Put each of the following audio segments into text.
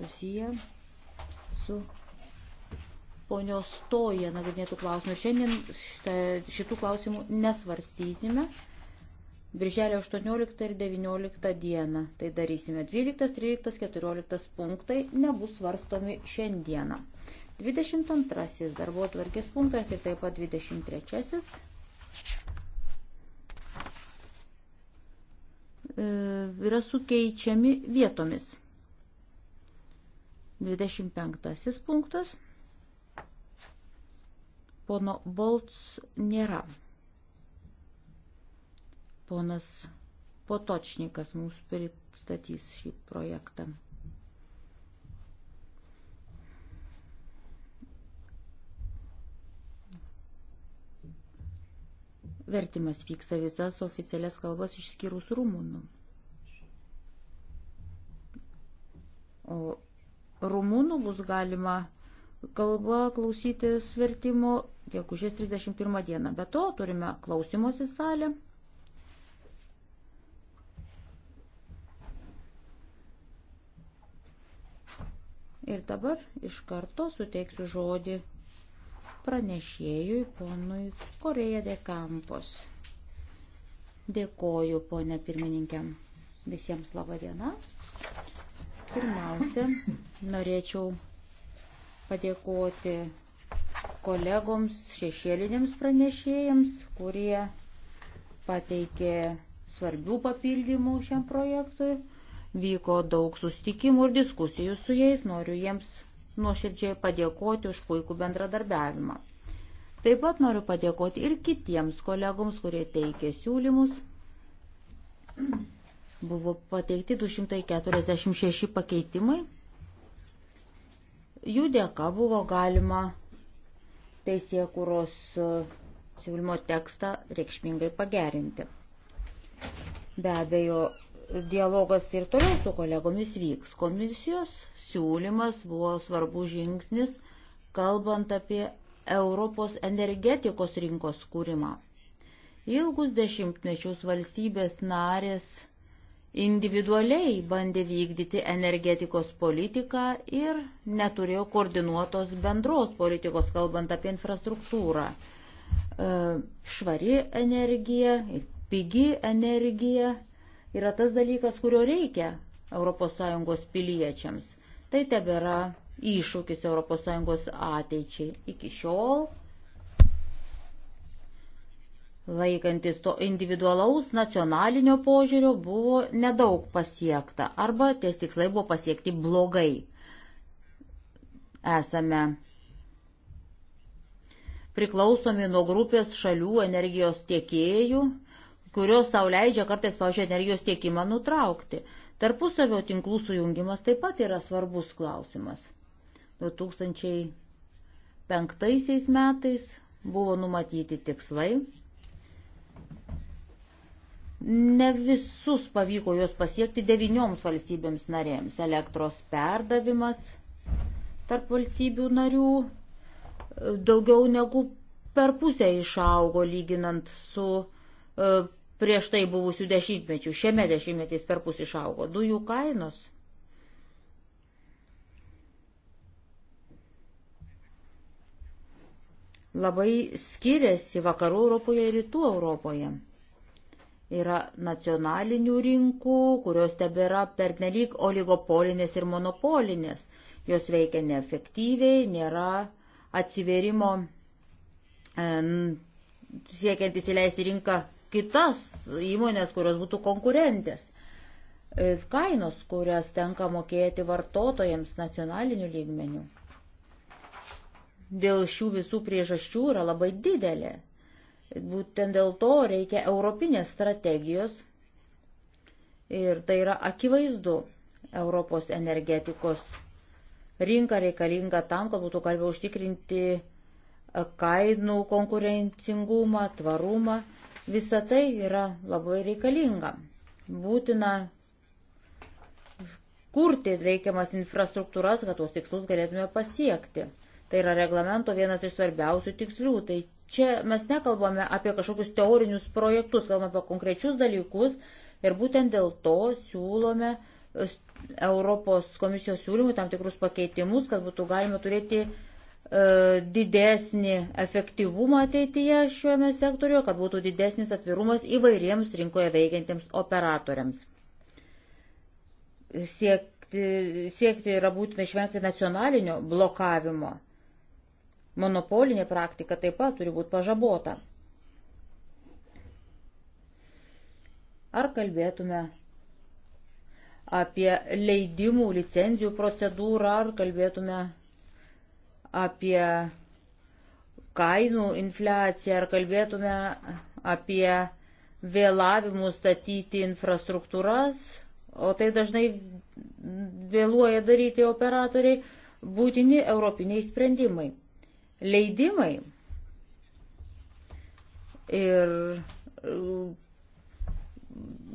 susiję su ponios Toja nagrinėtų klausimų. Šiandien šitą, šitų klausimų nesvarstysime. Birželio 18 ir 19 dieną tai darysime. 12, 13, 14 punktai nebus svarstomi šiandieną. 22 darbo tvarkės punktas ir taip pat 23. E, yra sukeičiami vietomis. 25 punktas. Pono Bolts nėra. Ponas Potočnikas mums pristatys šį projektą. Vertimas vyksta visas oficialias kalbas išskyrus rumunų. O rumūnų bus galima kalba klausytis vertimo gegužės 31 dieną. Be to turime klausimosi salę. Ir dabar iš karto suteiksiu žodį pranešėjui ponui Koreja de Campos. Dėkoju, ponė pirmininkė. Visiems laba diena. Pirmiausia, norėčiau padėkoti kolegoms šešėlinėms pranešėjams, kurie pateikė svarbių papildymų šiam projektui. Vyko daug sustikimų ir diskusijų su jais, noriu jiems nuoširdžiai padėkoti už puikų bendradarbiavimą. Taip pat noriu padėkoti ir kitiems kolegoms, kurie teikė siūlymus. Buvo pateikti 246 pakeitimai. Jų dėka buvo galima teisėje kūros e, siūlymo tekstą reikšmingai pagerinti. Be abejo, dialogas ir toliau su kolegomis vyks. Komisijos siūlymas buvo svarbus žingsnis, kalbant apie Europos energetikos rinkos kūrimą. Ilgus dešimtmečius valstybės narės individualiai bandė vykdyti energetikos politiką ir neturėjo koordinuotos bendros politikos, kalbant apie infrastruktūrą. E, švari energija, pigi energija yra tas dalykas, kurio reikia ES piliečiams. Tai tebėra iššūkis ES ateičiai. Iki šiol Laikantis to individualaus nacionalinio požiūrio buvo nedaug pasiekta arba tie tikslai buvo pasiekti blogai. Esame priklausomi nuo grupės šalių energijos tiekėjų, kurios sauliaidžia kartais, pavyzdžiui, energijos tiekimą nutraukti. Tarpusavio tinklų sujungimas taip pat yra svarbus klausimas. 2005 metais buvo numatyti tikslai Ne visus pavyko juos pasiekti devinioms valstybėms narėms. Elektros perdavimas tarp valstybių narių e, daugiau negu per pusę išaugo lyginant su uh, prieš tai buvusių dešimtmečių. Šiame dešimtmetys per pusę išaugo dujų kainos. Labai skiriasi vakarų Europoje ir rytų Europoje. Yra nacionalinių rinkų, kurios tebėra pernelyg oligopolinės ir monopolinės. Jos veikia neefektyviai, nėra atsiverimo e, siekiant įsileisti rinką kitas įmonės, kurios būtų konkurentės. E, kainos, kurias tenka mokėti vartotojams nacionaliniu lygmeniu, dėl šių visų priežasčių yra labai didelė. Būtent dėl to reikia europinės strategijos ir tai yra akivaizdu Europos energetikos rinka reikalinga tam, kad būtų galima užtikrinti e, kainų konkurencingumą, tvarumą. Visa tai yra labai reikalinga. Būtina kurti reikiamas infrastruktūras, kad tuos tikslus galėtume pasiekti. Tai yra reglamento vienas iš svarbiausių tikslių, tai Čia mes nekalbame apie kažkokius teorinius projektus, kalbame apie konkrečius dalykus ir būtent dėl to siūlome e, Europos komisijos siūlymui tam tikrus pakeitimus, kad būtų galima turėti e, didesnį efektyvumą ateityje šiame sektoriuje, kad būtų didesnis atvirumas įvairiems rinkoje veikiantiems operatoriams. Siekti, siekti yra būtina išvengti nacionalinio blokavimo. Monopolinė praktika taip pat turi būti pažabota. Ar kalbėtume apie leidimų, licenzijų procedūrą, ar kalbėtume apie kainų infliaciją, ar kalbėtume apie vėlavimų statyti infrastruktūras, o tai dažnai vėluoja daryti operatoriai, būtini europiniai sprendimai leidimai. Ir e,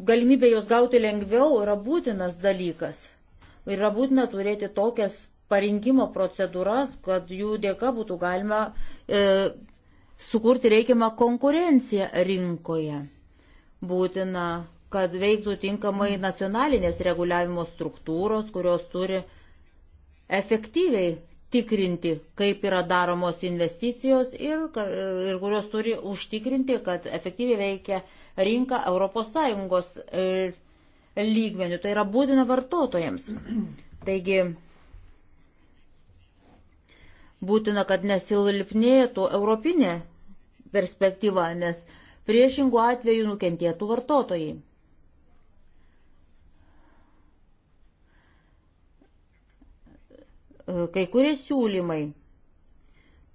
galimybė jos gauti lengviau yra būtinas dalykas. Ir yra būtina turėti tokias parinkimo procedūras, kad jų dėka būtų galima e, sukurti reikiamą konkurenciją rinkoje. Būtina, kad veiktų tinkamai nacionalinės reguliavimo struktūros, kurios turi efektyviai tikrinti, kaip yra daromos investicijos ir, ir kurios turi užtikrinti, kad efektyviai veikia rinka ES e, lygmenių. Tai yra būtina vartotojams. Taigi, būtina, kad nesilipnėtų europinė perspektyva, nes priešingų atveju nukentėtų vartotojai. kai kurie siūlymai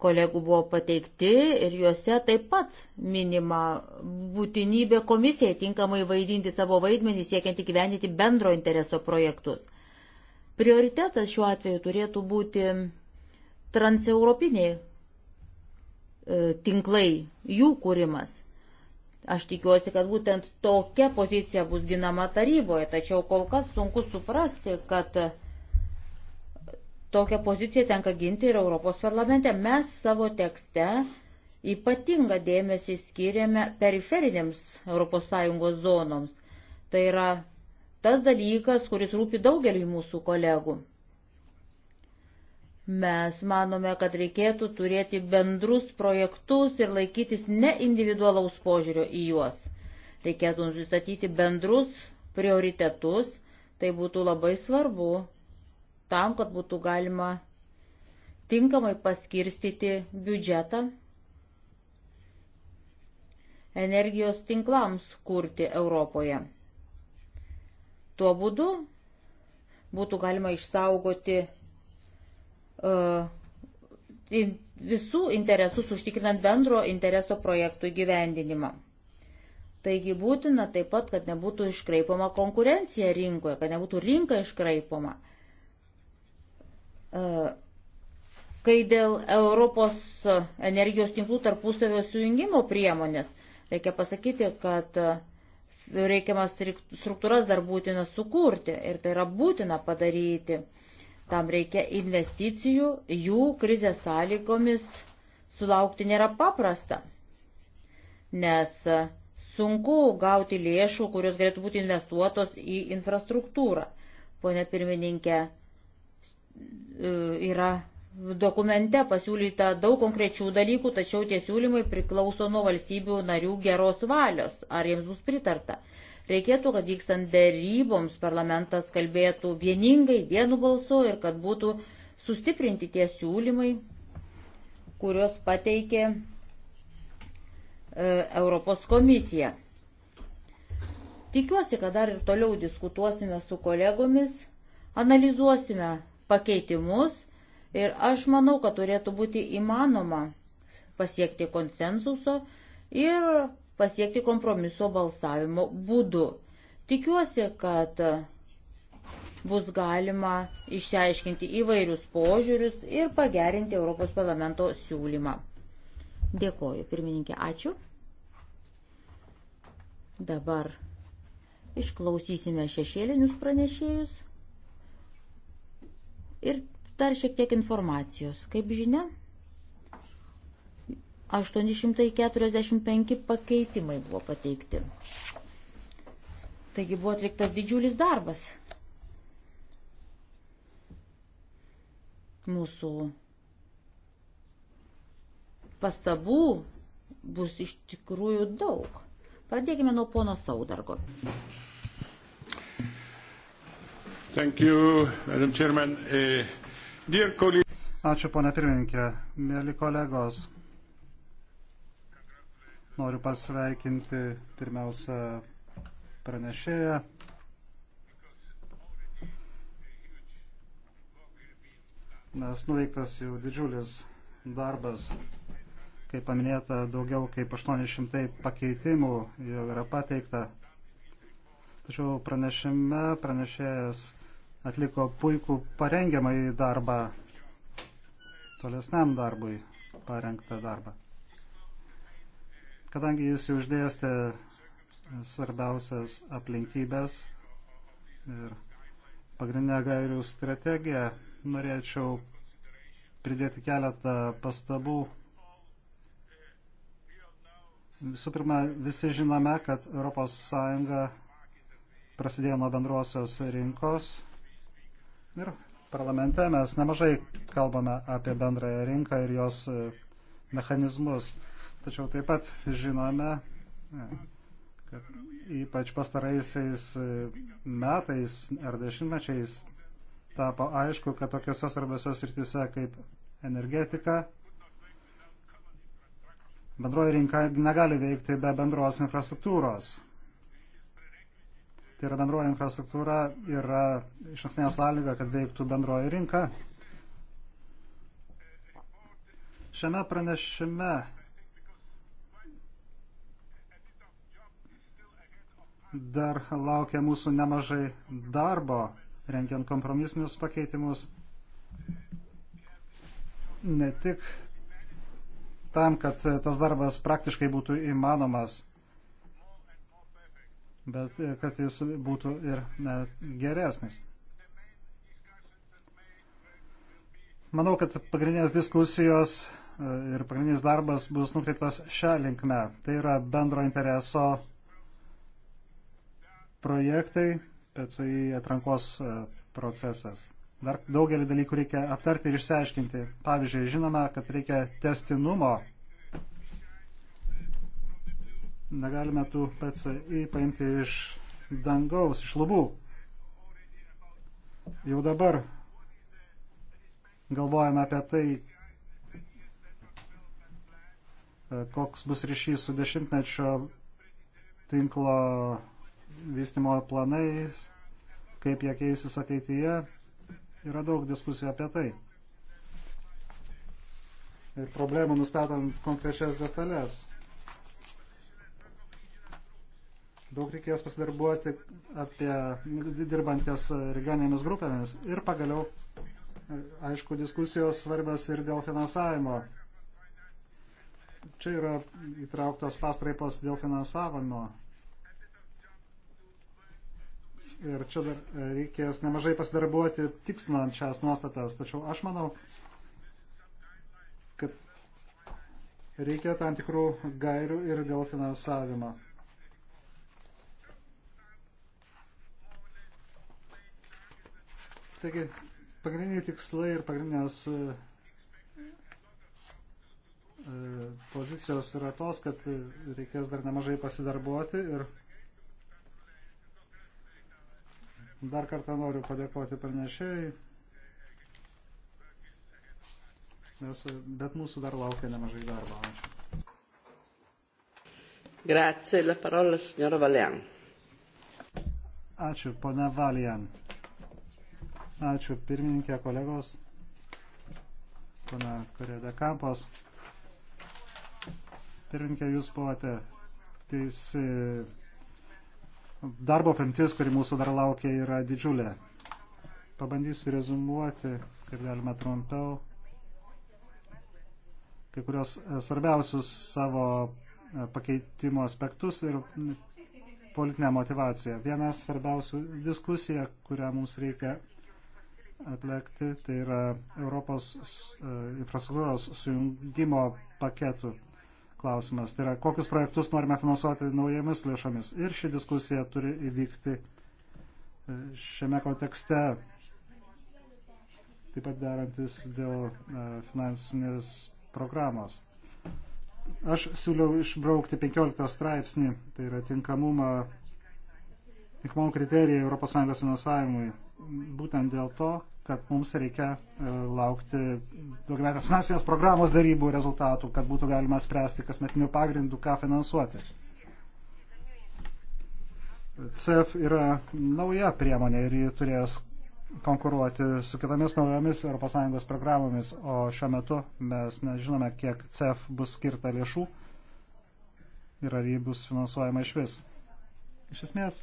kolegų buvo pateikti ir juose taip pat minima būtinybė komisijai tinkamai vaidinti savo vaidmenį siekiant įgyvendinti bendro intereso projektus. Prioritetas šiuo atveju turėtų būti transeuropiniai e, tinklai, jų kūrimas. Aš tikiuosi, kad būtent tokia pozicija bus ginama taryboje, tačiau kol kas sunku suprasti, kad Tokią poziciją tenka ginti ir Europos parlamente. Mes savo tekste ypatingą dėmesį skiriame periferinėms ES zonoms. Tai yra tas dalykas, kuris rūpi daugeliui mūsų kolegų. Mes manome, kad reikėtų turėti bendrus projektus ir laikytis ne individualaus požiūrio į juos. Reikėtų nusistatyti bendrus prioritetus, tai būtų labai svarbu tam, kad būtų galima tinkamai paskirstyti biudžetą energijos tinklams kurti Europoje. Tuo būdu būtų galima išsaugoti uh, visų interesus, užtikrinant bendro intereso projektų įgyvendinimą. Taigi būtina taip pat, kad nebūtų iškraipoma konkurencija rinkoje, kad nebūtų rinka iškraipoma. E, kai dėl Europos energijos tinklų tarpusavio sujungimo priemonės, reikia pasakyti, kad e, reikiamas struktūras dar būtina sukurti ir tai yra būtina padaryti. Tam reikia investicijų, jų krizės sąlygomis sulaukti nėra paprasta, nes e, sunku gauti lėšų, kurios galėtų būti investuotos į infrastruktūrą. Pone pirmininkė, E, yra dokumente pasiūlyta daug konkrečių dalykų, tačiau tie siūlymai priklauso nuo valstybių narių geros valios, ar jiems bus pritarta. Reikėtų, kad vykstant dėryboms parlamentas kalbėtų vieningai vienu balsu ir kad būtų sustiprinti tie siūlymai, kuriuos pateikė e, Europos komisija. Tikiuosi, kad dar ir toliau diskutuosime su kolegomis, analizuosime pakeitimus ir aš manau, kad turėtų būti įmanoma pasiekti konsensuso ir pasiekti kompromiso balsavimo būdu. Tikiuosi, kad bus galima išsiaiškinti įvairius požiūrius ir pagerinti Europos parlamento siūlymą. Dėkoju, pirmininkė, ačiū. Dabar išklausysime šešėlinius pranešėjus. Ir dar šiek tiek informacijos. Kaip žinia, 845 pakeitimai buvo pateikti. Taigi buvo atliktas didžiulis darbas. Mūsų pastabų bus iš tikrųjų daug. Pradėkime nuo pono Saudargo. Thank you, Madam Chairman. Uh, dear colleague... Ačiū, ponia pirmininkė. Mėly kolegos, noriu pasveikinti pirmiausia pranešėją. Nes nuveiktas jau didžiulis darbas. Kaip paminėta, daugiau kaip 800 pakeitimų jau yra pateikta. Tačiau pranešime pranešėjas atliko puikų parengiamąjį darbą, tolesniam darbui parengtą darbą. Kadangi jis jau uždėstė svarbiausias aplinkybės ir pagrindinę gairių strategiją, norėčiau pridėti keletą pastabų. Visų pirma, visi žinome, kad ES prasidėjo nuo bendruosios rinkos Ir parlamente mes nemažai kalbame apie bendrąją rinką ir jos e, mechanizmus. Tačiau taip pat žinome, e, kad ypač pastaraisiais e, metais ar dešimtmečiais tapo aišku, kad tokiuose svarbiose srityse kaip energetika, bendroji rinka negali veikti be bendros infrastruktūros. Tai yra bendroji infrastruktūra, yra iš ankstinė sąlyga, kad veiktų bendroji rinka. Šiame pranešime dar laukia mūsų nemažai darbo, rengiant kompromisinius pakeitimus. Ne tik tam, kad tas darbas praktiškai būtų įmanomas bet e, kad jis būtų ir e, geresnis. Manau, kad pagrindinės diskusijos e, ir pagrindinis darbas bus nukreiptas šią linkmę. Tai yra bendro intereso projektai, PCI atrankos procesas. Dar daugelį dalykų reikia aptarti ir išsiaiškinti. Pavyzdžiui, žinome, kad reikia testinumo Negalime tų PCI paimti iš dangaus, iš lubų. Jau dabar galvojame apie tai, e, koks bus ryšys su dešimtmečio tinklo vystimo planais, kaip jie keisis ateityje. Yra daug diskusijų apie tai. Ir problemų nustatant konkrečias detalės. Daug reikės pasidarbuoti apie dirbant ties regioninėmis grupėmis. Ir pagaliau, aišku, diskusijos svarbios ir dėl finansavimo. Čia yra įtrauktos pastraipos dėl finansavimo. Ir čia dar reikės nemažai pasidarbuoti tikslinant šias nuostatas. Tačiau aš manau, kad reikia tam tikrų gairių ir dėl finansavimo. Taigi, pagrindiniai tikslai ir pagrindinės e, pozicijos yra tos, kad reikės dar nemažai pasidarbuoti ir dar kartą noriu padėkoti pranešėjai, nes, bet mūsų dar laukia nemažai darbo. Ačiū. Grazie, la parola signora Valian. Ačiū, ponia Valian. Ačiū pirmininkė, kolegos, pana Koreda Kampos. Pirmininkė, jūs buvote teisi. Darbo apimtis, kuri mūsų dar laukia, yra didžiulė. Pabandysiu rezumuoti, kaip galima trumpiau, kai kurios e, svarbiausius savo e, pakeitimo aspektus ir politinę motivaciją. Viena svarbiausių diskusija, kurią mums reikia atlekti, tai yra Europos e, infrastruktūros sujungimo paketų klausimas. Tai yra, kokius projektus norime finansuoti naujomis lėšomis. Ir ši diskusija turi įvykti e, šiame kontekste, taip pat darantis dėl e, finansinės programos. Aš siūliau išbraukti 15 straipsnį, tai yra tinkamumą, tinkamumą kriterijai ES finansavimui būtent dėl to, kad mums reikia e, laukti daugiametės finansinės programos darybų rezultatų, kad būtų galima spręsti kasmetinių pagrindų, ką finansuoti. CEF yra nauja priemonė ir ji turės konkuruoti su kitomis naujomis ES programomis, o šiuo metu mes nežinome, kiek CEF bus skirta lėšų ir ar jį bus finansuojama iš vis. Iš esmės,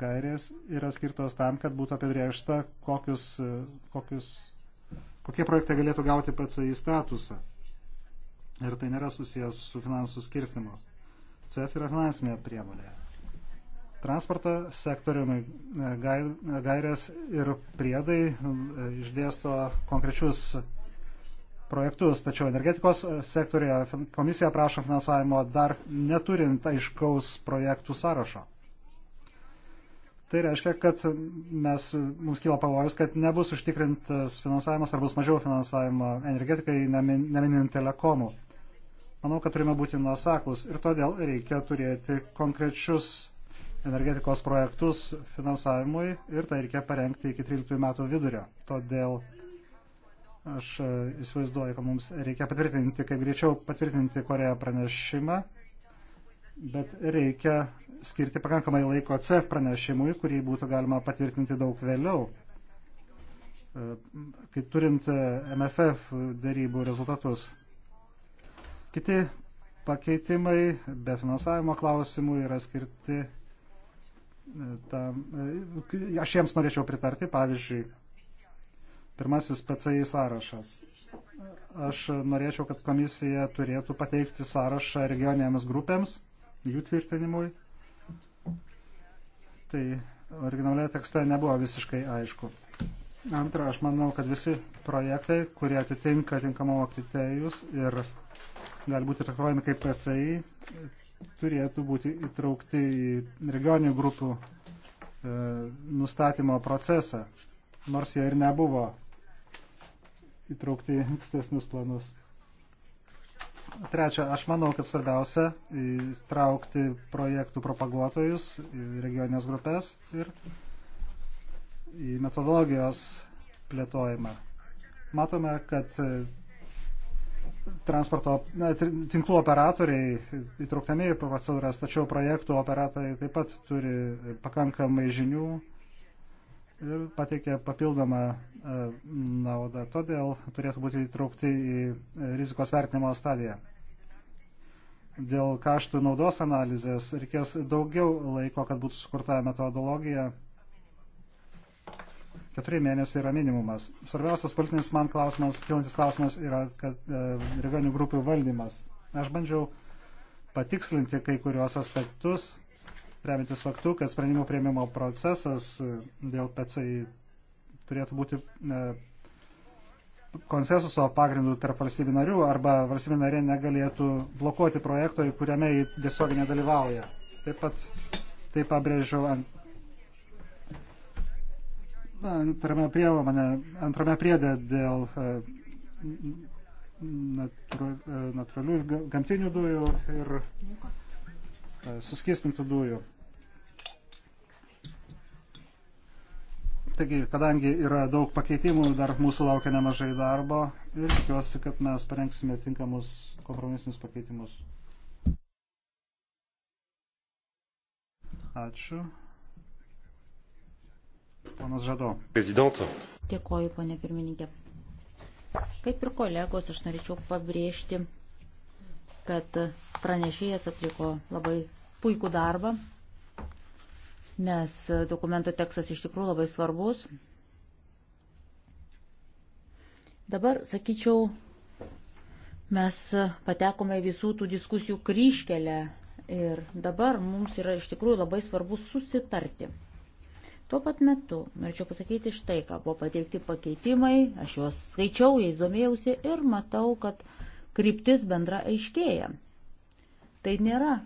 gairės yra skirtos tam, kad būtų apibriešta, kokius, kokius, kokie projektai galėtų gauti PCI statusą. Ir tai nėra susijęs su finansų skirtimu. CEF yra finansinė priemonė. Transporto sektoriumi e, e, gairės ir priedai e, išdėsto konkrečius projektus, tačiau energetikos sektorija komisija prašo finansavimo dar neturint aiškaus projektų sąrašo. Tai reiškia, kad mes, mums kyla pavojus, kad nebus užtikrintas finansavimas ar bus mažiau finansavimo energetikai, neminint telekomų. Manau, kad turime būti nuoseklus ir todėl reikia turėti konkrečius energetikos projektus finansavimui ir tai reikia parengti iki 13 metų vidurio. Todėl aš e, įsivaizduoju, kad mums reikia patvirtinti, kaip greičiau patvirtinti Koreją pranešimą bet reikia skirti pakankamai laiko CEF pranešimui, kurį būtų galima patvirtinti daug vėliau, e, kai turint e, MFF darybų rezultatus. Kiti pakeitimai be finansavimo klausimų yra skirti e, tam, aš jiems norėčiau pritarti, pavyzdžiui, pirmasis PCI sąrašas. Aš norėčiau, kad komisija turėtų pateikti sąrašą regioninėms grupėms jų tvirtinimui. Tai originaliai tekste nebuvo visiškai aišku. Antra, aš manau, kad visi projektai, kurie atitinka tinkamumo kriterijus ir gali būti traktuojami kaip PSI, turėtų būti įtraukti į regioninių grupių e, nustatymo procesą, nors jie ir nebuvo įtraukti į ankstesnius planus. Trečia, aš manau, kad svarbiausia traukti projektų propaguotojus, regioninės grupės ir į metodologijos plėtojimą. Matome, kad transporto na, tinklų operatoriai įtrauktami į procedūras, tačiau projektų operatoriai taip pat turi pakankamai žinių ir pateikia papildomą e, naudą. Todėl turėtų būti įtraukti į rizikos vertinimo stadiją dėl kaštų naudos analizės reikės daugiau laiko, kad būtų sukurta metodologija. Keturi mėnesiai yra minimumas. Svarbiausias politinis man klausimas, kilantis klausimas yra kad, e, regionių grupių valdymas. Aš bandžiau patikslinti kai kuriuos aspektus, remintis faktu, kad sprendimų prieimimo procesas e, dėl PCI turėtų būti e, konsensuso pagrindų tarp valstybių narių arba valstybė narė negalėtų blokuoti projekto, kuriame jį tiesiog nedalyvauja. Taip pat tai pabrėžiau ant. Na, antrame, priemonė, antrame priedė dėl e, e, natūralių ir gamtinių dujų ir e, suskistintų dujų. Taigi, kadangi yra daug pakeitimų, dar mūsų laukia nemažai darbo ir tikiuosi, kad mes parengsime tinkamus kompromisinius pakeitimus. Ačiū. Ponas Žado. Prezidentą. Dėkoju, ponė pirmininkė. Kaip ir kolegos, aš norėčiau pabrėžti, kad pranešėjas atliko labai puikų darbą nes dokumento tekstas iš tikrųjų labai svarbus. Dabar, sakyčiau, mes patekome visų tų diskusijų kryškelę ir dabar mums yra iš tikrųjų labai svarbu susitarti. Tuo pat metu, norėčiau pasakyti štai, ką buvo pateikti pakeitimai, aš juos skaičiau, jais domėjausi ir matau, kad kryptis bendra aiškėja. Tai nėra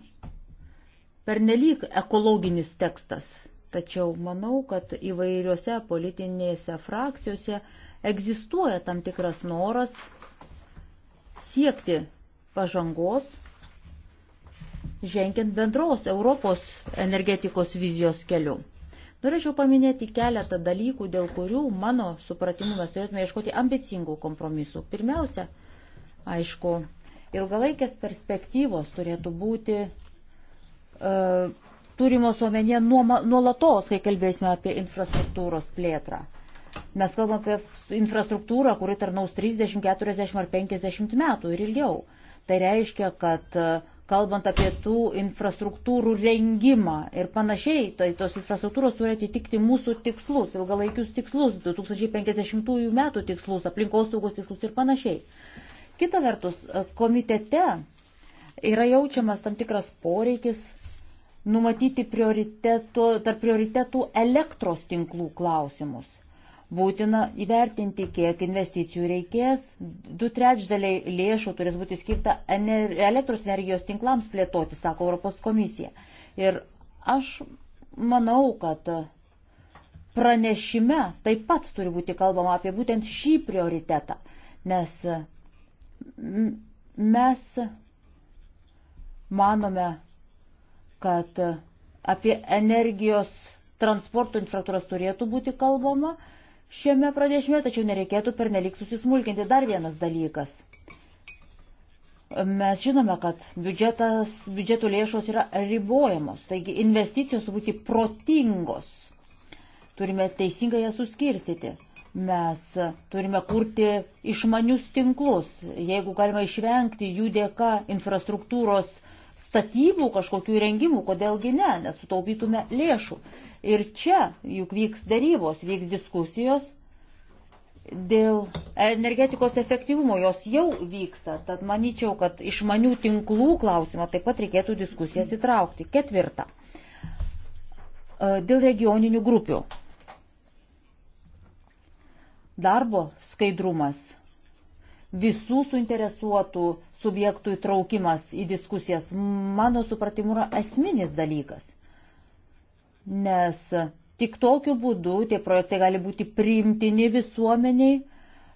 pernelyg ekologinis tekstas. Tačiau manau, kad įvairiose politinėse frakcijose egzistuoja tam tikras noras siekti pažangos, žengiant bendros Europos energetikos vizijos keliu. Norėčiau paminėti keletą dalykų, dėl kurių mano supratimu mes turėtume ieškoti ambicingų kompromisų. Pirmiausia, aišku, ilgalaikės perspektyvos turėtų būti E, turimos omenyje nuolatos, kai kalbėsime apie infrastruktūros plėtrą. Mes kalbame apie infrastruktūrą, kuri tarnaus 30, 40 ar 50 metų ir ilgiau. Tai reiškia, kad e, kalbant apie tų infrastruktūrų rengimą ir panašiai, tai tos infrastruktūros turi atitikti mūsų tikslus, ilgalaikius tikslus, 2050 metų tikslus, aplinkos saugos tikslus ir panašiai. Kita vertus, e, komitete yra jaučiamas tam tikras poreikis numatyti tarp prioritetų elektros tinklų klausimus. Būtina įvertinti, kiek investicijų reikės. Du trečdaliai lėšų turės būti skirta ener elektros energijos tinklams plėtoti, sako Europos komisija. Ir aš manau, kad pranešime taip pat turi būti kalbama apie būtent šį prioritetą, nes mes manome, kad apie energijos transporto infrastruktūras turėtų būti kalbama šiame pradėšime, tačiau nereikėtų pernelik susismulkinti. Dar vienas dalykas. Mes žinome, kad biudžetas, biudžeto lėšos yra ribojamos, taigi investicijos turi būti protingos. Turime teisingai jas suskirstyti. Mes turime kurti išmanius tinklus, jeigu galima išvengti jų dėka infrastruktūros uh, statybų kažkokių įrengimų, kodėlgi ne, nes sutaupytume lėšų. Ir čia juk vyks darybos, vyks diskusijos dėl energetikos efektyvumo, jos jau vyksta. Tad manyčiau, kad išmanių tinklų klausimą taip pat reikėtų diskusijas įtraukti. Ketvirta. E, dėl regioninių grupių. Darbo skaidrumas visų suinteresuotų subjektų įtraukimas į diskusijas, mano supratimu, yra esminis dalykas. Nes tik tokiu būdu tie projektai gali būti priimtini visuomeniai,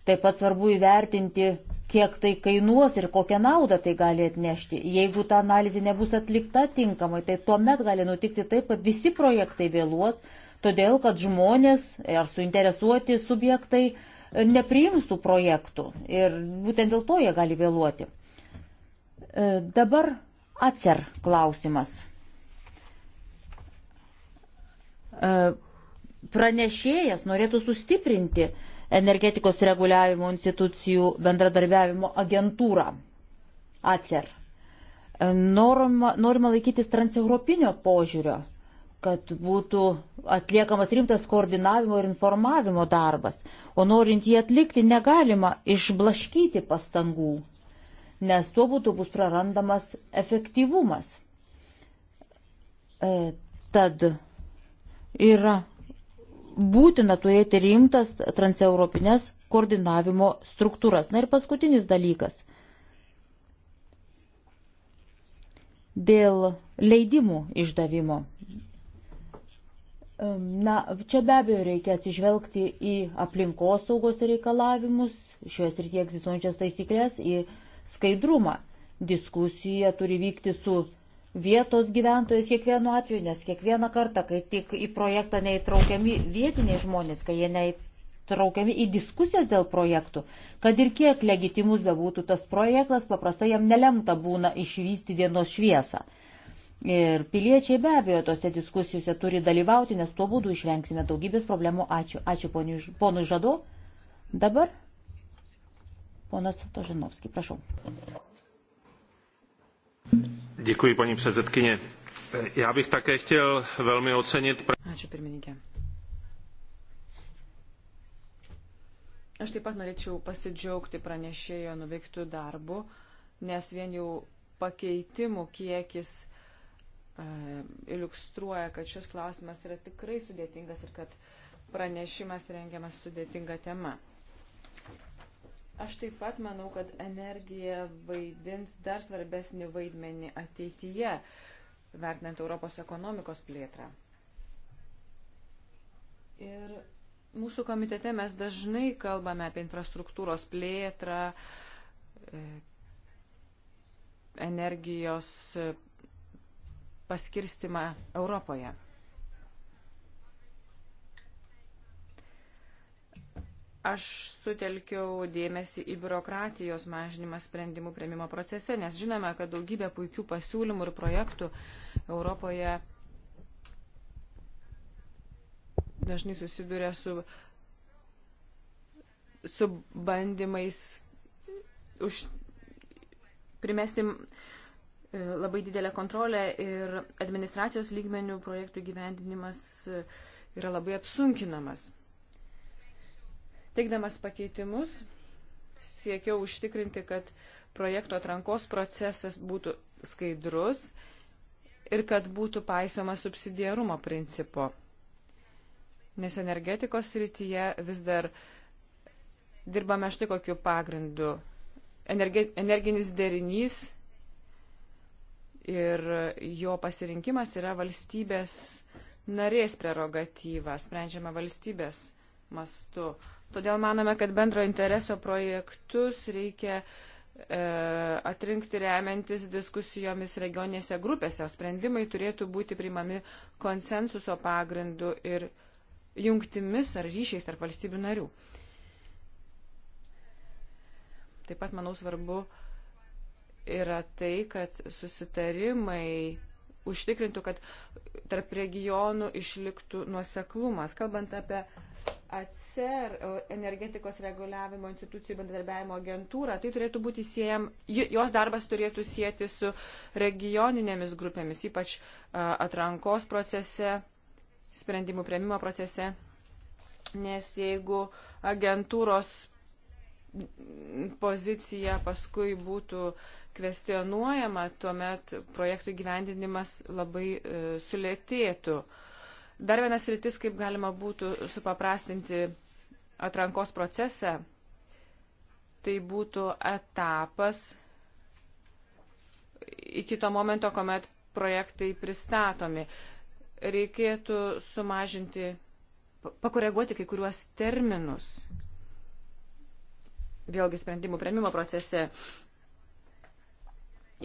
taip pat svarbu įvertinti, kiek tai kainuos ir kokią naudą tai gali atnešti. Jeigu ta analizė nebus atlikta tinkamai, tai tuomet gali nutikti taip, kad visi projektai vėluos, todėl kad žmonės ar suinteresuoti subjektai nepriims tų projektų ir būtent dėl to jie gali vėluoti. E, dabar atsir klausimas. E, pranešėjas norėtų sustiprinti energetikos reguliavimo institucijų bendradarbiavimo agentūrą. Acer. E, norma, norima laikytis transeuropinio požiūrio kad būtų atliekamas rimtas koordinavimo ir informavimo darbas, o norint jį atlikti negalima išblaškyti pastangų, nes tuo būtų bus prarandamas efektyvumas. E, tad yra būtina turėti rimtas transeuropinės koordinavimo struktūras. Na ir paskutinis dalykas. Dėl leidimų išdavimo. Na, čia be abejo reikia atsižvelgti į aplinkosaugos reikalavimus, šioje srityje egzistuojančias taisyklės, į skaidrumą. Diskusija turi vykti su vietos gyventojais kiekvienu atveju, nes kiekvieną kartą, kai tik į projektą neįtraukiami vietiniai žmonės, kai jie neįtraukiami į diskusijas dėl projektų, kad ir kiek legitimus bebūtų tas projektas, paprastai jam nelemta būna išvysti dienos šviesą. Ir piliečiai be abejo tose diskusijose turi dalyvauti, nes tuo būdu išvengsime daugybės problemų. Ačiū. Ačiū ponui, ponui Žado. Dabar ponas Tožinovski, prašau. Děkuji, paní předsedkyně. Já bych také chtěl velmi ocenit. Ačiū pirmininkė. Aš taip pat norėčiau pasidžiaugti pranešėjo nuveiktų darbų, nes vien jau pakeitimų kiekis E, iliustruoja, kad šis klausimas yra tikrai sudėtingas ir kad pranešimas rengiamas sudėtinga tema. Aš taip pat manau, kad energija vaidins dar svarbesnį vaidmenį ateityje, vertinant Europos ekonomikos plėtrą. Ir mūsų komitete mes dažnai kalbame apie infrastruktūros plėtrą, e, energijos paskirstimą Europoje. Aš sutelkiau dėmesį į biurokratijos mažinimą sprendimų prieimimo procese, nes žinome, kad daugybė puikių pasiūlymų ir projektų Europoje dažnai susiduria su, su bandymais už primesti E, labai didelė kontrolė ir administracijos lygmenių projektų gyvendinimas e, yra labai apsunkinamas. Teikdamas pakeitimus, siekiau užtikrinti, kad projektų atrankos procesas būtų skaidrus ir kad būtų paisoma subsidiarumo principo. Nes energetikos rytyje vis dar dirbame štai kokiu pagrindu. Energi, energinis derinys ir jo pasirinkimas yra valstybės narės prerogatyva, sprendžiama valstybės mastu. Todėl manome, kad bendro intereso projektus reikia e, atrinkti remiantis diskusijomis regionėse grupėse, o sprendimai turėtų būti priimami konsensuso pagrindu ir jungtimis ar ryšiais tarp valstybių narių. Taip pat, manau, svarbu uh, yra tai, kad susitarimai užtikrintų, kad tarp regionų išliktų nuoseklumas. Kalbant apie ACER, e, energetikos reguliavimo institucijų bendradarbiavimo agentūrą, tai turėtų būti siejam, jos darbas turėtų sieti su regioninėmis grupėmis, ypač e, atrankos procese, sprendimų prieimimo procese, nes jeigu agentūros pozicija paskui būtų kvestionuojama, tuomet projektų gyvendinimas labai e, sulėtėtų. Dar vienas rytis, kaip galima būtų supaprastinti atrankos procesą, tai būtų etapas iki to momento, kuomet projektai pristatomi. Reikėtų sumažinti, pakoreguoti kai kuriuos terminus. Vėlgi sprendimų prieimimo procese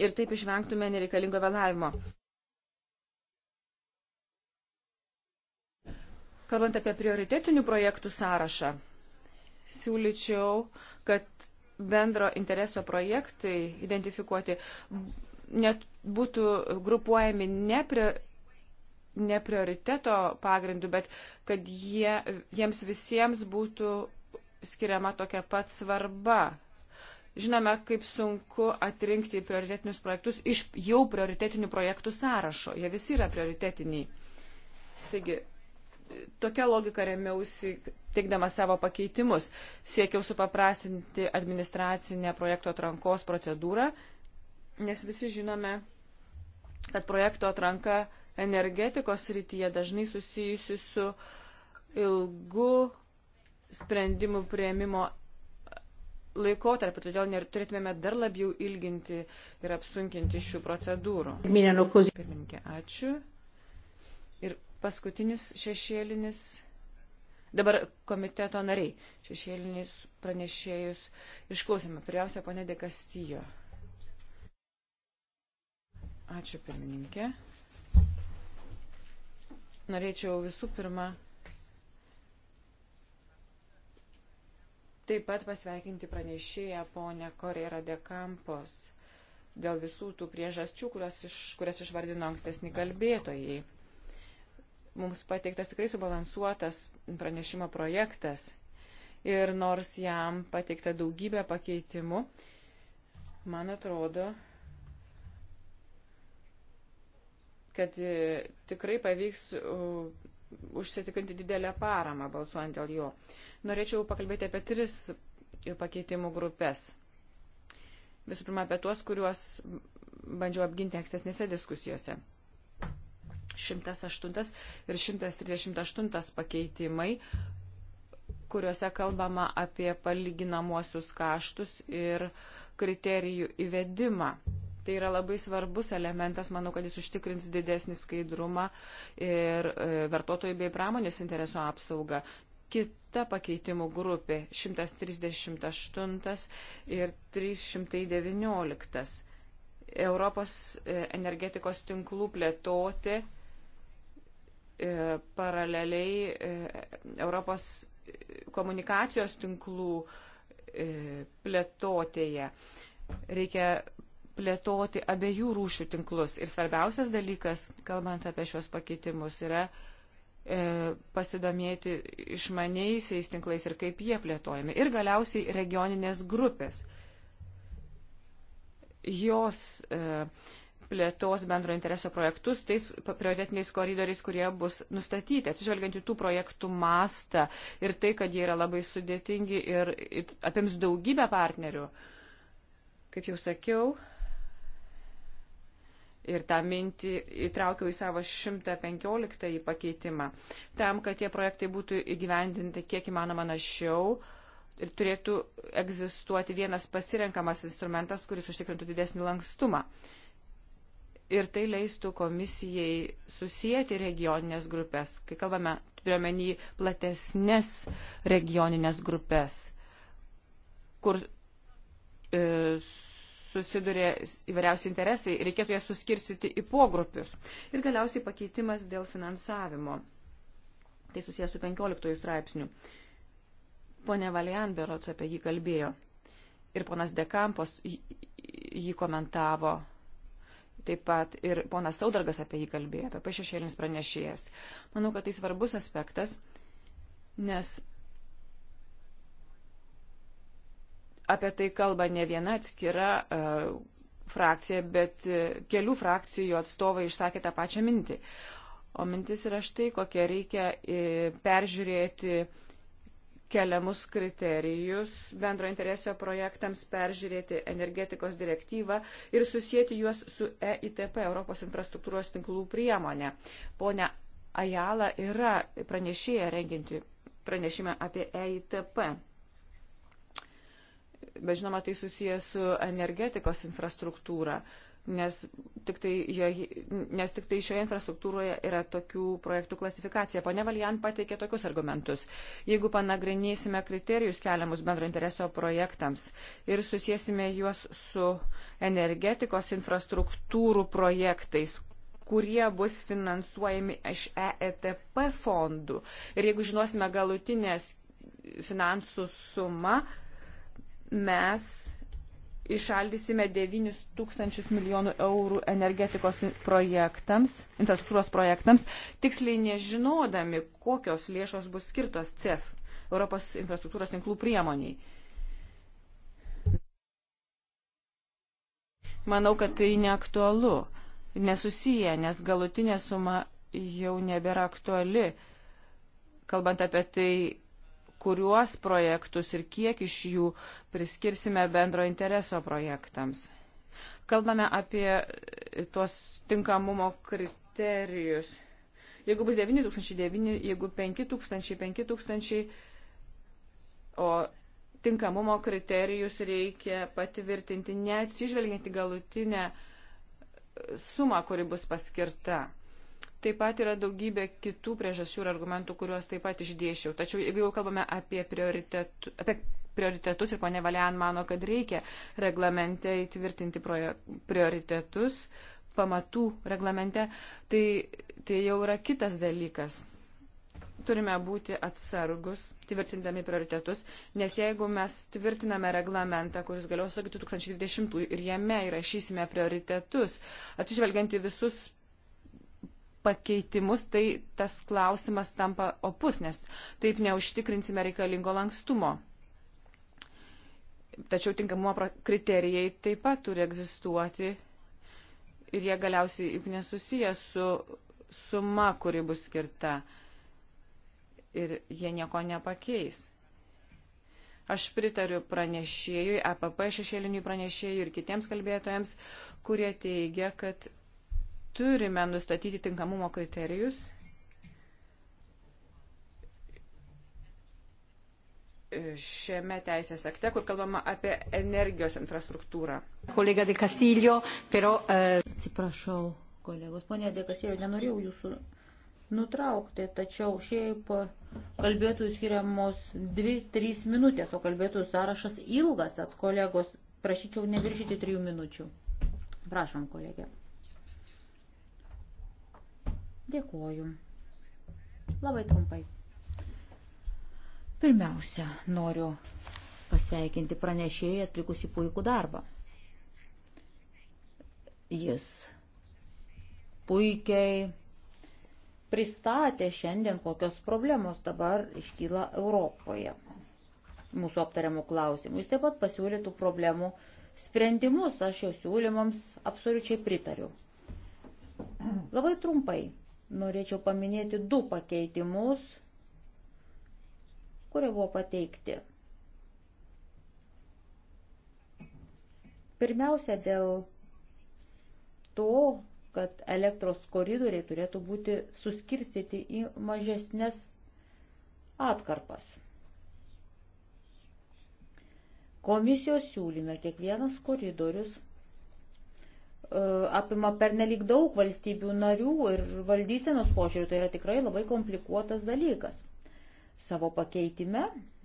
ir taip išvengtume nereikalingo vėlavimo. Kalbant apie prioritetinių projektų sąrašą, siūlyčiau, kad bendro intereso projektai identifikuoti net būtų grupuojami ne, pri, ne prioriteto pagrindu, bet kad jie, jiems visiems būtų skiriama tokia pat svarba. Žinome, kaip sunku atrinkti prioritetinius projektus iš jau prioritetinių projektų sąrašo. Jie visi yra prioritetiniai. Taigi, tokia logika remiausi, teikdama savo pakeitimus. Siekiau supaprastinti administracinę projekto atrankos procedūrą, nes visi žinome, kad projekto atranka energetikos rytyje dažnai susijusi su ilgu sprendimų prieimimo laikotarpį, todėl turėtumėme dar labiau ilginti ir apsunkinti šių procedūrų. Pirmininkė, ačiū. Ir paskutinis šešėlinis, dabar komiteto nariai, šešėlinis pranešėjus išklausėme. Pirmiausia, ponė Dekastijo. Ačiū, pirmininkė. Norėčiau visų pirma taip pat pasveikinti pranešėją ponę Korėra de Campos dėl visų tų priežasčių, kurias, iš, kurias išvardino ankstesni kalbėtojai. Mums pateiktas tikrai subalansuotas pranešimo projektas ir nors jam pateikta daugybė pakeitimų, man atrodo, kad e, tikrai pavyks užsitikrinti didelę paramą balsuojant dėl jo. Norėčiau pakalbėti apie tris pakeitimų grupės. Visų pirma, apie tuos, kuriuos bandžiau apginti ankstesnėse diskusijose. 108 ir 138 pakeitimai, kuriuose kalbama apie palyginamuosius kaštus ir kriterijų įvedimą. Tai yra labai svarbus elementas, manau, kad jis užtikrins didesnį skaidrumą ir e, vartotojų bei pramonės interesų apsaugą kita pakeitimų grupė 138 ir 319. Europos e, energetikos tinklų plėtoti e, paraleliai e, Europos komunikacijos tinklų plėtotėje. Reikia plėtoti abiejų rūšių tinklus. Ir svarbiausias dalykas, kalbant apie šios pakeitimus, yra E, pasidomėti išmaniaisiais tinklais ir kaip jie plėtojami. Ir galiausiai regioninės grupės. Jos e, plėtos bendro intereso projektus tais prioritetiniais koridoriais, kurie bus nustatyti, atsižvelgiant į tų projektų mastą ir tai, kad jie yra labai sudėtingi ir apims daugybę partnerių. Kaip jau sakiau, ir tą mintį įtraukiau į savo 115 pakeitimą, tam, kad tie projektai būtų įgyvendinti kiek įmanoma našiau ir turėtų egzistuoti vienas pasirenkamas instrumentas, kuris užtikrintų didesnį lankstumą. Ir tai leistų komisijai susijęti regioninės grupės, kai kalbame, turiuomenį platesnės regioninės grupės, kur e, susiduria įvairiausi interesai, reikėtų jas suskirstyti į pogrupius. Ir galiausiai pakeitimas dėl finansavimo. Tai susijęs su 15 straipsniu. Pone Valian Berots apie jį kalbėjo. Ir ponas Dekampos jį komentavo. Taip pat ir ponas Saudargas apie jį kalbėjo, apie pašešėlinis pranešėjas. Manau, kad tai svarbus aspektas, nes apie tai kalba ne viena atskira e, frakcija, bet e, kelių frakcijų atstovai išsakė tą pačią mintį. O mintis yra štai, kokia reikia e, peržiūrėti keliamus kriterijus bendro intereso projektams, peržiūrėti energetikos direktyvą ir susijęti juos su EITP, Europos infrastruktūros tinklų priemonė. Pone Ajala yra pranešėja renginti pranešimą apie EITP bet žinoma, tai susijęs su energetikos infrastruktūra, nes tik tai, jo, nes tik tai šioje infrastruktūroje yra tokių projektų klasifikacija. Pone Valjan pateikė tokius argumentus. Jeigu panagrinėsime kriterijus keliamus bendro intereso projektams ir susijęsime juos su energetikos infrastruktūrų projektais, kurie bus finansuojami iš EETP fondų. Ir jeigu žinosime galutinės finansų sumą, mes išaldysime 9 tūkstančius milijonų eurų energetikos projektams, infrastruktūros projektams, tiksliai nežinodami, kokios lėšos bus skirtos CEF, Europos infrastruktūros tinklų priemoniai. Manau, kad tai neaktualu, nesusiję, nes galutinė suma jau nebėra aktuali. Kalbant apie tai, kuriuos projektus ir kiek iš jų priskirsime bendro intereso projektams. Kalbame apie tuos tinkamumo kriterijus. Jeigu bus 9009, jeigu 5000, 5000, o tinkamumo kriterijus reikia patvirtinti neatsižvelgiant į galutinę sumą, kuri bus paskirta. Taip pat yra daugybė kitų priežasčių ir argumentų, kuriuos taip pat išdėšiau. Tačiau jeigu jau kalbame apie, prioritetu, apie prioritetus ir ponė Valian mano, kad reikia reglamente įtvirtinti proje, prioritetus, pamatų reglamente, tai, tai jau yra kitas dalykas. Turime būti atsargus, tvirtindami prioritetus, nes jeigu mes tvirtiname reglamentą, kuris galios iki 2020 ir jame įrašysime prioritetus, atsižvelgianti visus pakeitimus, tai tas klausimas tampa opus, nes taip neužtikrinsime reikalingo lankstumo. Tačiau tinkamumo kriterijai taip pat turi egzistuoti ir jie galiausiai juk nesusiję su suma, kuri bus skirta ir jie nieko nepakeis. Aš pritariu pranešėjui, APP šešėliniui pranešėjui ir kitiems kalbėtojams, kurie teigia, kad turime nustatyti tinkamumo kriterijus. šiame teisės akte, kur kalbama apie energijos infrastruktūrą. Kolega De Castillo, pero... Uh... Atsiprašau, kolegos. Pone De Castillo, nenorėjau jūsų nutraukti, tačiau šiaip kalbėtų skiriamos 2-3 minutės, o kalbėtų sąrašas ilgas, at kolegos prašyčiau neviršyti 3 minučių. Prašom, kolegė. Dėkoju. Labai trumpai. Pirmiausia, noriu pasveikinti pranešėjai atlikusi puikų darbą. Jis puikiai pristatė šiandien, kokios problemos dabar iškyla Europoje mūsų aptariamų klausimų. Jis taip pat pasiūlytų problemų sprendimus, aš jo siūlymams absoliučiai pritariu. Labai trumpai Norėčiau paminėti du pakeitimus, kurie buvo pateikti. Pirmiausia, dėl to, kad elektros koridoriai turėtų būti suskirstyti į mažesnės atkarpas. Komisijos siūlyme kiekvienas koridorius E, apima pernelik daug valstybių narių ir valdysenos požiūrių. Tai yra tikrai labai komplikuotas dalykas. Savo pakeitime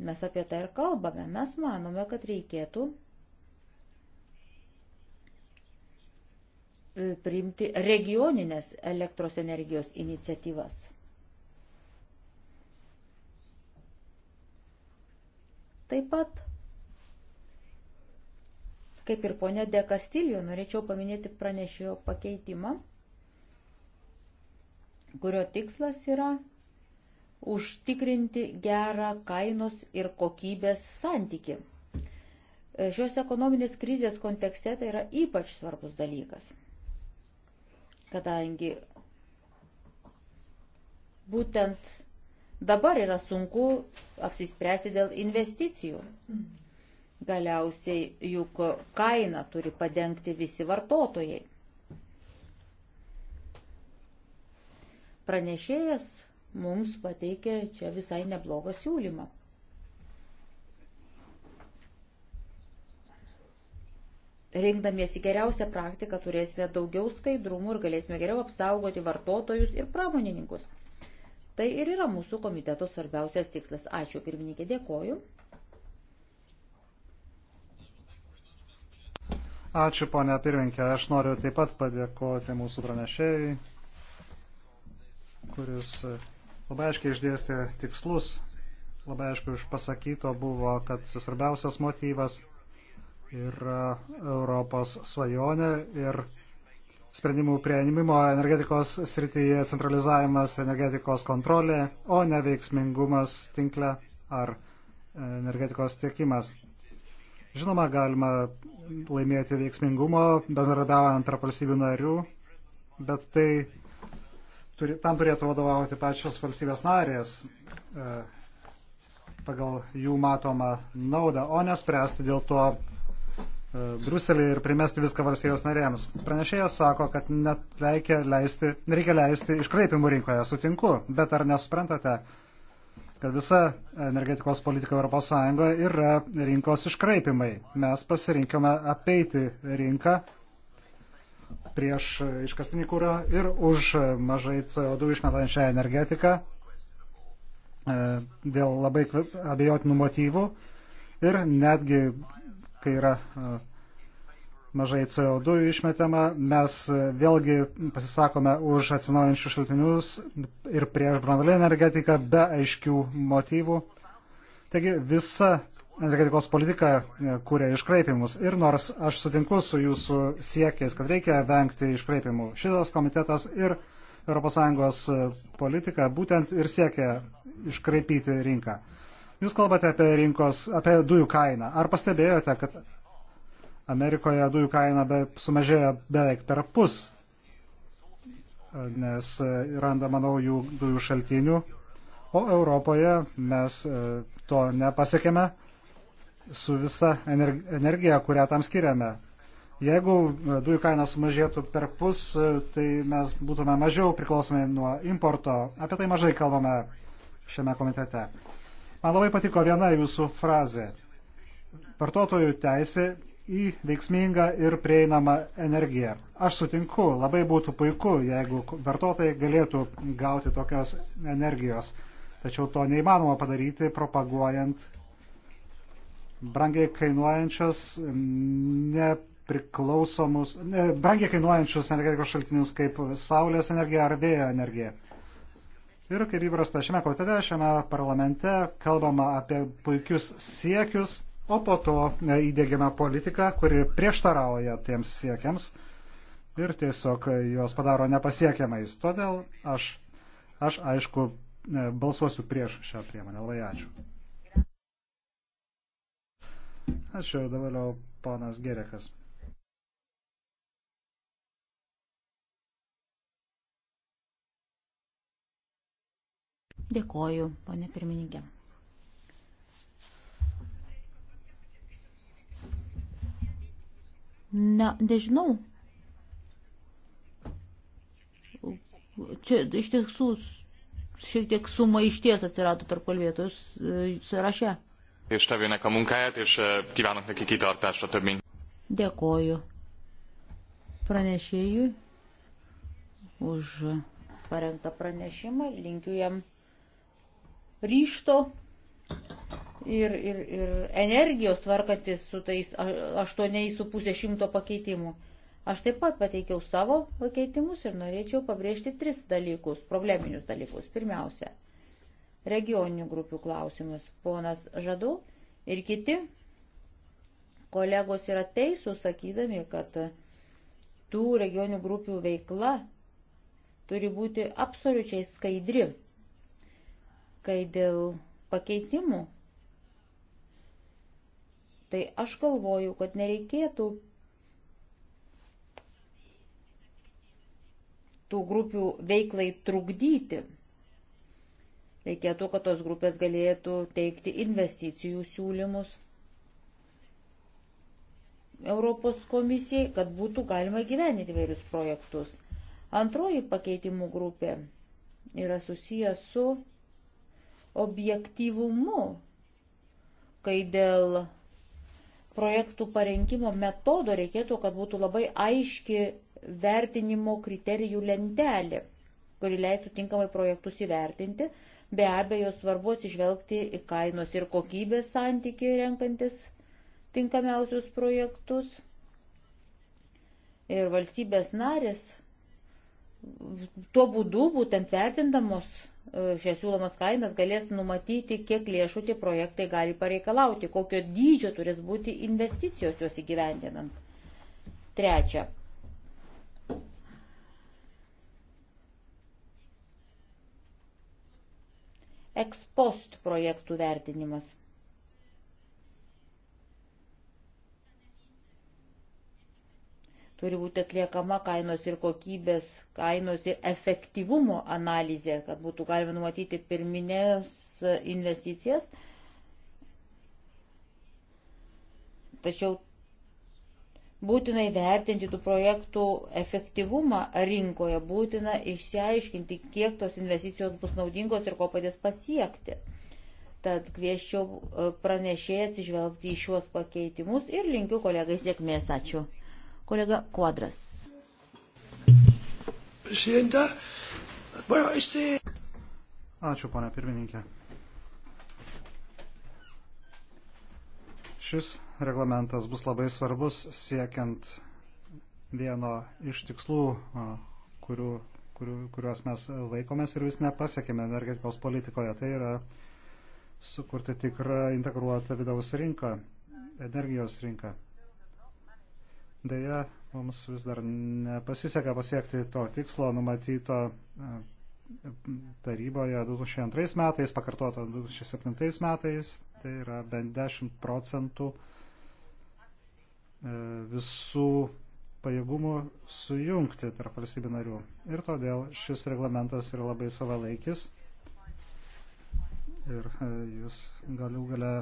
mes apie tai ir kalbame. Mes manome, kad reikėtų e, priimti regioninės elektros energijos iniciatyvas. Taip pat Kaip ir ponė De Castillo, norėčiau paminėti pranešėjo pakeitimą, kurio tikslas yra užtikrinti gerą kainos ir kokybės santyki. Šios ekonominės krizės kontekste tai yra ypač svarbus dalykas, kadangi būtent dabar yra sunku apsispręsti dėl investicijų. Galiausiai juk kainą turi padengti visi vartotojai. Pranešėjas mums pateikė čia visai neblogą siūlymą. Rinkdamiesi geriausią praktiką turėsime daugiau skaidrumų ir galėsime geriau apsaugoti vartotojus ir pramonininkus. Tai ir yra mūsų komiteto svarbiausias tikslas. Ačiū pirmininkė, dėkoju. Ačiū, ponia pirminkė. Aš noriu taip pat padėkoti mūsų pranešėjai, kuris labai aiškiai išdėstė tikslus. Labai aišku išpasakyto buvo, kad svarbiausias motyvas yra Europos svajonė ir sprendimų prieimimo energetikos srityje centralizavimas, energetikos kontrolė, o neveiksmingumas tinkle ar energetikos tiekimas. Žinoma, galima laimėti veiksmingumo, bendradarbiaujant tarp valstybių narių, bet tai turi, tam turėtų vadovauti pačios valstybės narės e, pagal jų matomą naudą, o nespręsti dėl to e, Bruselį ir primesti viską valstybės narėms. Pranešėjas sako, kad net reikia leisti, reikia leisti iškraipimų rinkoje, sutinku, bet ar nesuprantate, kad visa energetikos politika ES yra rinkos iškraipimai. Mes pasirinkome apeiti rinką prieš iškastinį kūrą ir už mažai CO2 išmetančią energetiką e, dėl labai abejotinų motyvų ir netgi, kai yra e, mažai CO2 išmetama, mes e, vėlgi pasisakome už atsinaujančius šaltinius ir prieš branduolinę energetiką be aiškių motyvų. Taigi visa energetikos politika e, kūrė iškraipimus ir nors aš sutinku su jūsų siekiais, kad reikia vengti iškraipimų, šitas komitetas ir ES e, politika būtent ir siekia iškraipyti rinką. Jūs kalbate apie rinkos, apie dujų kainą. Ar pastebėjote, kad Amerikoje dujų kaina be, sumažėjo beveik per pus, nes e, randama naujų dujų šaltinių, o Europoje mes e, to nepasiekėme su visa energija, kurią tam skiriame. Jeigu e, dujų kaina sumažėtų per pus, tai mes būtume mažiau priklausomi nuo importo. Apie tai mažai kalbame šiame komitete. Man labai patiko viena jūsų frazė. Vartotojų teisė į veiksmingą ir prieinamą energiją. Aš sutinku, labai būtų puiku, jeigu vartotojai galėtų gauti tokios energijos, tačiau to neįmanoma padaryti propaguojant brangiai kainuojančias, nepriklausomus, ne, brangiai kainuojančius energetikos šaltinius kaip saulės energija ar vėjo energija. Ir kaip įprasta šiame komitete, šiame parlamente kalbama apie puikius siekius, o po to e, įdėgiame politiką, kuri prieštarauja tiems siekiams ir tiesiog juos padaro nepasiekiamais. Todėl aš, aš aišku, e, balsuosiu prieš šią priemonę. Labai ačiū. Ačiū, dabar jau ponas Gerekas. Dėkoju, ponė pirmininkė. Ne, nežinau. Čia iš tiesų šiek tiek sumaišties atsirado tarp kalbėtojus e, sąraše. És tevőnek a munkáját, és e, kívánok neki kitartást, stb. Dėkoju pranešėjui už parengtą pranešimą, linkiu jam ryšto ir, ir, ir energijos tvarkantis su tais 8,5 pakeitimų. Aš taip pat pateikiau savo pakeitimus ir norėčiau pabrėžti tris dalykus, probleminius dalykus. Pirmiausia, regioninių grupių klausimas. Ponas Žadu ir kiti kolegos yra teisūs, sakydami, kad tų regioninių grupių veikla turi būti absoliučiai skaidri, kai dėl pakeitimų tai aš galvoju, kad nereikėtų tų grupių veiklai trukdyti. Reikėtų, kad tos grupės galėtų teikti investicijų siūlymus Europos komisijai, kad būtų galima gyveninti vairius projektus. Antroji pakeitimų grupė yra susijęs su objektyvumu, kai dėl projektų parengimo metodo reikėtų, kad būtų labai aiški vertinimo kriterijų lentelė, kuri leistų tinkamai projektus įvertinti. Be abejo, svarbu atsižvelgti į kainos ir kokybės santykį renkantis tinkamiausius projektus. Ir valstybės narės tuo būdu būtent vertindamos E, šias siūlomas kainas galės numatyti, kiek lėšų tie projektai gali pareikalauti, kokio dydžio turės būti investicijos juos įgyvendinant. Trečia. Ekspost projektų vertinimas. Turi būti atliekama kainos ir kokybės, kainos ir efektyvumo analizė, kad būtų galima numatyti pirminės investicijas. Tačiau būtina įvertinti tų projektų efektyvumą rinkoje, būtina išsiaiškinti, kiek tos investicijos bus naudingos ir ko padės pasiekti. Tad kvieščiau e, pranešėjai atsižvelgti į šiuos pakeitimus ir linkiu kolegai sėkmės. Ačiū. Kolega Kuodras. Ačiū, ponia pirmininkė. Šis reglamentas bus labai svarbus siekiant vieno iš tikslų, kurių, kurių, kuriuos mes laikomės ir vis nepasiekėme energetikos politikoje. Tai yra sukurti tikrą integruotą vidaus rinką, energijos rinką. Deja, mums vis dar nepasiseka pasiekti to tikslo numatyto e, taryboje 2002 metais, pakartoto 2007 metais, tai yra bent 10 procentų e, visų pajėgumų sujungti tarp valstybių narių. Ir todėl šis reglamentas yra labai savalaikis. Ir e, jis galių gale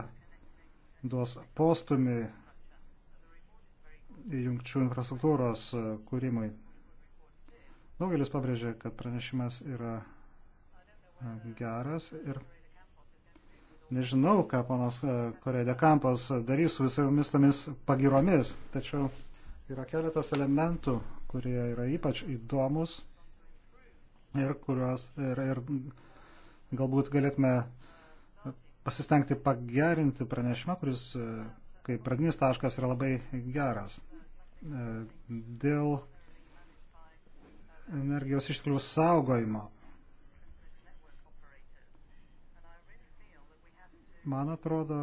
duos postumį jungčių infrastruktūros e, kūrimui. Daugelis pabrėžė, kad pranešimas yra e, geras ir nežinau, ką ponas Koredė e, Kampas darys su visomis tomis pagiromis, tačiau yra keletas elementų, kurie yra ypač įdomus ir kuriuos ir, ir galbūt galėtume pasistengti pagerinti pranešimą, kuris kaip pradinis taškas yra labai geras dėl energijos išteklių saugojimo. Man atrodo,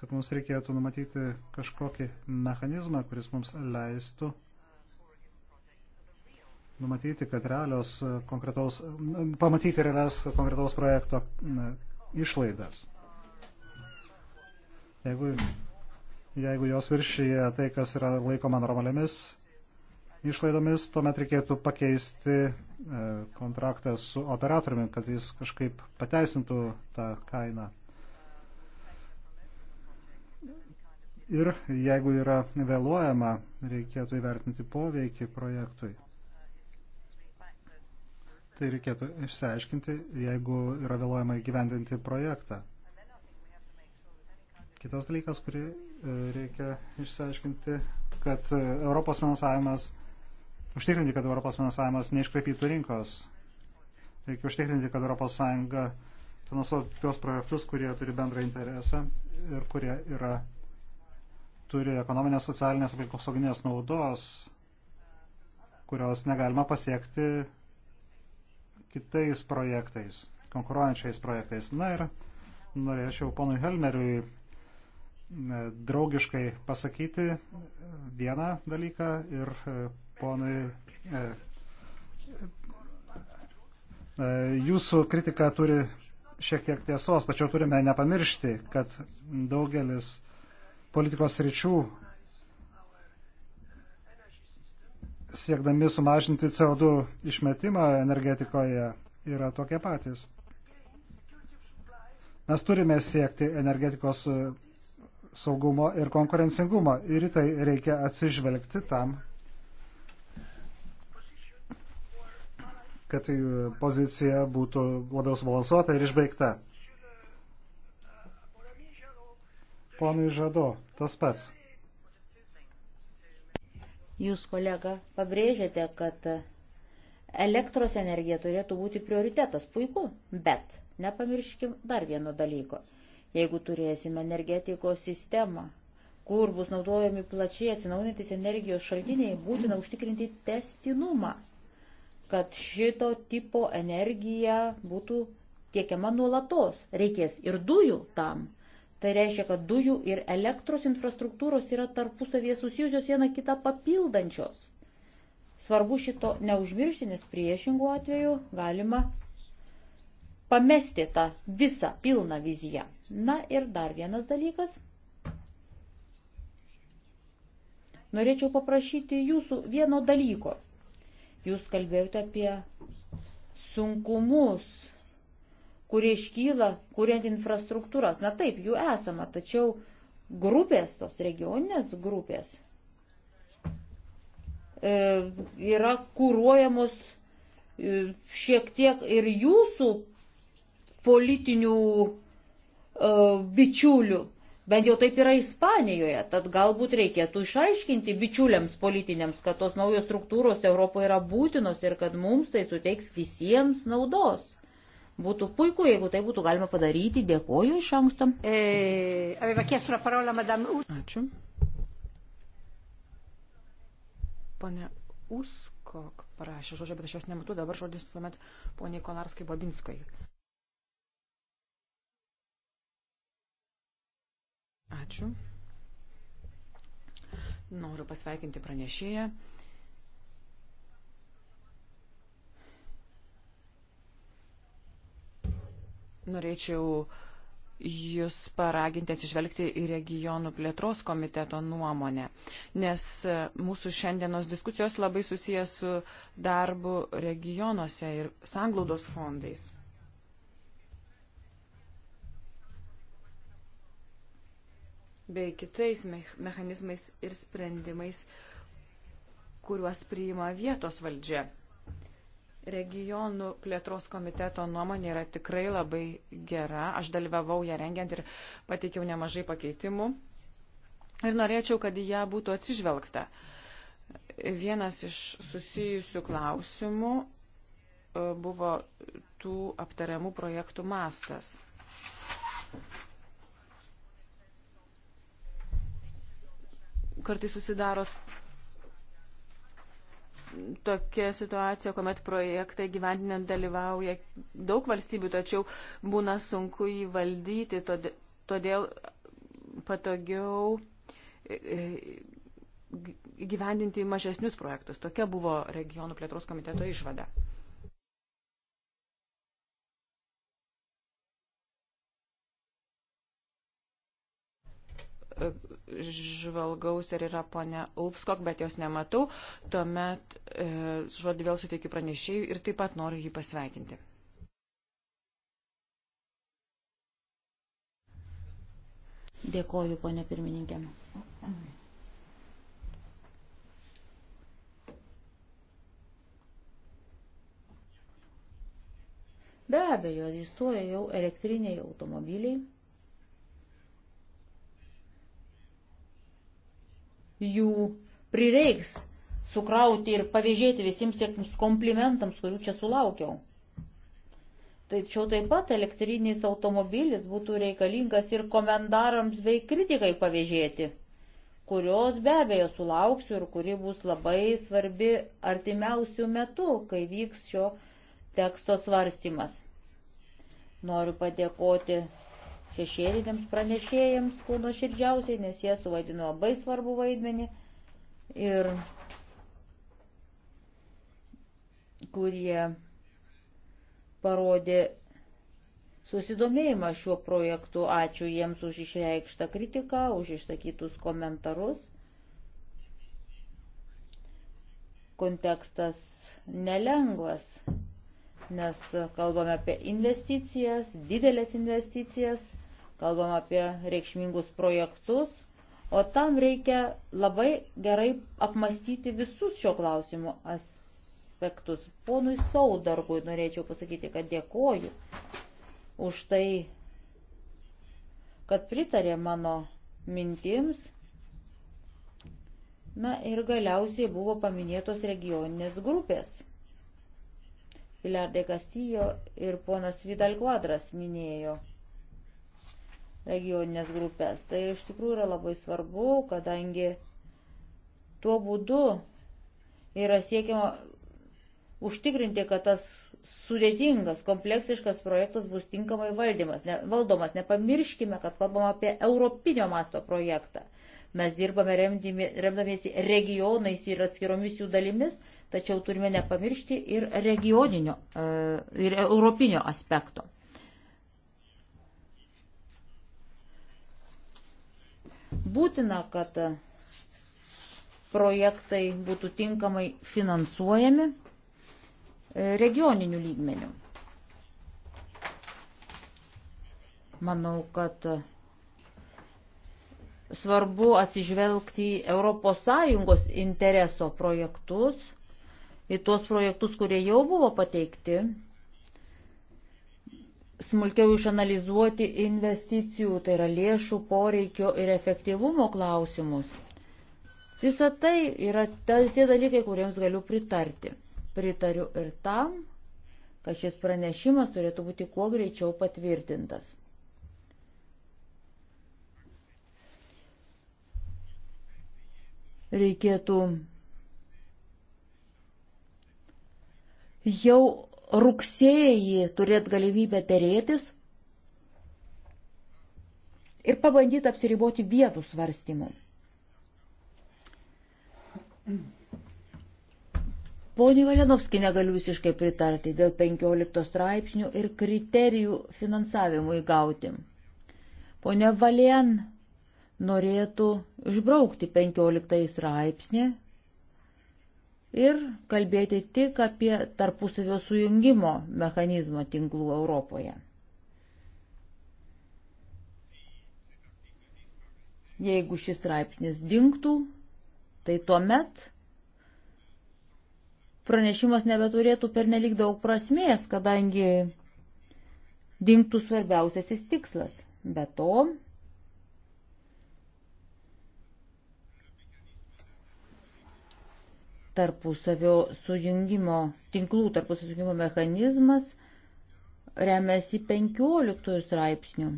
kad mums reikėtų numatyti kažkokį mechanizmą, kuris mums leistų numatyti, kad realios konkretaus, pamatyti realias konkretaus projekto išlaidas. Jeigu Jeigu jos viršyje tai, kas yra laikoma normaliomis išlaidomis, tuomet reikėtų pakeisti e, kontraktą su operatoriumi, kad jis kažkaip pateisintų tą kainą. Ir jeigu yra vėluojama, reikėtų įvertinti poveikį projektui. Tai reikėtų išsiaiškinti, jeigu yra vėluojama įgyvendinti projektą. Kitas dalykas, kurį e, reikia išsiaiškinti, kad e, Europos finansavimas, užtikrinti, kad Europos finansavimas neiškreipytų rinkos. Reikia užtikrinti, kad ES finansuotų tuos projektus, kurie turi bendrą interesą ir kurie yra, turi ekonominės, socialinės, aplinkosauginės naudos, kurios negalima pasiekti kitais projektais, konkuruojančiais projektais. Na ir norėčiau ponui Helmeriui E, draugiškai pasakyti vieną dalyką ir e, ponui. E, jūsų kritika turi šiek tiek tiesos, tačiau turime nepamiršti, kad daugelis politikos ryčių siekdami sumažinti CO2 išmetimą energetikoje yra tokie patys. Mes turime siekti energetikos saugumo ir konkurencingumo. Ir į tai reikia atsižvelgti tam, kad pozicija būtų labiau subalansuota ir išbaigta. Ponui Žado, tas pats. Jūs, kolega, pabrėžėte, kad elektros energija turėtų būti prioritetas, puiku, bet nepamirškim dar vieno dalyko jeigu turėsime energetikos sistemą, kur bus naudojami plačiai atsinaujantis energijos šaltiniai, būtina užtikrinti testinumą, kad šito tipo energija būtų tiekiama nuolatos. Reikės ir dujų tam. Tai reiškia, kad dujų ir elektros infrastruktūros yra tarpusavie susijusios viena kitą papildančios. Svarbu šito neužmiršti, nes priešingų atveju galima pamesti tą visą pilną viziją. Na ir dar vienas dalykas. Norėčiau paprašyti jūsų vieno dalyko. Jūs kalbėjote apie sunkumus, kurie iškyla, kuriant infrastruktūras. Na taip, jų esama, tačiau grupės, tos regioninės grupės, e, yra kūruojamos e, šiek tiek ir jūsų politinių E, bičiulių. Bent jau taip yra Ispanijoje, tad galbūt reikėtų išaiškinti bičiuliams politiniams, kad tos naujos struktūros Europoje yra būtinos ir kad mums tai suteiks visiems naudos. Būtų puiku, jeigu tai būtų galima padaryti. Dėkoju iš anksto. E, Ačiū. Pane Uskok prašė žodžio, bet aš jos nematau. Dabar žodis tuomet poniai Konarskai Babinskai. Ačiū. Noriu pasveikinti pranešėją. Norėčiau Jūs paraginti atsižvelgti į regionų plėtros komiteto nuomonę, nes mūsų šiandienos diskusijos labai susijęs su darbu regionuose ir sanglaudos fondais. bei kitais mechanizmais ir sprendimais, kuriuos priima vietos valdžia. Regionų plėtros komiteto nuomonė yra tikrai labai gera. Aš dalyvavau ją rengiant ir pateikiau nemažai pakeitimų. Ir norėčiau, kad į ją būtų atsižvelgta. Vienas iš susijusių klausimų e, buvo tų aptariamų projektų mastas. kartai susidaro tokia situacija, kuomet projektai gyvendinant dalyvauja daug valstybių, tačiau būna sunku įvaldyti, todėl patogiau e, e, gyvendinti mažesnius projektus. Tokia buvo regionų plėtros komiteto išvada. E, žvalgaus, ar yra ponia Ulfskok, bet jos nematau. Tuomet e, žodį vėl suteikiu pranešėjui ir taip pat noriu jį pasveikinti. Dėkoju, ponia pirmininkė. Be abejo, egzistuoja jau elektriniai automobiliai jų prireiks sukrauti ir pavėžėti visiems tiems komplimentams, kurių čia sulaukiau. Tačiau taip pat elektrinis automobilis būtų reikalingas ir komendarams bei kritikai pavėžėti, kurios be abejo sulauksiu ir kuri bus labai svarbi artimiausių metų, kai vyks šio teksto svarstymas. Noriu padėkoti šešėliniams pranešėjams kuo nuoširdžiausiai, nes jie suvaidino labai svarbu vaidmenį ir kurie parodė susidomėjimą šiuo projektu. Ačiū jiems už išreikštą kritiką, už išsakytus komentarus. Kontekstas nelengvas, nes kalbame apie investicijas, didelės investicijas kalbam apie reikšmingus projektus, o tam reikia labai gerai apmastyti visus šio klausimo aspektus. Ponui Saudargui norėčiau pasakyti, kad dėkoju už tai, kad pritarė mano mintims. Na ir galiausiai buvo paminėtos regioninės grupės. Pilar de Castillo ir ponas Vidal Quadras minėjo regioninės grupės. Tai iš tikrųjų yra labai svarbu, kadangi tuo būdu yra siekiama užtikrinti, kad tas sudėtingas, kompleksiškas projektas bus tinkamai valdymas, ne, valdomas. Nepamirškime, kad kalbam apie europinio masto projektą. Mes dirbame remdami, remdamiesi regionais ir atskiromis jų dalimis, tačiau turime nepamiršti ir regioninio, e, ir europinio aspekto. Būtina, kad projektai būtų tinkamai finansuojami regioninių lygmenių. Manau, kad svarbu atsižvelgti į ES intereso projektus, į tuos projektus, kurie jau buvo pateikti smulkiau išanalizuoti investicijų, tai yra lėšų poreikio ir efektyvumo klausimus. Visą tai yra tie dalykai, kuriems galiu pritarti. Pritariu ir tam, kad šis pranešimas turėtų būti kuo greičiau patvirtintas. Reikėtų jau rugsėjį turėt galimybę dėrėtis ir pabandyti apsiriboti vietų svarstymu. Pone Valenovski negaliu visiškai pritarti dėl 15 straipsnių ir kriterijų finansavimui gauti. Pone Valien norėtų išbraukti 15 straipsnį ir kalbėti tik apie tarpusavio sujungimo mechanizmo tinklų Europoje. Jeigu šis straipsnis dinktų, tai tuomet pranešimas nebeturėtų pernelik daug prasmės, kadangi dinktų svarbiausiasis tikslas. Be to, tarpusavio sujungimo, tinklų tarpusavio sujungimo mechanizmas remiasi 15 straipsnių.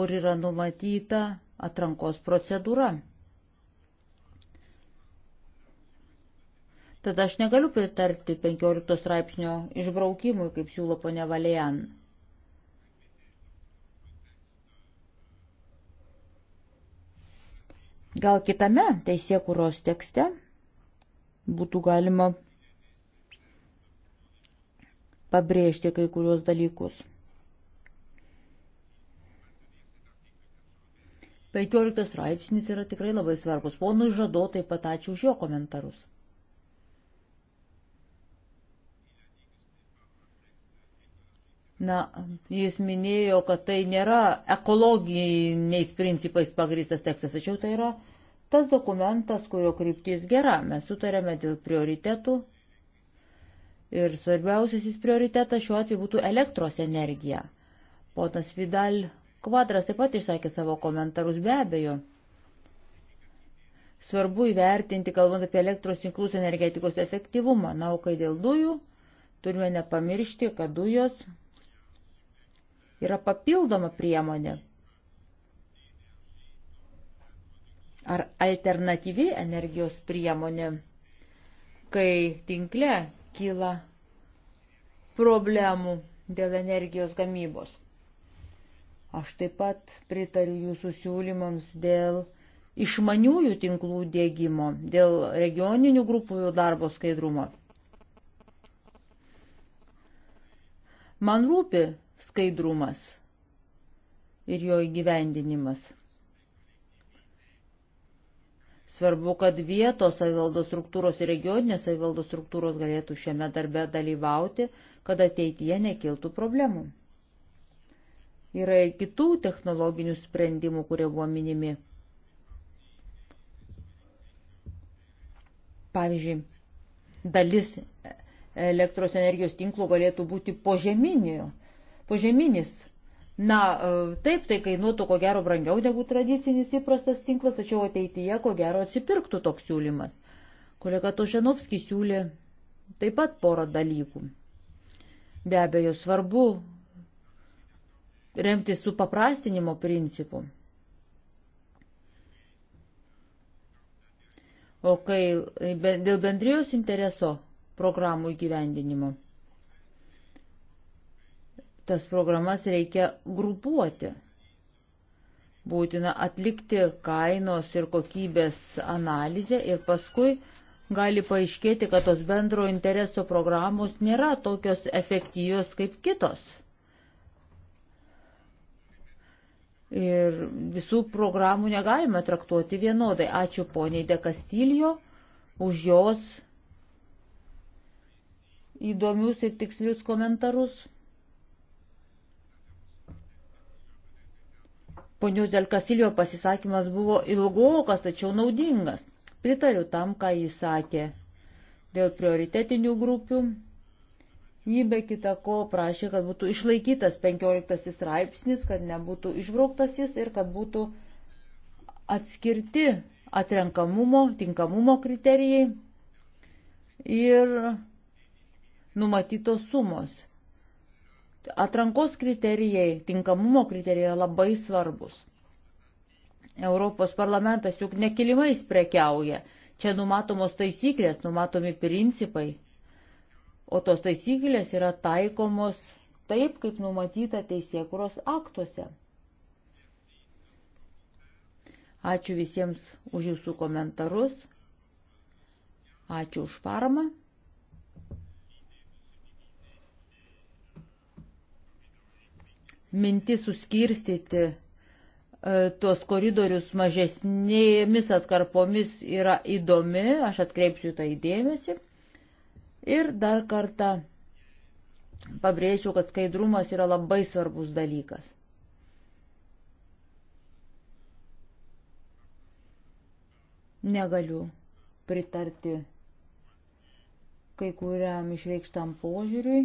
kur yra numatyta atrankos procedūra. Tad aš negaliu pritarti 15 straipsnio išbraukimui, kaip siūlo ponia Valijan. Gal kitame teisėkuros tekste būtų galima pabrėžti kai kurios dalykus. 15 straipsnis yra tikrai labai svarbus. Ponui Žado taip pat ačiū už jo komentarus. Na, jis minėjo, kad tai nėra ekologiniais principais pagristas tekstas, tačiau tai yra tas dokumentas, kurio kryptis gera. Mes sutarėme dėl prioritetų ir svarbiausiasis prioritetas šiuo atveju būtų elektros energija. Ponas Vidal Kvadras taip pat išsakė savo komentarus be abejo. Svarbu įvertinti, kalbant apie elektros tinklus energetikos efektyvumą. Na, o kai dėl dujų, turime nepamiršti, kad dujos yra papildoma priemonė. Ar alternatyvi energijos priemonė, kai tinkle kyla problemų dėl energijos gamybos. Aš taip pat pritariu jūsų siūlymams dėl išmaniųjų tinklų dėgymo, dėl regioninių grupų jų darbo skaidrumo. Man rūpi skaidrumas ir jo įgyvendinimas. Svarbu, kad vietos savivaldos struktūros ir regioninės savivaldos struktūros galėtų šiame darbe dalyvauti, kad ateityje nekiltų problemų. Yra ir kitų technologinių sprendimų, kurie buvo minimi. Pavyzdžiui, dalis elektros energijos tinklų galėtų būti požeminių požeminis. Na, e, taip, tai kainuotų ko gero brangiau negu tradicinis įprastas tinklas, tačiau ateityje ko gero atsipirktų toks siūlymas. Kolega Tošenovskis siūlė taip pat porą dalykų. Be abejo, svarbu remti su paprastinimo principu. O kai dėl bendrijos intereso programų įgyvendinimo tas programas reikia grupuoti. Būtina atlikti kainos ir kokybės analizę ir paskui gali paaiškėti, kad tos bendro intereso programos nėra tokios efektyvios kaip kitos. Ir visų programų negalime traktuoti vienodai. Ačiū poniai De Castillo už jos įdomius ir tikslius komentarus. Ponios Delkasilio pasisakymas buvo ilgokas, tačiau naudingas. Pritariu tam, ką jis sakė. Dėl prioritetinių grupių jį be kita ko prašė, kad būtų išlaikytas 15 straipsnis, kad nebūtų išbrauktas jis ir kad būtų atskirti atrenkamumo, tinkamumo kriterijai ir numatytos sumos. Atrankos kriterijai, tinkamumo kriterijai labai svarbus. Europos parlamentas juk nekilimais prekiauja. Čia numatomos taisyklės, numatomi principai. O tos taisyklės yra taikomos taip, kaip numatyta teisėkuros aktuose. Ačiū visiems už jūsų komentarus. Ačiū už paramą. minti suskirstyti e, tuos koridorius mažesnėmis atkarpomis yra įdomi, aš atkreipsiu tai dėmesį. Ir dar kartą pabrėžiu, kad skaidrumas yra labai svarbus dalykas. Negaliu pritarti kai kuriam išreikštam požiūriui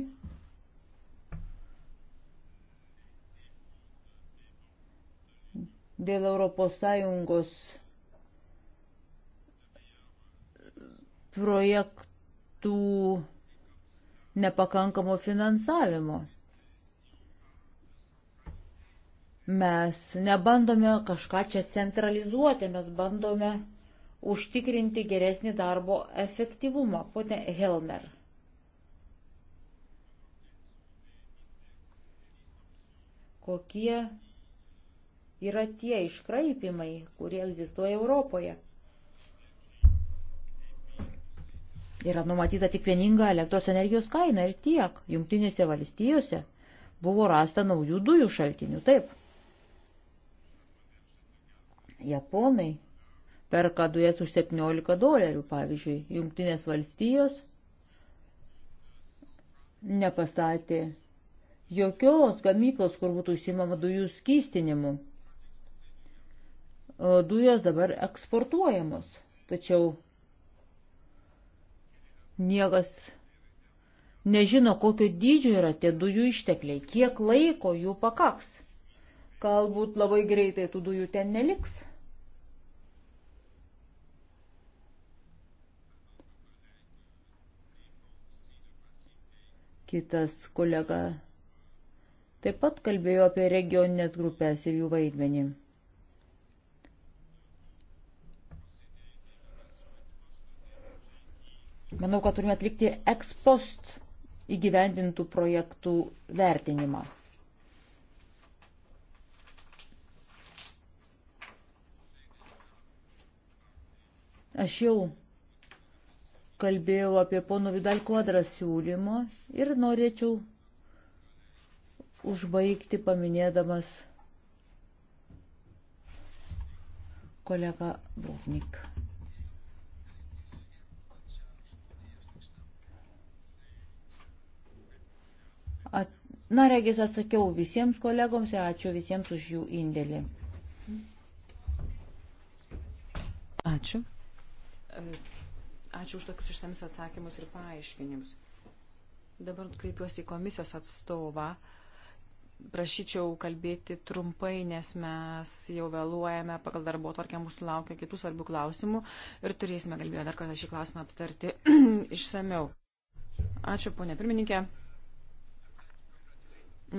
dėl ES projektų nepakankamo finansavimo. Mes nebandome kažką čia centralizuoti, mes bandome užtikrinti geresnį darbo efektyvumą. Pone Helmer. Kokie yra tie iškraipimai, kurie egzistuoja Europoje. Yra numatyta tik vieninga elektros energijos kaina ir tiek. Jungtinėse valstijose buvo rasta naujų dujų šaltinių. Taip. Japonai perka dujas už 17 dolerių, pavyzdžiui, Jungtinės valstijos nepastatė jokios gamyklos, kur būtų užsimama dujų skystinimu dujos dabar eksportuojamos. Tačiau niekas nežino, kokio dydžio yra tie dujų ištekliai, kiek laiko jų pakaks. Galbūt labai greitai tų dujų ten neliks. Kitas kolega taip pat kalbėjo apie regioninės grupės ir jų vaidmenį. Manau, kad turime atlikti ekspost įgyvendintų projektų vertinimą. Aš jau kalbėjau apie pono Vidal kvadrą siūlymą ir norėčiau užbaigti paminėdamas kolega Brovnik. At, na, regis atsakiau visiems kolegoms ir ačiū visiems už jų indėlį. Ačiū. E, ačiū už tokius išsamius atsakymus ir paaiškinimus. Dabar kreipiuosi į komisijos atstovą. Prašyčiau kalbėti trumpai, nes mes jau vėluojame, pagal darbo tvarkę mūsų laukia kitų svarbių klausimų ir turėsime galimybę dar kartą šį klausimą aptarti išsameu. Ačiū, ponė pirmininkė.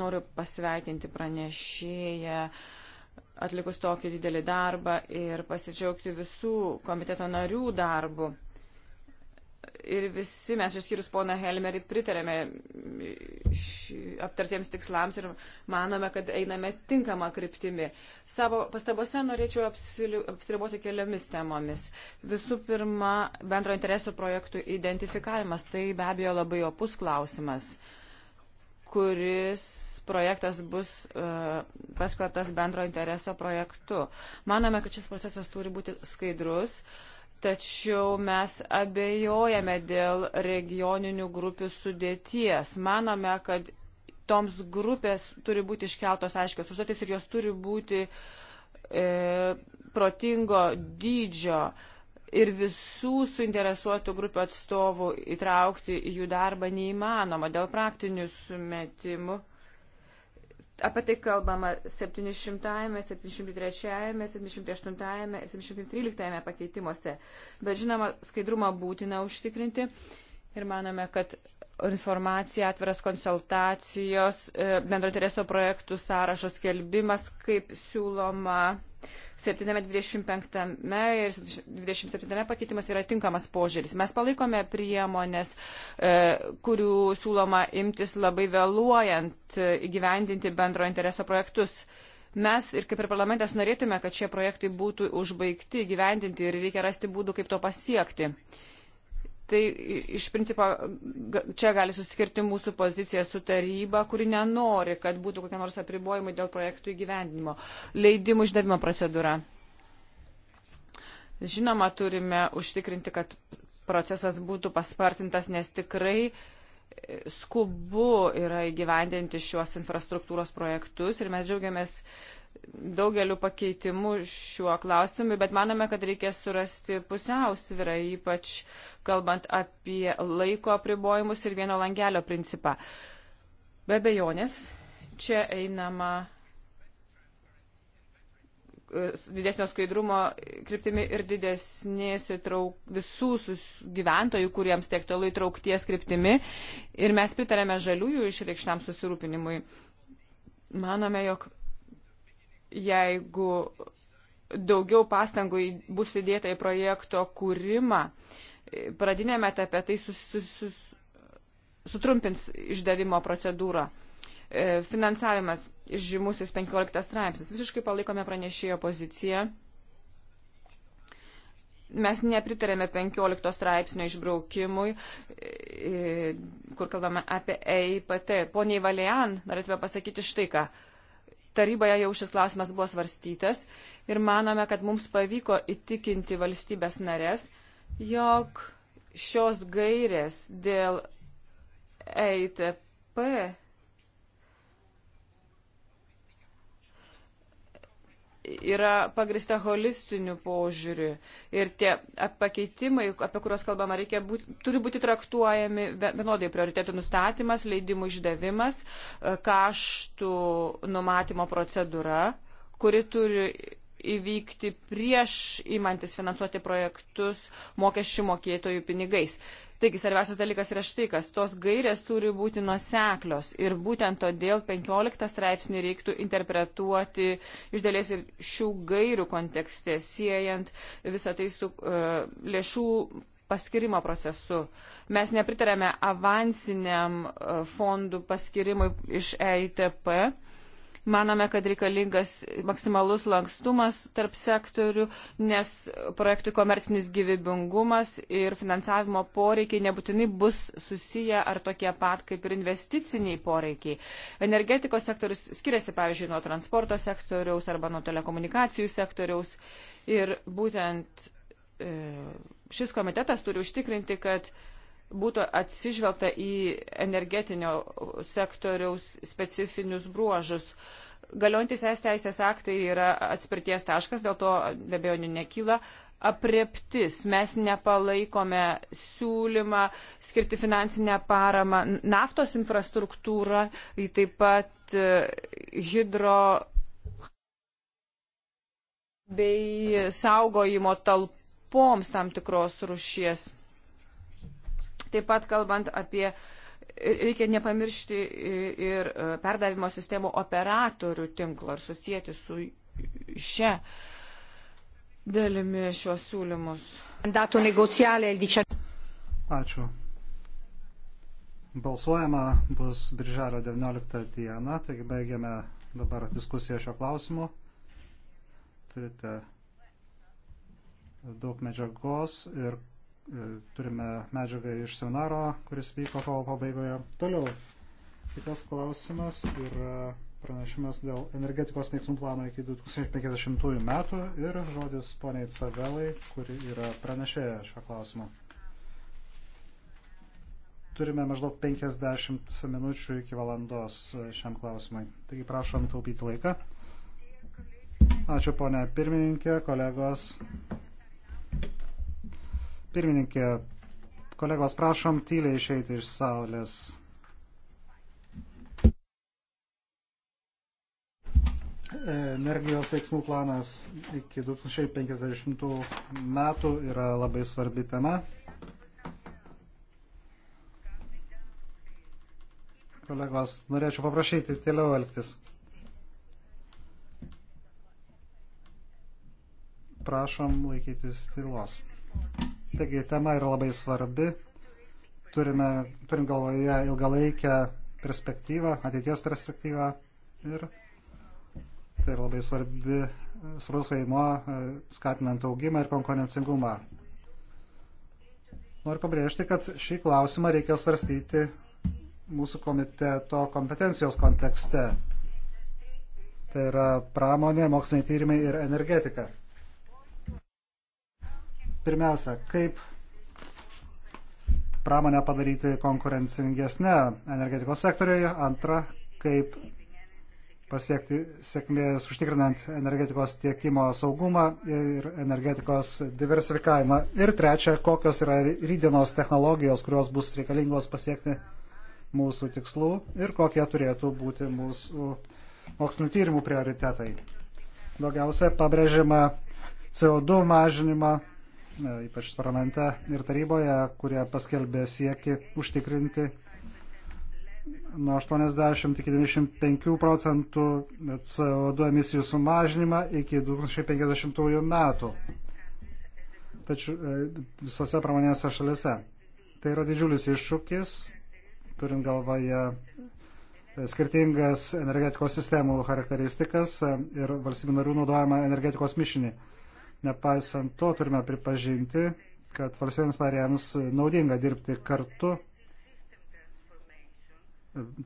Noriu pasveikinti pranešėją atlikus tokį didelį darbą ir pasidžiaugti visų komiteto narių darbų. Ir visi mes, išskyrus poną Helmerį, pritarėme aptartiems tikslams ir manome, kad einame tinkamą kryptimį. Savo pastabose norėčiau apsiriboti keliomis temomis. Visų pirma, bendro interesų projektų identifikavimas. Tai be abejo labai opus klausimas. Uh, kuris projektas bus uh, paskelbtas bendro intereso projektu. Manome, kad šis procesas turi būti skaidrus, tačiau mes abejojame dėl regioninių grupių sudėties. Manome, kad toms grupės turi būti iškeltos aiškios užduotis ir jos turi būti e, protingo dydžio. E, ir visų suinteresuotų grupių atstovų įtraukti į jų darbą neįmanoma dėl praktinių sumetimų. Apie tai kalbama 700, 703, 708, 713 pakeitimuose. Bet žinoma, skaidrumą būtina užtikrinti ir manome, kad informacija, atviras konsultacijos, e, bendro intereso projektų sąrašos kelbimas, kaip siūloma 7.25 ir 27 pakeitimas yra tinkamas požiūris. Mes palaikome priemonės, e, kurių siūloma imtis labai vėluojant e, įgyvendinti bendro intereso projektus. Mes ir kaip ir parlamentas norėtume, kad šie projektai būtų užbaigti, gyvendinti ir reikia rasti būdų, kaip to pasiekti. Uh, Tai iš principo čia gali susikirti mūsų pozicija su taryba, kuri nenori, kad būtų kokie nors apribojimai dėl projektų įgyvendinimo. Leidimų išdavimo procedūra. Žinoma, turime užtikrinti, kad procesas būtų paspartintas, nes tikrai e, skubu yra įgyvendinti šiuos infrastruktūros projektus ir mes džiaugiamės daugeliu pakeitimų šiuo klausimu, bet manome, kad reikės surasti pusiausvyrą, ypač kalbant apie laiko apribojimus ir vieno langelio principą. Be bejonės, čia einama e, didesnio skaidrumo kryptimi ir didesnės įtrauk, visų sus, gyventojų, kuriems tiek toliau įtraukties kryptimi. Ir mes pritarėme žaliųjų išreikštam susirūpinimui. Manome, jog jeigu daugiau pastangų bus įdėta į projekto kūrimą, e, pradinėme etape tai sus, sus, sus, sutrumpins išdavimo procedūrą. E, finansavimas žymusis 15 straipsnis. Visiškai palaikome pranešėjo poziciją. Mes nepritarėme 15 straipsnio išbraukimui, e, kur kalbame apie EIPT. Poniai Valian, norėtume pasakyti štai ką taryboje jau šis klausimas buvo svarstytas ir manome, kad mums pavyko įtikinti valstybės narės, jog šios gairės dėl EITP yra pagrista holistiniu požiūriu ir tie pakeitimai, apie kuriuos kalbama, būt, turi būti traktuojami vienodai prioritėtų nustatymas, leidimų išdavimas, e, kaštų numatymo procedūra, kuri turi įvykti prieš įmantis finansuoti projektus mokesčių mokėtojų pinigais. Taigi svarbiausias dalykas yra štai, kas tos gairės turi būti nuseklios ir būtent todėl 15 straipsnį reiktų interpretuoti iš dalies ir šių gairių kontekste, siejant visą tai su uh, lėšų paskirimo procesu. Mes nepritarėme avansiniam uh, fondų paskirimui iš EITP. Uh, Manome, kad reikalingas maksimalus lankstumas tarp sektorių, nes projektų komercinis gyvybingumas ir finansavimo poreikiai nebūtinai bus susiję ar tokie pat kaip ir investiciniai poreikiai. Energetikos sektorius skiriasi, pavyzdžiui, nuo transporto sektoriaus arba nuo telekomunikacijų sektoriaus. Ir būtent e, šis komitetas turi užtikrinti, kad būtų atsižvelgta į energetinio sektoriaus specifinius bruožus. Galiojantis es teisės aktai yra atspirties taškas, dėl to be abejo nekyla apreptis. Mes nepalaikome siūlymą skirti finansinę paramą naftos infrastruktūrą, taip pat e, hidro bei saugojimo talpoms tam tikros rušies Taip pat kalbant apie, reikia nepamiršti ir e, perdavimo sistemų operatorių tinklo ir susijęti su šia dalimi šios siūlymus. Ačiū. Balsuojama bus birželio 19 dieną, taigi baigiame dabar diskusiją šio klausimu. Turite daug medžiagos ir E, turime medžiagą iš seminaro, kuris vyko kovo pabaigoje. Toliau, kitas klausimas yra pranešimas dėl energetikos veiksmų plano iki 2050 metų ir žodis poniai Cavelai, kuri yra pranešėja šio klausimo. Turime maždaug 50 minučių iki valandos šiam klausimui. Taigi prašom taupyti laiką. Ačiū ponia pirmininkė, kolegos. Pirmininkė, kolegos, prašom tyliai išeiti iš saulės. E, energijos veiksmų planas iki 2050 metų yra labai svarbi tema. Kolegos, norėčiau paprašyti tėliau elgtis. Prašom laikytis tylos. Taigi tema yra labai svarbi. Turime, turint galvoje ilgalaikę perspektyvą, ateities perspektyvą ir tai yra labai svarbi, svarbus vaidmuo e, skatinant augimą ir konkurencingumą. Noriu pabrėžti, kad šį klausimą reikia svarstyti mūsų komiteto kompetencijos kontekste. Tai yra pramonė, moksliniai tyrimai ir energetika. Pirmiausia, kaip pramonę padaryti konkurencingesnę energetikos sektoriuje. Antra, kaip pasiekti sėkmės užtikrinant energetikos tiekimo saugumą ir energetikos diversifikavimą. Ir trečia, kokios yra rydienos technologijos, kurios bus reikalingos pasiekti mūsų tikslų ir kokie turėtų būti mūsų mokslinių tyrimų prioritetai. Daugiausia pabrėžiama CO2 mažinimą ypač parlamente ir taryboje, kurie paskelbė sieki užtikrinti nuo 80 iki 95 procentų CO2 emisijų sumažinimą iki 2050 metų. Tačiau e, visose pramonėse šalise. Tai yra didžiulis iššūkis, turint galvoje e, skirtingas energetikos sistemų charakteristikas e, ir valstybių narių naudojama energetikos mišinį. Nepaisant to, turime pripažinti, kad valstybėms narėms naudinga dirbti kartu,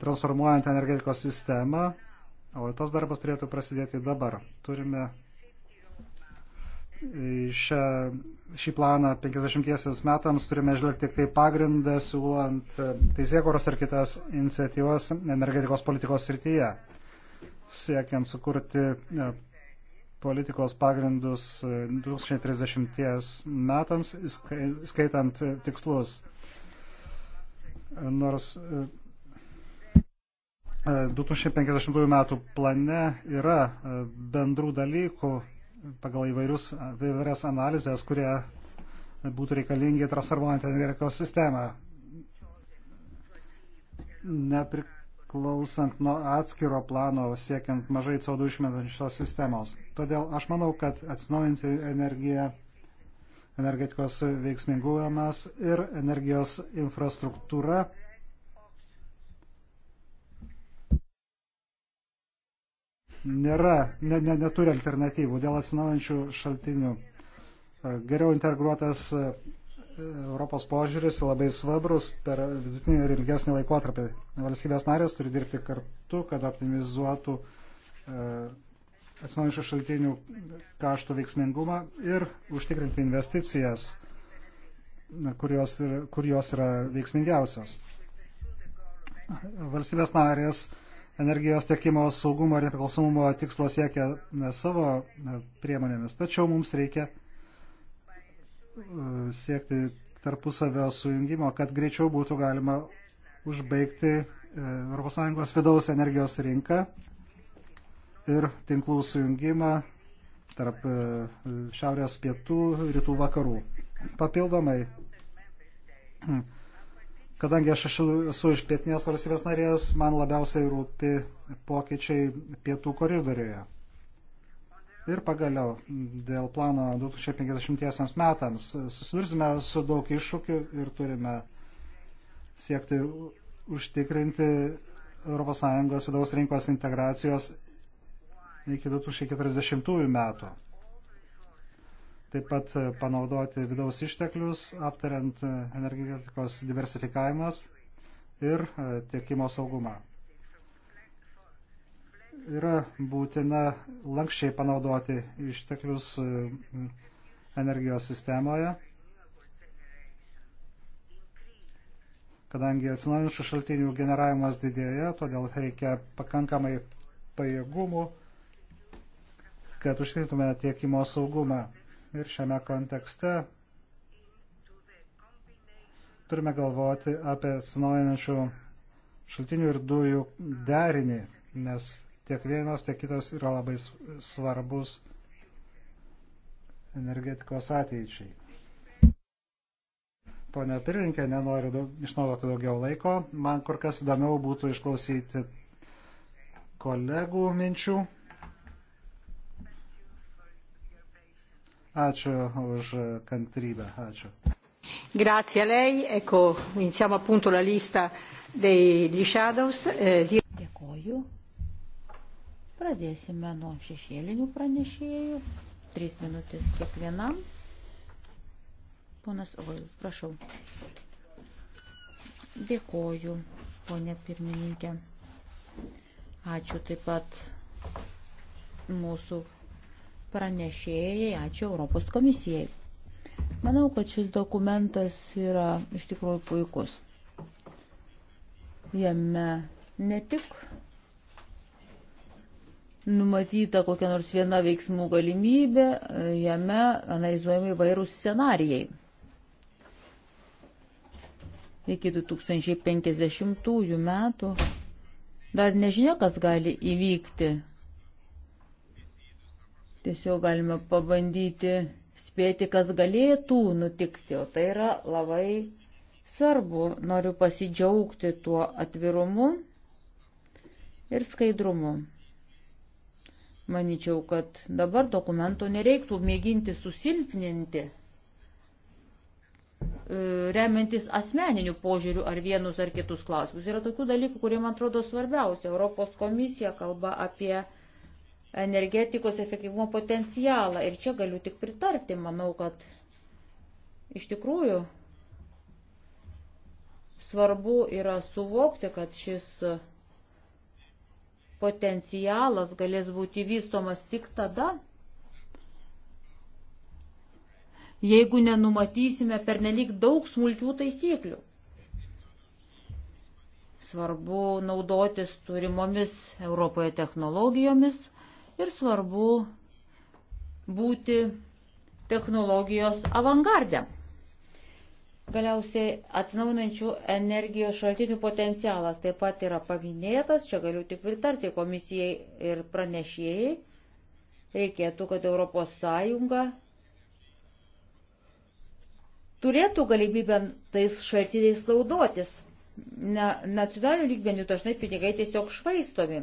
transformuojant energetikos sistemą, o tas darbas turėtų prasidėti dabar. Turime šią, šį planą 50 metams turime žvelgti kaip pagrindą, siūlant teisėkoros ir kitas iniciatyvas energetikos politikos srityje, siekiant sukurti politikos pagrindus 2030 e, metams, skaitant e, tikslus. E, nors 2050 metų plane yra bendrų dalykų pagal įvairius, įvairias analizės, kurie būtų reikalingi transformuojant energetikos sistemą. Nepri, priklausant nuo atskiro plano siekiant mažai CO2 išmetančios sistemos. Todėl aš manau, kad atsinaujinti energiją, energetikos veiksmingumas ir energijos infrastruktūra nėra, ne, ne, neturi alternatyvų dėl atsinaujančių šaltinių. E, geriau integruotas e, Europos požiūris labai svarbus per vidutinį ir ilgesnį laikotarpį. Valstybės narės turi dirbti kartu, kad optimizuotų e, atsinaujančių šaltinių kaštų veiksmingumą ir užtikrinti investicijas, kurios, kur jos yra veiksmingiausios. Valstybės narės energijos tiekimo saugumo ir nepriklausomumo tikslo siekia savo priemonėmis, tačiau mums reikia siekti tarpusavio sujungimo, kad greičiau būtų galima užbaigti e, ES vidaus energijos rinką ir tinklų sujungimą tarp e, šiaurės pietų, rytų vakarų. Papildomai, kadangi aš esu iš pietinės valstybės narės, man labiausiai rūpi pokyčiai pietų koridoriuje. Ir pagaliau, dėl plano 2050 metams susidursime su daug iššūkių ir turime siekti užtikrinti ES vidaus rinkos integracijos iki 2040 metų. Taip pat panaudoti vidaus išteklius, aptariant energetikos diversifikavimas ir tiekimo saugumą yra būtina lankščiai panaudoti išteklius e, energijos sistemoje, kadangi atsinaujinčių šaltinių generavimas didėja, todėl reikia pakankamai pajėgumų, kad užtikrintume tiekimo saugumą. Ir šiame kontekste turime galvoti apie atsinaujinančių šaltinių ir dujų derinį, nes Tiek vienas, tiek kitas yra labai svarbus energetikos ateičiai. Pone pirmininkė, nenoriu daug, išnaudoti daugiau laiko. Man kur kas įdomiau būtų išklausyti kolegų minčių. Ačiū už kantrybę. Ačiū. Grazie a lei. Ecco, iniziamo appunto la lista degli shadows. Eh, di... Dėkoju. Pradėsime nuo šešėlinių pranešėjų. Tris minutės kiekvienam. Ponas Oil, prašau. Dėkoju, ponė pirmininkė. Ačiū taip pat mūsų pranešėjai, ačiū Europos komisijai. Manau, kad šis dokumentas yra iš tikrųjų puikus. Jame ne tik numatyta kokia nors viena veiksmų galimybė, e, jame analizuojami įvairūs scenarijai. Iki 2050 metų dar nežinia, kas gali įvykti. Tiesiog galime pabandyti spėti, kas galėtų nutikti, o tai yra labai svarbu. Noriu pasidžiaugti tuo atvirumu ir skaidrumu. Maničiau, kad dabar dokumento nereiktų mėginti susilpninti, e, remiantis asmeniniu požiūriu ar vienus ar kitus klausimus. Yra tokių dalykų, kurie man atrodo svarbiausia. Europos komisija kalba apie energetikos efektyvumo potencialą ir čia galiu tik pritarti. Manau, kad iš tikrųjų svarbu yra suvokti, kad šis potencialas galės būti vystomas tik tada, jeigu nenumatysime pernelik daug smulkių taisyklių. Svarbu naudotis turimomis Europoje technologijomis ir svarbu būti technologijos avangardėm. Galiausiai atsinaujinančių energijos šaltinių potencialas taip pat yra paminėtas, čia galiu tik pritarti komisijai ir pranešėjai. Reikėtų, kad ES turėtų galimybę tais šaltiniais naudotis. Na, nacionalinių lygmenių dažnai pinigai tiesiog švaistomi.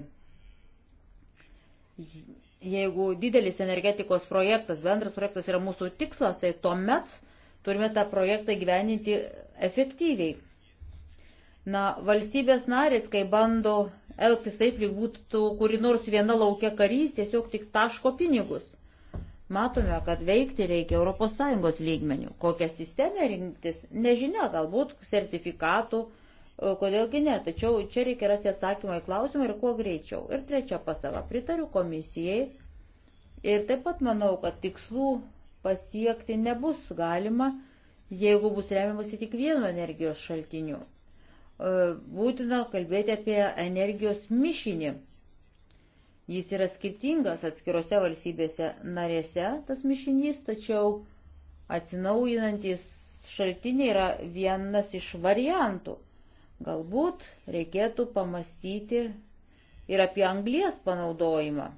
Jeigu didelis energetikos projektas, bendras projektas yra mūsų tikslas, tai tuomet turime tą projektą gyveninti efektyviai. Na, valstybės narės, kai bando elgtis taip, lyg būtų kuri nors viena laukia karys, tiesiog tik taško pinigus. Matome, kad veikti reikia ES lygmenių. Kokią sistemę rinktis, nežinia, galbūt sertifikatų, e, kodėlgi ne. Tačiau čia reikia rasti atsakymą į klausimą ir kuo greičiau. Ir trečia pasava, pritariu komisijai. Ir taip pat manau, kad tikslų pasiekti nebus galima, jeigu bus remiamasi tik vienu energijos šaltiniu. E, būtina kalbėti apie energijos mišinį. Jis yra skirtingas atskirose valstybėse narėse, tas mišinys, tačiau atsinaujinantis šaltiniai yra vienas iš variantų. Galbūt reikėtų pamastyti ir apie anglies panaudojimą.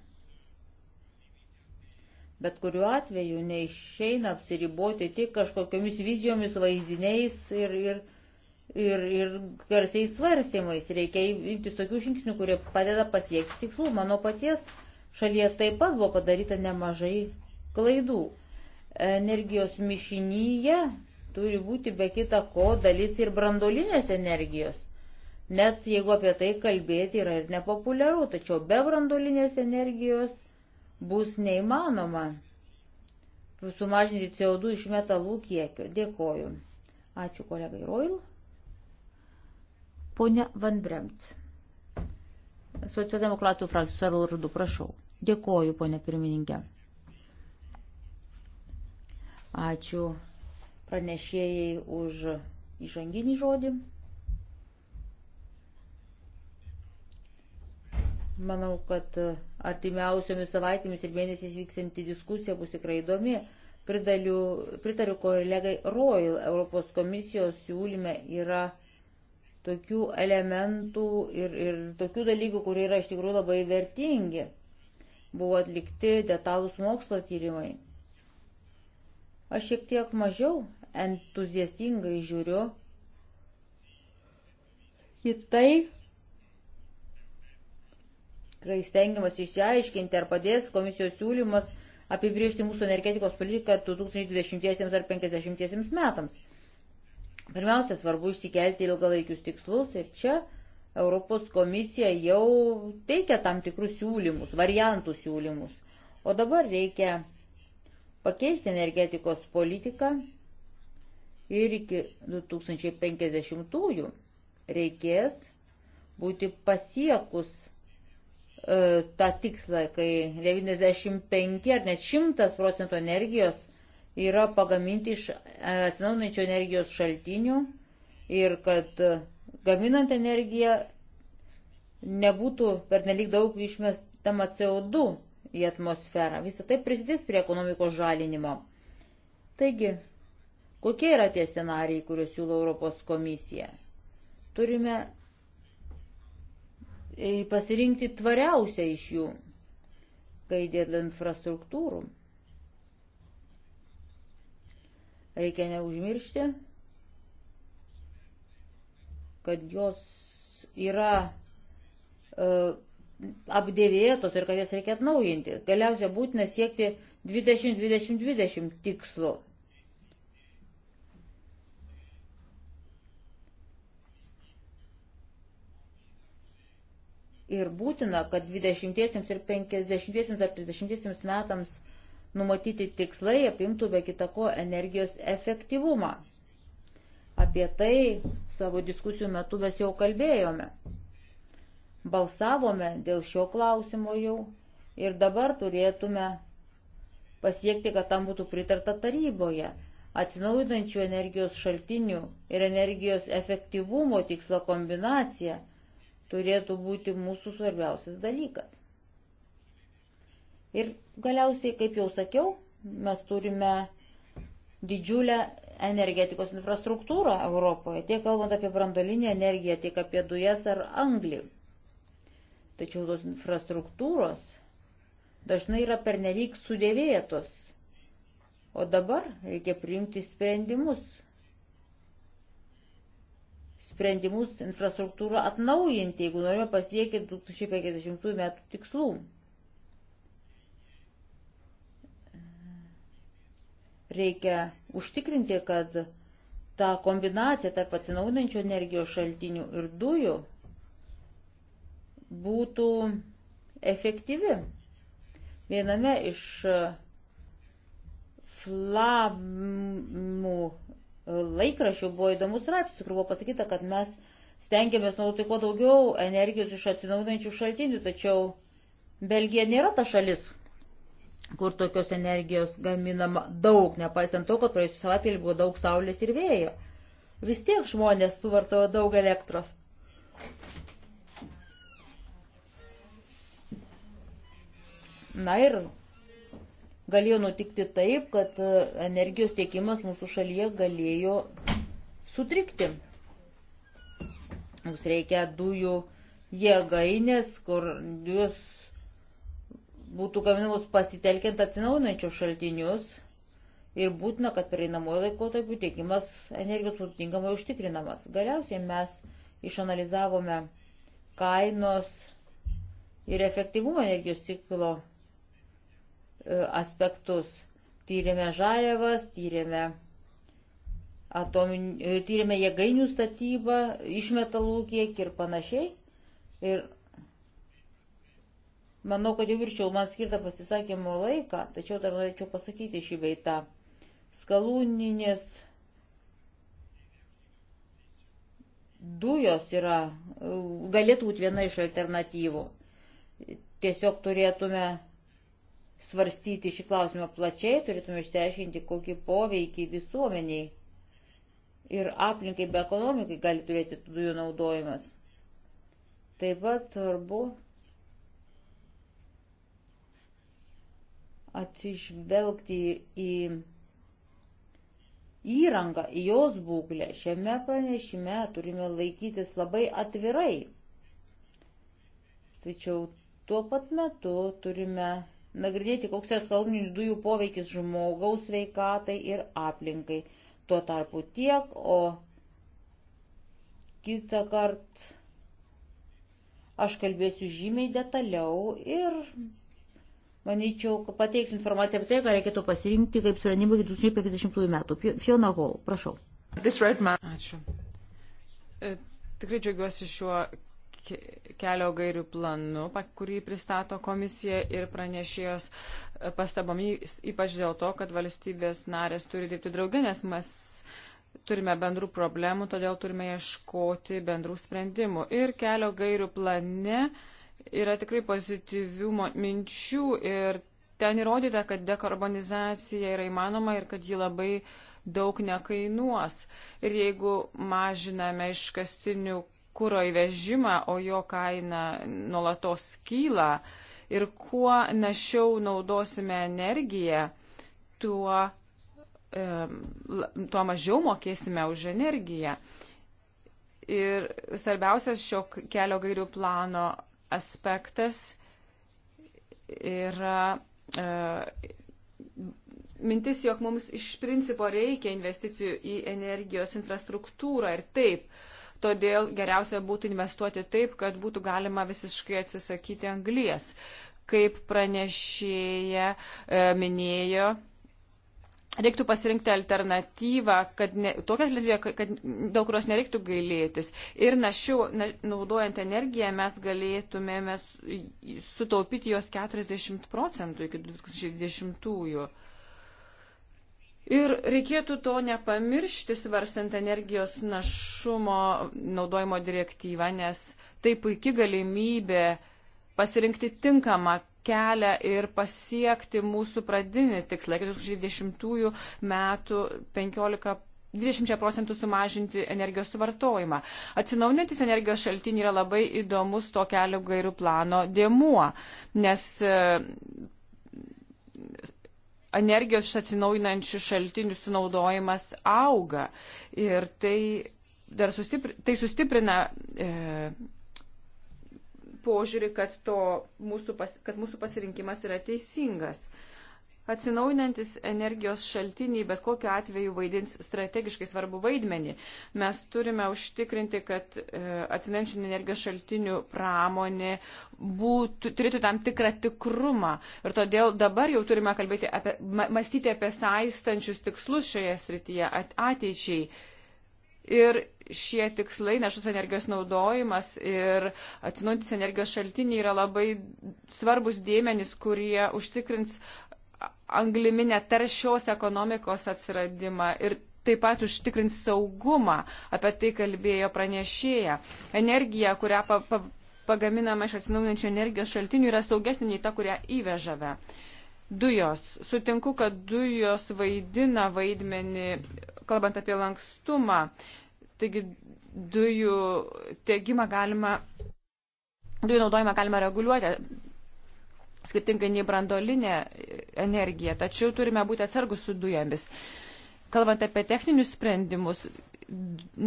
Bet kuriuo atveju neišeina apsiriboti tik kažkokiamis vizijomis, vaizdiniais ir, ir, ir, ir garsiais svarstymais. Reikia imtis tokių žingsnių, kurie padeda pasiekti tikslų. Mano paties šalyje taip pat buvo padaryta nemažai klaidų. Energijos mišinyje turi būti be kita ko dalis ir brandolinės energijos. Net jeigu apie tai kalbėti yra ir nepopuliaru, tačiau be brandolinės energijos bus neįmanoma sumažinti CO2 iš metalų kiekio. Dėkoju. Ačiū kolegai Roil. Pone Van Bremt. Socialdemokratų frakcijos vardu, prašau. Dėkoju, ponė pirmininkė. Ačiū pranešėjai už įžanginį žodį. Manau, kad artimiausiomis savaitėmis ir mėnesiais vyksinti diskusija bus tikrai įdomi. Pridaliu, pritariu kolegai Royal, Europos komisijos siūlyme yra tokių elementų ir, ir tokių dalykų, kurie yra iš tikrųjų labai vertingi. Buvo atlikti detalūs mokslo tyrimai. Aš šiek tiek mažiau entuziastingai žiūriu į tai, kai stengiamas išsiaiškinti, ar padės komisijos siūlymas apibriežti mūsų energetikos politiką 2020 ar 50 metams. Pirmiausia, svarbu išsikelti ilgalaikius tikslus ir čia Europos komisija jau teikia tam tikrus siūlymus, variantų siūlymus. O dabar reikia pakeisti energetikos politiką ir iki 2050 reikės būti pasiekus E, tą tikslą, kai 95 ar net 100 procentų energijos yra pagaminti iš atsinaunančio energijos šaltinių ir kad gaminant energiją nebūtų per nelik daug išmestama CO2 į atmosferą. Visą tai prisidės prie ekonomikos žalinimo. Taigi, kokie yra tie scenarijai, kuriuos siūlo Europos komisija? Turime pasirinkti tvariausią iš jų, kai dėl infrastruktūrų. Reikia neužmiršti, kad jos yra uh, apdėvėtos ir kad jas reikia atnaujinti. Galiausia būtina siekti 20-20-20 tikslo ir būtina, kad 20 ir 50 ar 30 metams numatyti tikslai apimtų be kitako energijos efektyvumą. Apie tai savo diskusijų metu mes jau kalbėjome. Balsavome dėl šio klausimo jau ir dabar turėtume pasiekti, kad tam būtų pritarta taryboje. Atsinaujinančių energijos šaltinių ir energijos efektyvumo tikslo kombinacija – turėtų būti mūsų svarbiausias dalykas. Ir galiausiai, kaip jau sakiau, mes turime didžiulę energetikos infrastruktūrą Europoje, tiek kalbant apie brandolinį energiją, tiek apie dujas ar anglį. Tačiau tos infrastruktūros dažnai yra pernelyg sudėvėtos. O dabar reikia priimti sprendimus sprendimus infrastruktūrą atnaujinti, jeigu norime pasiekti 2050 metų tikslų. Reikia užtikrinti, kad ta kombinacija tarp atsinaujinančių energijos šaltinių ir dujų būtų efektyvi. Viename iš flamų laikrašių buvo įdomus straipsnis, kur buvo pasakyta, kad mes stengiamės naudoti kuo daugiau energijos iš atsinaudinančių šaltinių, tačiau Belgija nėra ta šalis, kur tokios energijos gaminama daug, nepaisant to, kad praėjusiu savaitėlį buvo daug saulės ir vėjo. Vis tiek žmonės suvartojo daug elektros. Na ir galėjo nutikti taip, kad e, energijos tiekimas mūsų šalyje galėjo sutrikti. Mums reikia dujų jėgainės, kur dujos būtų gaminamos pasitelkiant atsinaujinančius šaltinius ir būtina, kad pereinamojo laikotarpiu tiekimas energijos būtų tinkamai užtikrinamas. Galiausiai mes išanalizavome kainos ir efektyvumo energijos ciklo E, aspektus. Tyrėme žaliavas, tyrėme, atomin, e, tyrėme jėgainių statybą, išmetalų kiek ir panašiai. Ir manau, kad jau virčiau man skirtą pasisakymo laiką, tačiau dar norėčiau pasakyti šį veitą. Skalūninės dujos yra, galėtų būti viena iš alternatyvų. Tiesiog turėtume svarstyti šį klausimą plačiai, turėtume išsiaiškinti, kokį poveikį visuomeniai ir aplinkai be ekonomikai gali turėti dujų naudojimas. Taip pat svarbu atsižvelgti į įrangą, į jos būklę. Šiame pranešime turime laikytis labai atvirai. Tačiau tuo pat metu turime nagrinėti, koks yra skalbinių dujų poveikis žmogaus veikatai ir aplinkai. Tuo tarpu tiek, o kitą kartą aš kalbėsiu žymiai detaliau ir manyčiau, pateiksiu informaciją apie tai, ką reikėtų pasirinkti kaip sprendimą iki 2050 metų. Fiona Hall, prašau. Ačiū. E, tikrai džiaugiuosi šiuo kelio gairių planu, kurį pristato komisija ir pranešėjos e, pastabomis, ypač dėl to, kad valstybės narės turi dirbti draugė, nes mes turime bendrų problemų, todėl turime ieškoti bendrų sprendimų. Ir kelio gairių plane yra tikrai pozityvių minčių ir ten įrodyta, kad dekarbonizacija yra įmanoma ir kad ji labai daug nekainuos. Ir jeigu mažiname iškastinių kūro įvežimą, o jo kaina nuolatos kyla. Ir kuo našiau naudosime energiją, tuo, e, tuo mažiau mokėsime už energiją. Ir svarbiausias šio kelio gairių plano aspektas yra e, mintis, jog mums iš principo reikia investicijų į energijos infrastruktūrą ir taip todėl geriausia būtų investuoti taip, kad būtų galima visiškai atsisakyti anglies. Kaip pranešėja e, minėjo, reiktų pasirinkti alternatyvą, kad ne, tokią alternatyvą, kad, dėl kurios nereiktų gailėtis. Ir našiau, na, naudojant energiją, mes galėtumėme sutaupyti jos 40 procentų iki 2020-ųjų. Ir reikėtų to nepamiršti, svarstant energijos našumo naudojimo direktyvą, nes tai puikia galimybė pasirinkti tinkamą kelią ir pasiekti mūsų pradinį tikslą, 2020 metų 15 20 procentų sumažinti energijos suvartojimą. Atsinaujantis energijos šaltiniai yra labai įdomus to kelio gairių plano dėmuo, nes energijos iš atsinaujinančių šaltinių sunaudojimas auga. Ir tai, sustipri, tai sustiprina e, požiūrį, kad, to, mūsų pas, kad mūsų pasirinkimas yra teisingas. Atsinaujinantis energijos šaltiniai bet kokiu atveju vaidins strategiškai svarbu vaidmenį. Mes turime užtikrinti, kad e, atsinaujančių energijos šaltinių pramonė būtų, turėtų tam tikrą tikrumą. Ir todėl dabar jau turime kalbėti apie, mąstyti apie saistančius tikslus šioje srityje ateičiai. Ir šie tikslai, našus energijos naudojimas ir atsinaujantis energijos šaltiniai yra labai svarbus dėmenys, kurie užtikrins angliminę taršios ekonomikos atsiradimą ir taip pat užtikrins saugumą, apie tai kalbėjo pranešėja. Energija, kurią pa, pa, pagaminama iš atsinaujinančių energijos šaltinių, yra saugesnė nei ta, kurią įvežame. Dujos. Sutinku, kad dujos vaidina vaidmenį, kalbant apie lankstumą. Taigi dujų tiegimą galima, dujų naudojimą galima reguliuoti skirtingai nei brandolinė energija, tačiau turime būti atsargus su dujomis. Kalbant apie techninius sprendimus,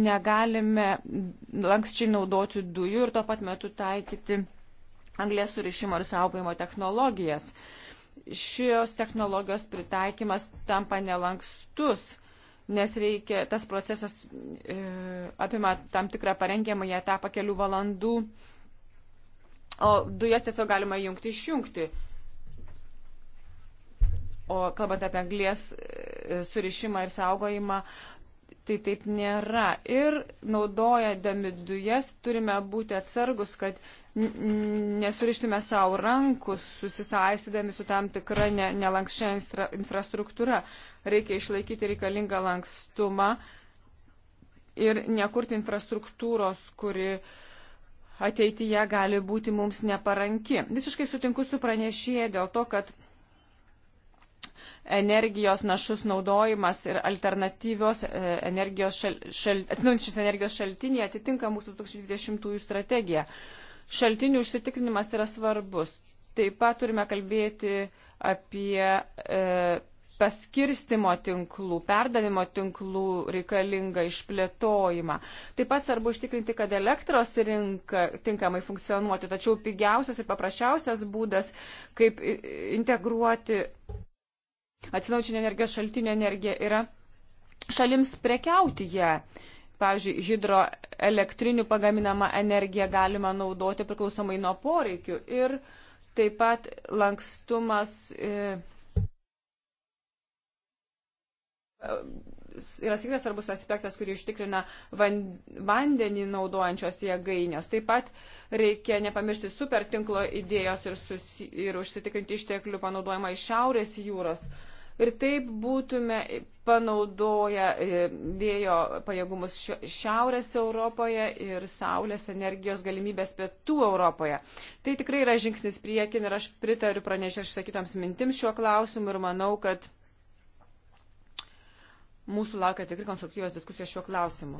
negalime lankščiai naudoti dujų ir tuo pat metu taikyti anglės surišimo ir saugojimo technologijas. Šios technologijos pritaikymas tampa nelankstus, nes reikia, tas procesas e, apima tam tikrą parengiamą etapą kelių valandų o dujas tiesiog galima jungti išjungti. O kalbant apie anglės e, surišimą ir saugojimą, tai taip nėra. Ir naudojami dujas turime būti atsargus, kad nesurištume savo rankų, susisaistydami su tam tikra ne, nelankščia infra, infrastruktūra. Reikia išlaikyti reikalingą lankstumą ir nekurti infrastruktūros, kuri uh, ateityje gali būti mums neparanki. Visiškai sutinku su pranešėje dėl to, kad energijos našus naudojimas ir alternatyvios e, energijos, šal, šal, energijos šaltiniai atitinka mūsų 2020 strategiją. Šaltinių užsitikrinimas yra svarbus. Taip pat turime kalbėti apie e, paskirstimo tinklų, perdavimo tinklų reikalingą išplėtojimą. Taip pat svarbu užtikrinti, kad elektros rinka tinkamai funkcionuotų, tačiau pigiausias ir paprasčiausias būdas, kaip integruoti atsinaučinę energijos šaltinį energiją, yra šalims prekiauti ją. Pavyzdžiui, hidroelektrinių pagaminamą energiją galima naudoti priklausomai nuo poreikių ir taip pat lankstumas. E, yra tikras svarbus aspektas, kurį ištikrina vandenį naudojančios jėgainės. Taip pat reikia nepamiršti supertinklo idėjos ir, susi, ir užsitikrinti išteklių panaudojimą iš Šiaurės jūros. Ir taip būtume panaudoję e, vėjo pajėgumus Šiaurės Europoje ir Saulės energijos galimybės Pietų Europoje. Tai tikrai yra žingsnis priekin ir aš pritariu pranešę išsakytoms mintims šiuo klausimu ir manau, kad Mūsų laukia tikrai konstruktyvios diskusijos šiuo klausimu.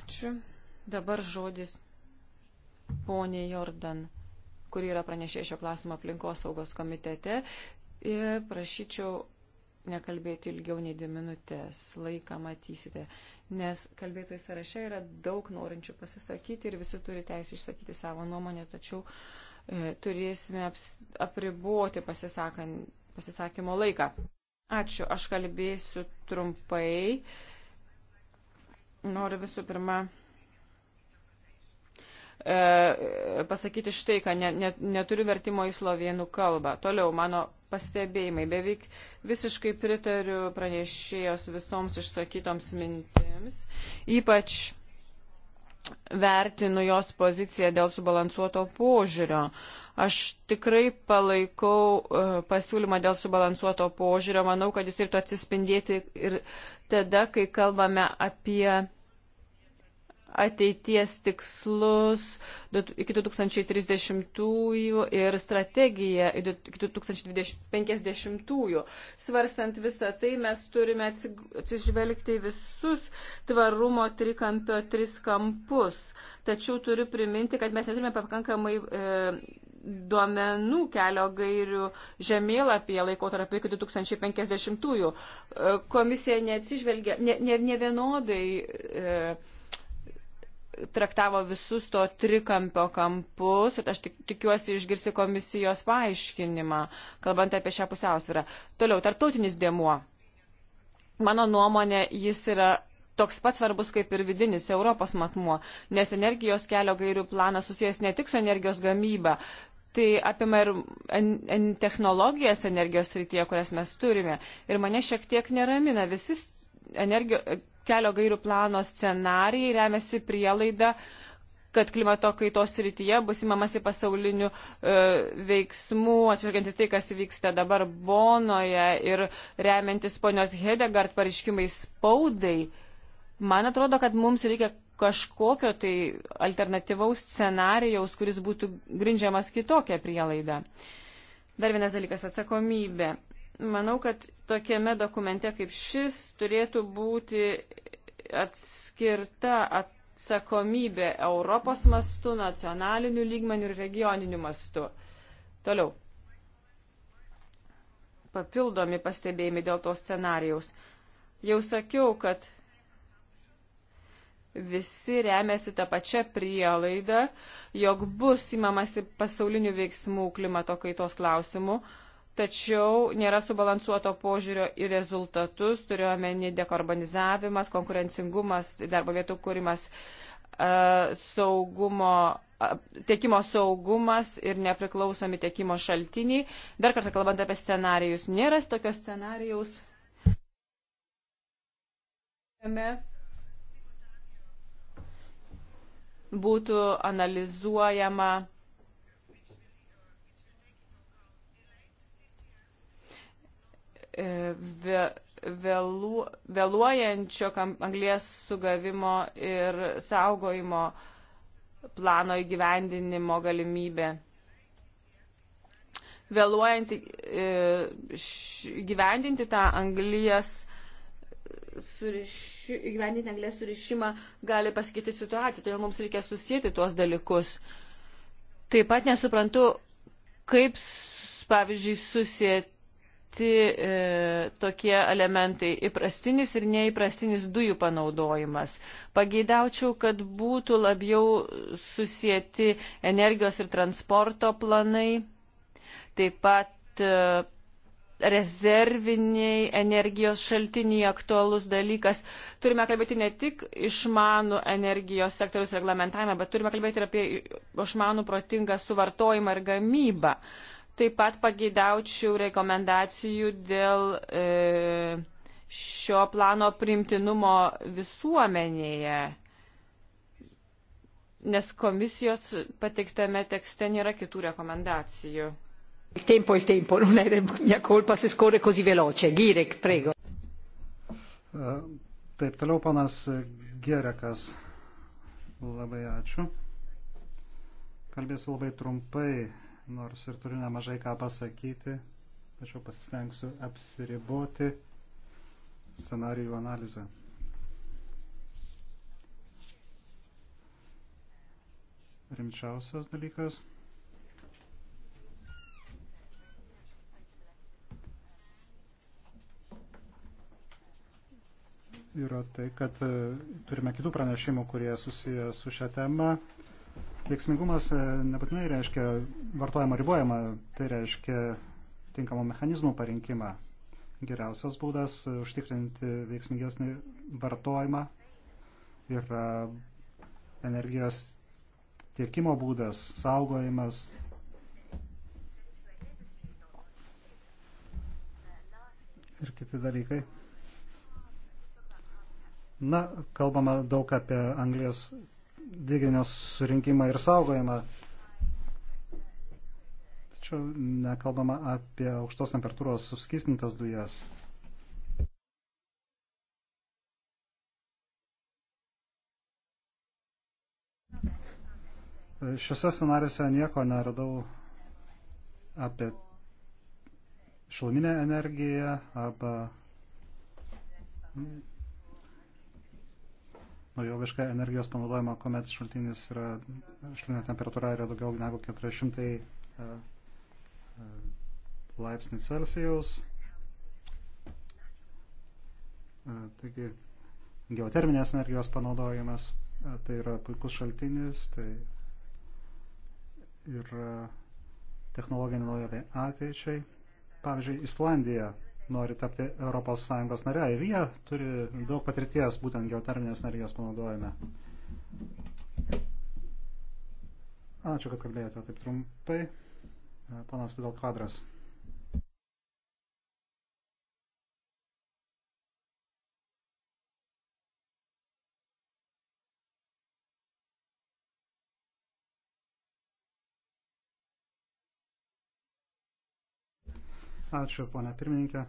Ačiū. Dabar žodis ponė Jordan, kuri yra pranešė šio klausimo aplinkos saugos komitete. Ir prašyčiau nekalbėti ilgiau nei dvi minutės. Laiką matysite. Nes kalbėtojų sąraše yra daug norinčių pasisakyti ir visi turi teisę išsakyti savo nuomonę, tačiau uh, E, turėsime apriboti pasisakymo laiką. Ačiū, aš kalbėsiu trumpai. Noriu visų pirma e, pasakyti štai, kad ne, ne, neturiu vertimo į slovėnų kalbą. Toliau mano pastebėjimai. Beveik visiškai pritariu pranešėjos visoms išsakytoms mintims, ypač vertinu jos poziciją dėl subalansuoto požiūrio. Aš tikrai palaikau e, pasiūlymą dėl subalansuoto požiūrio. Manau, kad jis turėtų atsispindėti ir tada, kai kalbame apie ateities tikslus iki 2030-ųjų ir strategiją iki 2050-ųjų. Svarstant visą tai, mes turime atsižvelgti visus tvarumo trikampio tris kampus. Tačiau turiu priminti, kad mes neturime pakankamai. E, duomenų kelio gairių žemėlapyje laikotarpį iki 2050-ųjų. E, komisija neatsižvelgia, ne, ne, ne vienodai e, traktavo visus to trikampio kampus ir aš tik, tikiuosi išgirsti komisijos paaiškinimą, kalbant apie šią pusiausvyrą. Toliau, tarptautinis dėmuo. Mano nuomonė, jis yra toks pat svarbus kaip ir vidinis Europos matmuo, nes energijos kelio gairių planas susijęs ne tik su energijos gamyba, tai apima ir en, en technologijas energijos rytyje, kurias mes turime. Ir mane šiek tiek neramina visi energijos kelio gairių plano scenarijai remiasi prielaida, kad klimato kaitos rytyje bus įmamasi pasaulinių e, veiksmų, atsižvelgiant į tai, kas vyksta dabar Bonoje ir remiantis ponios Hedegard pareiškimai spaudai. Man atrodo, kad mums reikia kažkokio tai alternatyvaus scenarijaus, kuris būtų grindžiamas kitokią prielaidą. Dar vienas dalykas - atsakomybė. Manau, kad tokiame dokumente kaip šis turėtų būti atskirta atsakomybė Europos mastu, nacionaliniu lygmeniu ir regioniniu mastu. Toliau. Papildomi pastebėjimai dėl to scenarijaus. Jau sakiau, kad visi remiasi tą pačią prielaidą, jog bus įmamasi pasaulinių veiksmų klimato kaitos klausimų, uh, tačiau nėra subalansuoto požiūrio į rezultatus, turiuomenį dekarbonizavimas, konkurencingumas, darbo vietų kūrimas, saugumo, tiekimo saugumas ir nepriklausomi tiekimo šaltiniai. Dar kartą kalbant apie scenarijus, nėra tokio scenarijaus. Būtų analizuojama E, vėlu, vėluojančio anglės sugavimo ir saugojimo plano įgyvendinimo galimybė. Vėluojant e, įgyvendinti tą anglės suriši, įgyvendinti anglės surišimą gali pasakyti situaciją, todėl mums reikia susijęti tuos dalykus. Taip pat nesuprantu, kaip, pavyzdžiui, susijęti kiti e, tokie elementai - įprastinis ir neįprastinis dujų panaudojimas. Pageidaučiau, kad būtų labiau susijęti energijos ir transporto planai, taip pat e, rezerviniai energijos šaltiniai aktualus dalykas. Turime kalbėti ne tik išmanų energijos sektoriaus reglamentavimą, bet turime kalbėti ir apie išmanų protingą suvartojimą ir gamybą. E, Taip pat pageidaučiau rekomendacijų dėl e, šio plano primtinumo visuomenėje, nes komisijos pateiktame tekste nėra kitų rekomendacijų. Il tempo, il tempo, non è mia colpa se scorre così veloce. Girek, prego. E, taip, toliau panas Gerekas. Labai ačiū. Kalbėsiu labai trumpai nors ir turiu nemažai ką pasakyti, tačiau pasistengsiu apsiriboti scenarijų analizę. Rimčiausias dalykas. Yra tai, kad e, turime kitų pranešimų, kurie susiję su šią temą. Veiksmingumas e, nebūtinai reiškia vartojimo ribojimą, tai reiškia tinkamų mechanizmų parinkimą. Geriausias būdas e, užtikrinti veiksmingesnį vartojimą yra energijos tiekimo būdas, saugojimas. Ir kiti dalykai. Na, kalbama daug apie anglės diginio surinkimą ir saugojimą. Tačiau nekalbama apie aukštos temperatūros suskistintas dujas. Šiuose scenariuose nieko neradau apie šiluminę energiją arba naujovišką energijos panaudojimą, kuomet šaltinis yra, šaltinio temperatūra yra daugiau negu 400 e, e, laipsnių Celsijaus. E, taigi, geoterminės energijos panaudojimas tai yra puikus šaltinis, tai yra technologinė naujovė ateičiai. Pavyzdžiui, Islandija nori tapti ES nare ir jie turi daug patirties būtent geoterminės energijos panaudojime. Ačiū, kad kalbėjote taip trumpai. Ponas Vidal Kvadras. Ačiū, ponia pirmininkė.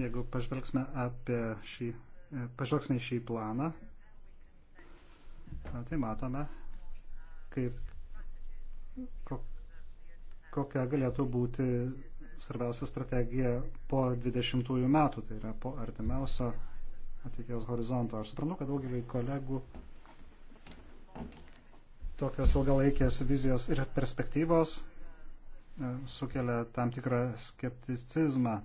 Jeigu pažvelgsime apie šį, pažvelgsime šį planą, tai matome, kaip, kokia galėtų būti svarbiausia strategija po 20 metų, tai yra po artimiausio ateities horizonto. Aš suprantu, kad daugeliai kolegų tokios ilgalaikės vizijos ir perspektyvos E, sukelia tam tikrą skepticizmą,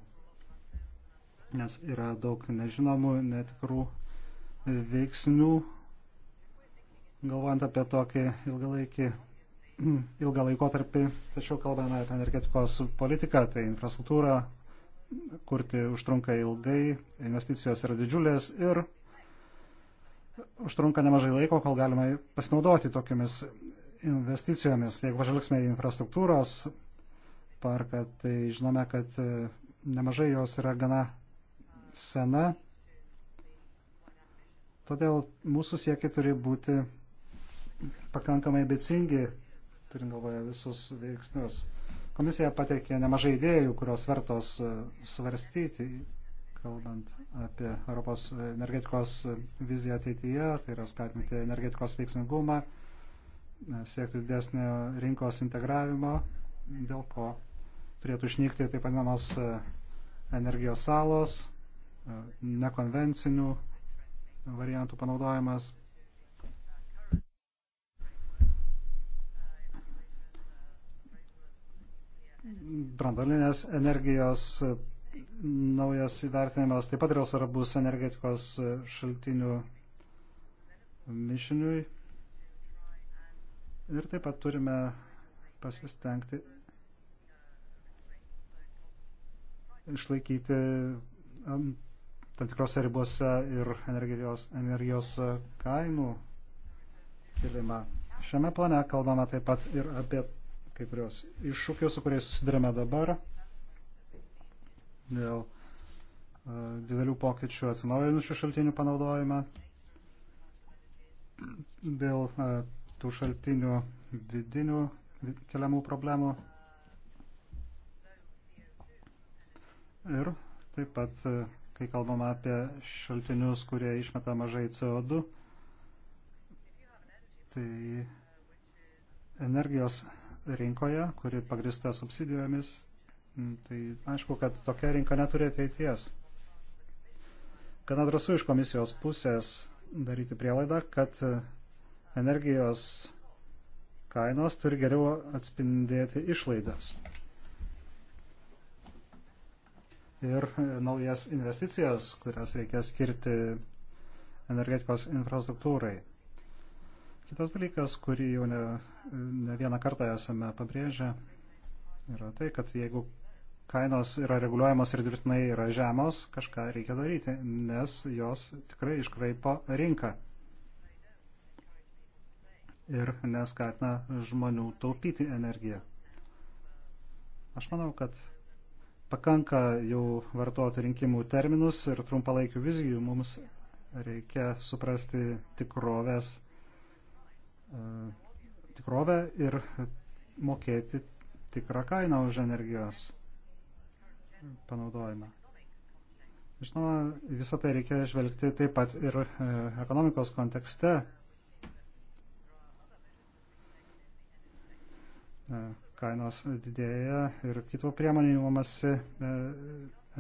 nes yra daug nežinomų, netikrų veiksnių, galvojant apie tokį ilgalaikį, ilgą laikotarpį, tačiau kalbame apie energetikos politiką, tai infrastruktūrą kurti užtrunka ilgai, investicijos yra didžiulės ir užtrunka nemažai laiko, kol galima pasinaudoti tokiamis investicijomis. Jeigu pažvelgsime į infrastruktūros parką, tai žinome, kad e, nemažai jos yra gana sena. Todėl mūsų siekiai turi būti pakankamai ambicingi, turint galvoje visus veiksnius. Komisija pateikė nemažai idėjų, kurios vertos e, svarstyti, kalbant apie Europos energetikos viziją ateityje, tai yra skatinti energetikos veiksmingumą, e, siekti didesnio rinkos integravimo, dėl ko turėtų išnykti taip vadinamos e, energijos salos, e, nekonvencinių variantų panaudojimas. Brandolinės energijos e, naujas įvertinimas taip pat yra svarbus energetikos šaltinių mišiniui. Ir taip pat turime pasistengti išlaikyti tam tikrose ribose ir energijos, energijos e, kainų kilimą. Šiame plane kalbame taip pat ir apie kai kurios iššūkius, su kuriais susidurime dabar dėl e, didelių pokyčių atsinaujinančių šaltinių panaudojimą, dėl e, tų šaltinių vidinių keliamų problemų Ir taip pat, e, kai kalbama apie šaltinius, kurie išmeta mažai CO2, tai energijos rinkoje, kuri pagrista subsidijomis, tai aišku, kad tokia rinka neturi ateities. Gana drąsu iš komisijos pusės daryti prielaidą, kad e, energijos kainos turi geriau atspindėti išlaidas ir e, naujas investicijas, kurias reikia skirti energetikos infrastruktūrai. Kitas dalykas, kurį jau ne, ne vieną kartą esame pabrėžę, yra tai, kad jeigu kainos yra reguliuojamos ir dirbtinai yra žemos, kažką reikia daryti, nes jos tikrai iškraipo rinką ir neskatina žmonių taupyti energiją. Aš manau, kad pakanka jau vartoti rinkimų terminus ir trumpalaikių vizijų, mums reikia suprasti tikrovės, e, tikrovę ir mokėti tikrą kainą už energijos panaudojimą. Žinoma, visą tai reikia žvelgti taip pat ir e, ekonomikos kontekste. E, kainos didėja ir kitų priemonių įmamasi e,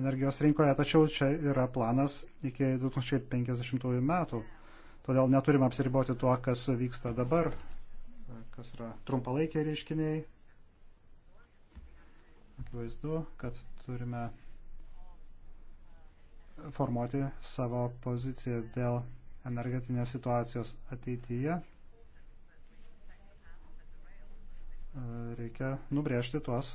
energijos rinkoje, tačiau čia yra planas iki 2050 metų. Todėl neturime apsiriboti tuo, kas vyksta dabar, kas yra trumpalaikiai reiškiniai. Akivaizdu, kad turime formuoti savo poziciją dėl energetinės situacijos ateityje. reikia nubrėžti tuos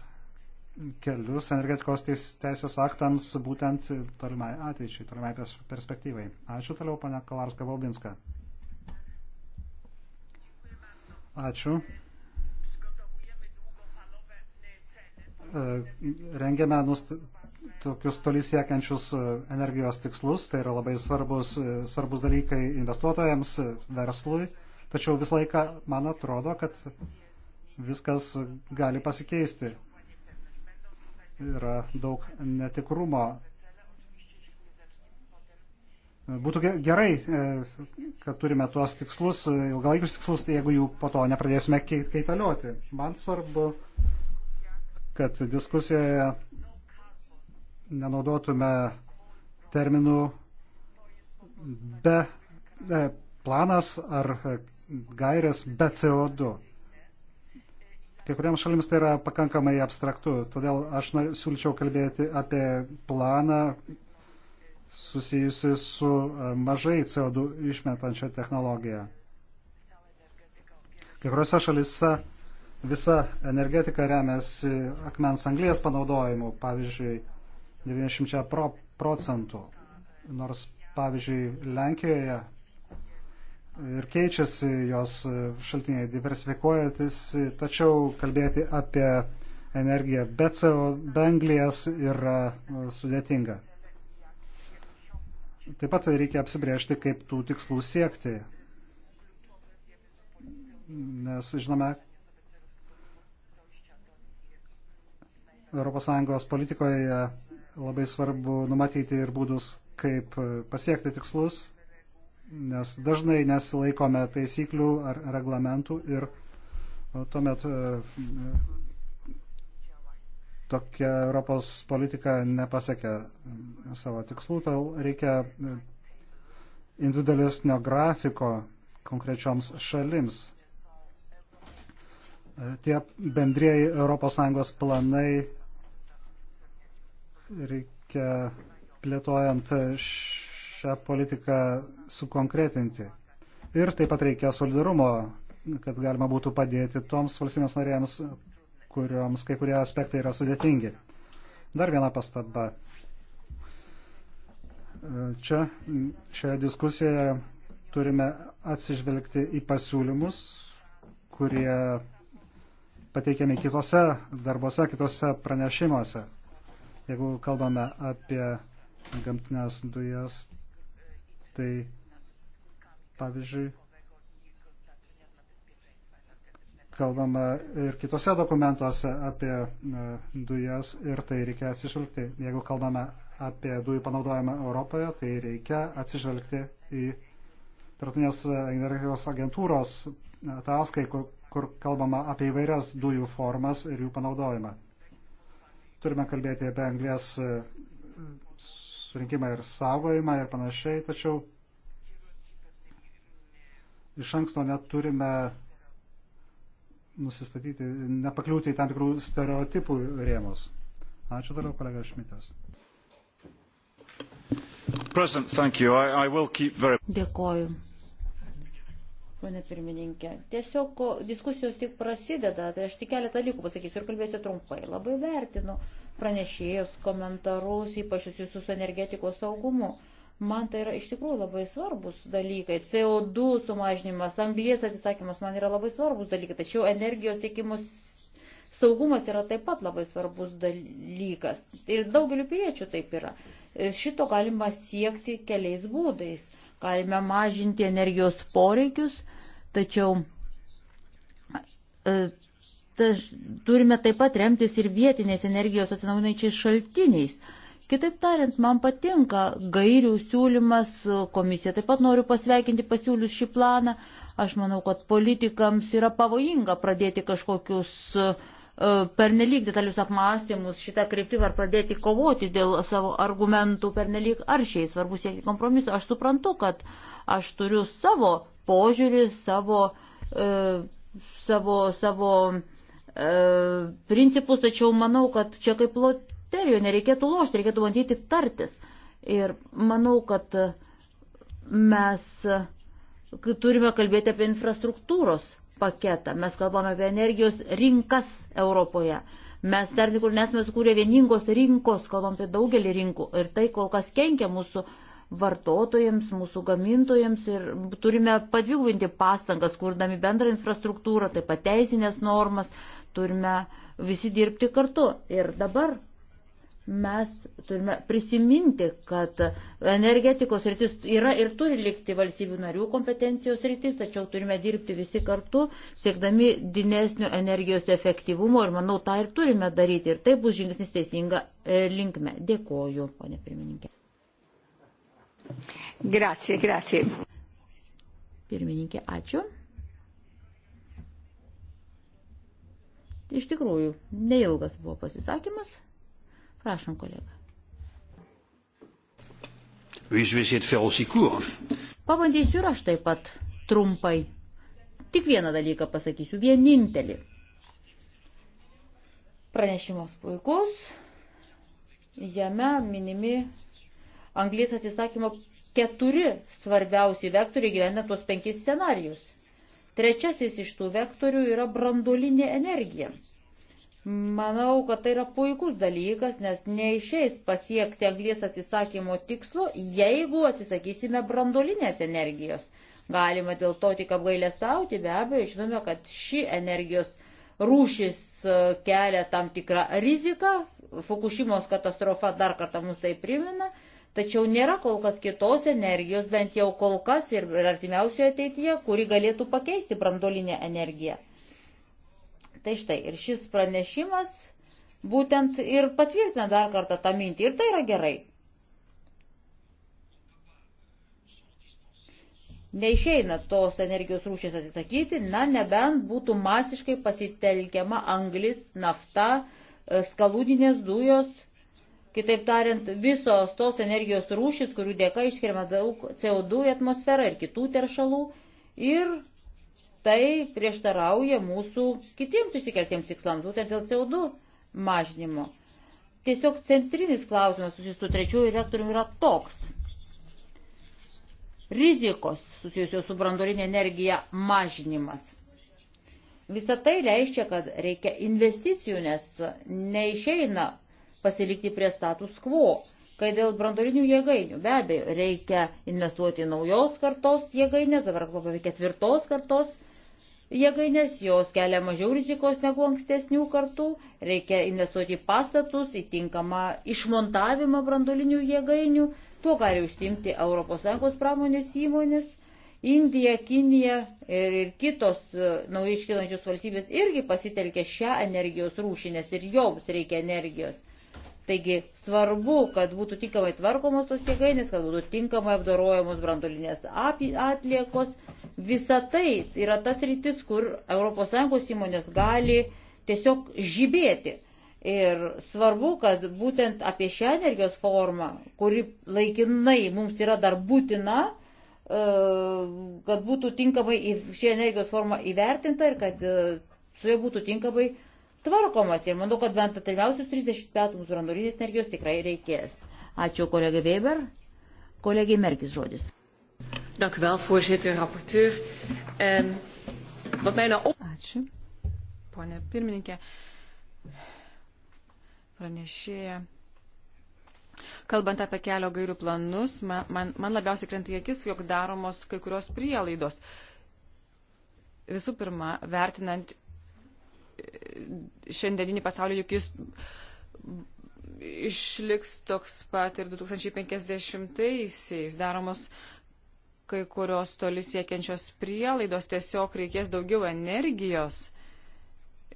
kelius energetikos teisės aktams būtent tolimai ateičiai, tolimai perspektyvai. Ačiū toliau, pane Kalarska Baubinska. Ačiū. E, rengiame nust... tokius toli siekiančius e, energijos tikslus, tai yra labai svarbus, e, svarbus dalykai investuotojams, verslui, tačiau visą laiką man atrodo, kad viskas gali pasikeisti. Yra daug netikrumo. Būtų gerai, e, kad turime tuos tikslus, e, ilgalaikius tikslus, tai jeigu jų po to nepradėsime keitalioti. Man svarbu, kad diskusijoje nenaudotume terminų be e, planas ar gairės be CO2. Kai kuriems šalims tai yra pakankamai abstraktu, todėl aš siūlyčiau kalbėti apie planą susijusi su e, mažai CO2 išmetančia technologija. Kai kuriuose šalise visa energetika remiasi akmens anglijas panaudojimu, pavyzdžiui, 90 procentų. Nors, pavyzdžiui, Lenkijoje ir keičiasi jos šaltiniai, diversifikuojantis, tačiau kalbėti apie energiją be CO, be anglijas yra e, sudėtinga. Taip pat reikia apsibriežti, kaip tų tikslų siekti. Nes žinome, ES politikoje labai svarbu numatyti ir būdus, kaip e, pasiekti tikslus nes dažnai nesilaikome taisyklių ar reglamentų ir tuomet e, tokia Europos politika nepasiekia e, savo tikslų, tol reikia e, individualesnio grafiko konkrečioms šalims. Tie bendrieji ES planai reikia plėtojant š šią politiką sukonkretinti. Ir taip pat reikia solidarumo, kad galima būtų padėti toms valstybėms narėms, kurioms kai kurie aspektai yra sudėtingi. Dar viena pastaba. Čia šioje diskusijoje turime atsižvelgti į pasiūlymus, kurie pateikiami kitose darbose, kitose pranešimuose. Jeigu kalbame apie gamtinės dujas, tai pavyzdžiui kalbama ir kitose dokumentuose apie e, dujas ir tai reikia atsižvelgti. Jeigu kalbame apie dujų panaudojimą Europoje, tai reikia atsižvelgti į Tartunės energijos agentūros ataskai, kur, kur kalbama apie įvairias dujų formas ir jų panaudojimą. Turime kalbėti apie anglės e, surinkimą ir saugojimą ir panašiai, tačiau iš anksto neturime nusistatyti, nepakliūti į tam tikrų stereotipų rėmus. Ačiū toliau, kolega Šmitas. Very... Dėkoju. Pane pirmininkė, tiesiog diskusijos tik prasideda, tai aš tik keletą dalykų pasakysiu ir kalbėsiu trumpai. Labai vertinu pranešėjos komentarus, ypač susijusius su energetikos saugumu. Man tai yra iš tikrųjų labai svarbus dalykai. CO2 sumažinimas, anglies atsisakymas man yra labai svarbus dalykai. Tačiau energijos tiekimus saugumas yra taip pat labai svarbus dalykas. Ir daugeliu piliečių taip yra. Šito galima siekti keliais būdais. Galime mažinti energijos poreikius, tačiau e, taž, turime taip pat remtis ir vietiniais energijos atsinaujinančiais šaltiniais. Kitaip tariant, man patinka gairių siūlymas, komisija taip pat noriu pasveikinti pasiūlius šį planą. Aš manau, kad politikams yra pavojinga pradėti kažkokius e, pernelyg detalius apmąstymus šitą kryptimą ar pradėti kovoti dėl savo argumentų pernelyg aršiai. Svarbu siekti kompromiso. Aš suprantu, kad aš turiu savo požiūrį, savo, e, savo, savo E, principus, tačiau manau, kad čia kaip loterijoje nereikėtų lošti, reikėtų bandyti tartis. Ir manau, kad mes turime kalbėti apie infrastruktūros paketą, mes kalbame apie energijos rinkas Europoje. Mes dar niekur nesame sukūrę vieningos rinkos, kalbam apie daugelį rinkų ir tai kol kas kenkia mūsų vartotojams, mūsų gamintojams ir turime padvigubinti pastangas, kurdami bendrą infrastruktūrą, taip pat teisinės normas, turime visi dirbti kartu. Ir dabar mes turime prisiminti, kad energetikos rytis yra ir turi likti valstybių narių kompetencijos rytis, tačiau turime dirbti visi kartu, siekdami didesnio energijos efektyvumo ir manau tą ir turime daryti ir tai bus žingsnis teisinga e, linkme. Dėkoju, ponė pirmininkė. Grazie, grazie. Pirmininkė, ačiū. Iš tikrųjų, neilgas buvo pasisakymas. Prašom, kolega. Pabandysiu ir aš taip pat trumpai. Tik vieną dalyką pasakysiu, vienintelį. Pranešimas puikus, jame minimi anglis atsisakymo keturi svarbiausi vektoriai gyvena tuos penkis scenarius. Trečiasis iš tų vektorių yra branduolinė energija. Manau, kad tai yra puikus dalykas, nes neišeis pasiekti anglies atsisakymo tikslo, jeigu atsisakysime branduolinės energijos. Galima dėl to tik apgailestauti, be abejo, žinome, kad ši energijos rūšis e, kelia tam tikrą riziką. Fukushimos katastrofa dar kartą mums tai primena, Tačiau nėra kol kas kitos energijos, bent jau kol kas ir artimiausioje ateityje, kuri galėtų pakeisti brandolinę energiją. Tai štai ir šis pranešimas būtent ir patvirtina dar kartą tą mintį ir tai yra gerai. Neišeina tos energijos rūšės atsisakyti, na nebent būtų masiškai pasitelkiama anglis, nafta, e, skalūninės dujos Kitaip tariant, visos tos energijos rūšis, kurių dėka išskiriama daug CO2 į atmosferą ir kitų teršalų, ir tai prieštarauja mūsų kitiems išsikeltiems tikslams, būtent dėl CO2 mažinimo. Tiesiog centrinis klausimas susijęs su trečiųjų reaktoriumi yra toks. Rizikos susijusios su brandolinė energija mažinimas. Visą tai reiškia, kad reikia investicijų, nes neišeina pasilikti prie status quo. Kai dėl brandolinių jėgainių, be abejo, reikia investuoti į naujos kartos jėgainės, dabar kalbame ketvirtos kartos jėgainės, jos kelia mažiau rizikos negu ankstesnių kartų, reikia investuoti į pastatus, į tinkamą išmontavimą brandolinių jėgainių, tuo gali užsimti ES pramonės įmonės. Indija, Kinija ir, ir kitos e, naujai iškilančios valstybės irgi pasitelkė šią energijos rūšį, nes ir joms reikia energijos. Taigi svarbu, kad būtų tinkamai tvarkomos tos jėgainės, kad būtų tinkamai apdorojamos brandolinės atliekos. Visa tai yra tas rytis, kur ES įmonės gali tiesiog žibėti. Ir svarbu, kad būtent apie šią energijos formą, kuri laikinai mums yra dar būtina, e, kad būtų tinkamai ši energijos forma įvertinta ir kad e, su ja būtų tinkamai tvarkomas ir manau, kad bent atrimiausius 30 metų mūsų randurinės energijos tikrai reikės. Ačiū kolegai Weber, kolegai Merkis žodis. Dank u wel, voorzitter, rapporteur. Um, wat mij nou op... Ačiū, ponė pirmininkė, pranešėja. Kalbant apie kelio gairių planus, man, man, man labiausiai krenta į akis, jog daromos kai kurios prielaidos. Visų pirma, vertinant šiandieninį pasaulį, juk jis išliks toks pat ir 2050-aisiais daromos kai kurios toli siekiančios prielaidos, tiesiog reikės daugiau energijos.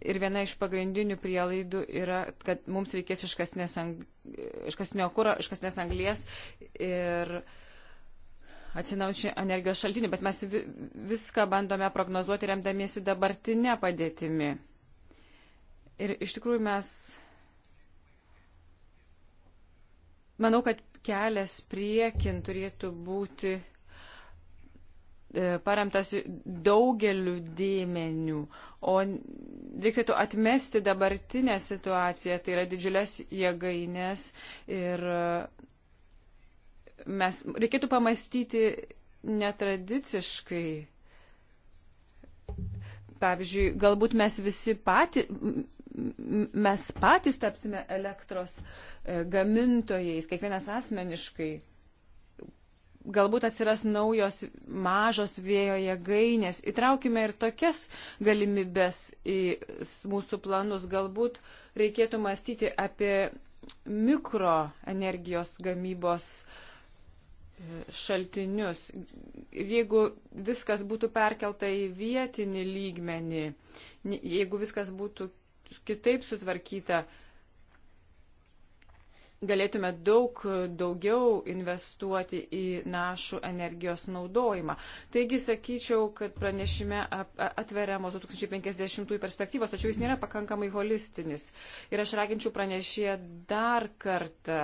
Ir viena iš pagrindinių prielaidų yra, kad mums reikės iškasnės ang... iškasnio kūro, iškasnės anglies ir atsinaučia energijos šaltinių, bet mes viską bandome prognozuoti remdamiesi dabartinę padėtimi. Ir iš tikrųjų mes. Manau, kad kelias priekin turėtų būti e, paremtas daugeliu dėmenių, o reikėtų atmesti dabartinę situaciją, tai yra didžiulės jėgainės ir e, mes reikėtų pamastyti netradiciškai. Pavyzdžiui, galbūt mes visi pati, mes patys tapsime elektros e, gamintojais, kiekvienas asmeniškai. Galbūt atsiras naujos mažos vėjo jėgainės. Įtraukime ir tokias galimybės į mūsų planus. Galbūt reikėtų mąstyti apie mikroenergijos gamybos e, šaltinius. Ir jeigu viskas būtų perkelta į vietinį lygmenį, jeigu viskas būtų kitaip sutvarkyta, galėtume daug daugiau investuoti į našų energijos naudojimą. Taigi sakyčiau, kad pranešime atveriamos 2050 perspektyvos, tačiau jis nėra pakankamai holistinis. Ir aš raginčiau pranešėją dar kartą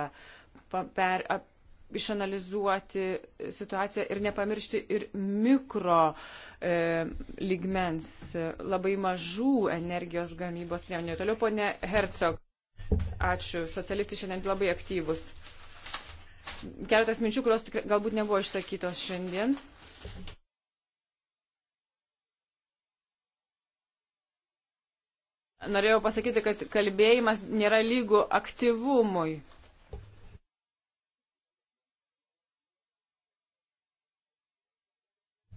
per, ap, išanalizuoti situaciją ir nepamiršti ir mikro e, ligmens, e, labai mažų energijos gamybos priemonių. Toliau, ponė Hercog, ačiū. Socialistai šiandien labai aktyvus. Keletas minčių, kurios galbūt nebuvo išsakytos šiandien. Norėjau pasakyti, kad kalbėjimas nėra lygu aktyvumui.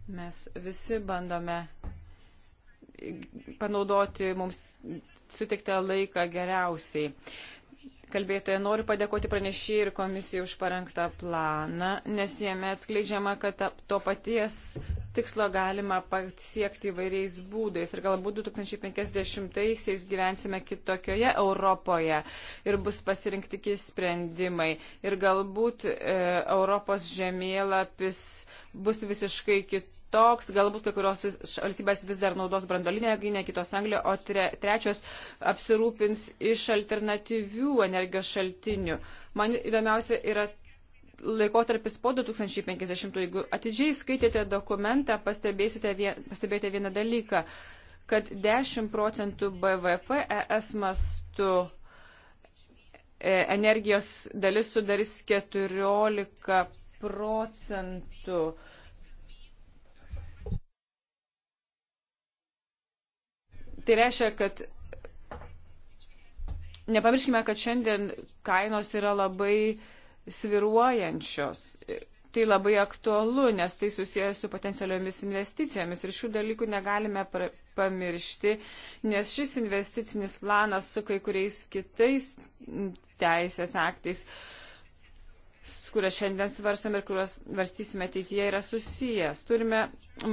Mes visi bandome panaudoti mums sutiktą laiką geriausiai. Kalbėtoje noriu padėkoti pranešėjai ir komisijai už parengtą planą, nes jame atskleidžiama, kad to paties tikslo galima pasiekti įvairiais būdais. Ir galbūt 2050-aisiais gyvensime kitokioje Europoje ir bus pasirinkti kiti sprendimai. Ir galbūt e, Europos žemėlapis bus visiškai kitoks toks, galbūt kai kurios valstybės vis dar naudos brandolinę jėgainę, kitos anglį, o tre, trečios apsirūpins iš alternatyvių energijos šaltinių. Man įdomiausia yra laikotarpis po 2050, jeigu atidžiai skaitėte dokumentą, pastebėsite vien, pastebėjote vieną dalyką, kad 10 procentų BVP ES mastu e, energijos dalis sudarys 14 procentų. Tai reiškia, kad nepamirškime, kad šiandien kainos yra labai sviruojančios. Tai labai aktualu, nes tai susijęs su potencialiomis investicijomis ir šių dalykų negalime pamiršti, nes šis investicinis planas su kai kuriais kitais teisės aktais kurias šiandien svarstam ir kuriuos varstysime ateityje, yra susijęs. Turime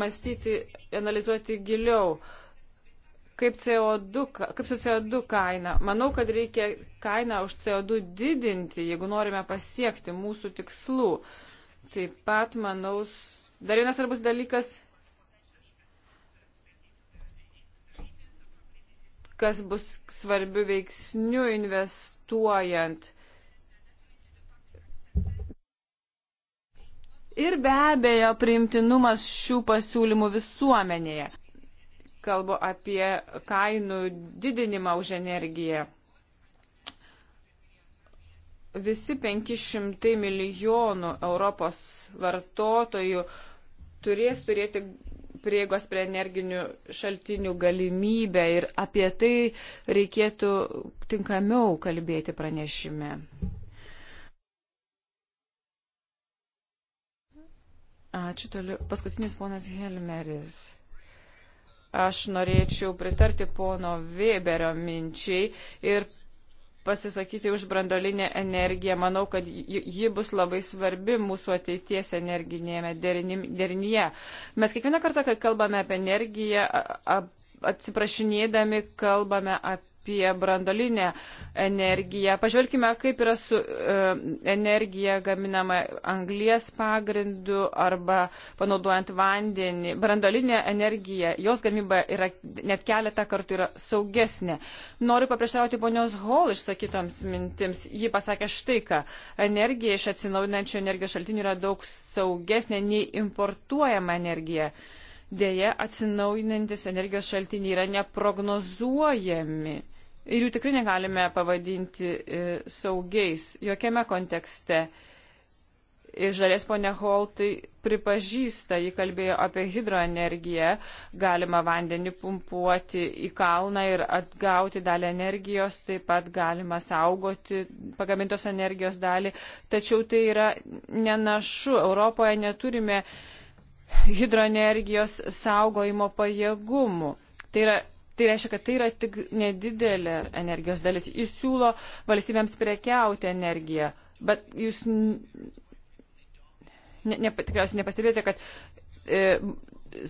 mąstyti, analizuoti giliau. Uh, kaip, CO2, kaip su CO2 kaina. Manau, kad reikia kainą už CO2 didinti, jeigu norime pasiekti mūsų tikslų. Taip pat, manau, dar vienas svarbus dalykas, kas bus svarbių veiksnių investuojant. Ir be abejo, priimtinumas šių pasiūlymų visuomenėje kalbu apie kainų didinimą už energiją. Visi 500 milijonų Europos vartotojų turės turėti prieigos prie energinių šaltinių galimybę ir apie tai reikėtų tinkamiau kalbėti pranešime. Ačiū toliau. Paskutinis ponas Helmeris. Aš norėčiau pritarti pono Weberio minčiai ir pasisakyti už brandolinę energiją. Manau, kad ji bus labai svarbi mūsų ateities energinėme derinyje. Mes kiekvieną kartą, kai kalbame apie energiją, atsiprašinėdami kalbame apie apie brandalinę energiją. Pažvelkime, kaip yra su e, energija gaminama anglies pagrindu arba panaudojant vandenį. Brandalinė energija, jos gamyba yra net keletą kartų yra saugesnė. Noriu papriešauti ponios Hall išsakytoms mintims. Ji pasakė štai ką. Energija iš atsinaujinančių energijos šaltinių yra daug saugesnė nei importuojama energija. Uh, Deja, atsinaujinantis energijos šaltiniai yra neprognozuojami ir jų tikrai negalime pavadinti e, saugiais jokiame kontekste. Iš žalės ponia Holtai pripažįsta, jį kalbėjo apie hidroenergiją, galima vandenį pumpuoti į kalną ir atgauti dalį energijos, taip pat galima saugoti pagamintos energijos dalį, tačiau tai yra nenašu. Europoje neturime uh, hidroenergijos saugojimo pajėgumų. Tai yra Tai reiškia, kad tai yra tik nedidelė energijos dalis. Jis siūlo valstybėms prekiauti energiją, bet jūs ne, ne, tikriausiai nepastebėjote, kad e,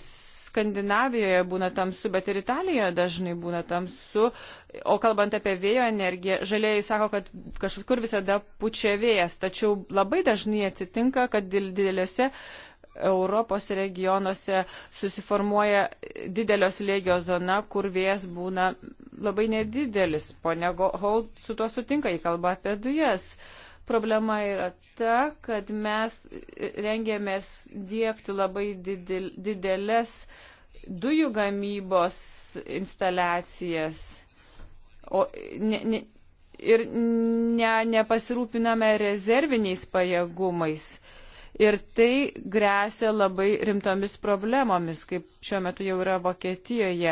Skandinavijoje būna tamsu, bet ir Italijoje dažnai būna tamsu. O kalbant apie vėjo energiją, žalieji sako, kad kažkur visada pučia vėjas, tačiau labai dažnai atsitinka, kad didelėse Europos regionuose susiformuoja didelio slėgio zona, kur vėjas būna labai nedidelis. Pone Holt su tuo sutinka, jį kalba apie dujas. Problema yra ta, kad mes rengėmės diegti labai didel, didelės dujų gamybos instaliacijas. O, ne, ne, ir ne, nepasirūpiname rezerviniais pajėgumais Ir tai grėsia labai rimtomis problemomis, kaip šiuo metu jau yra Vokietijoje.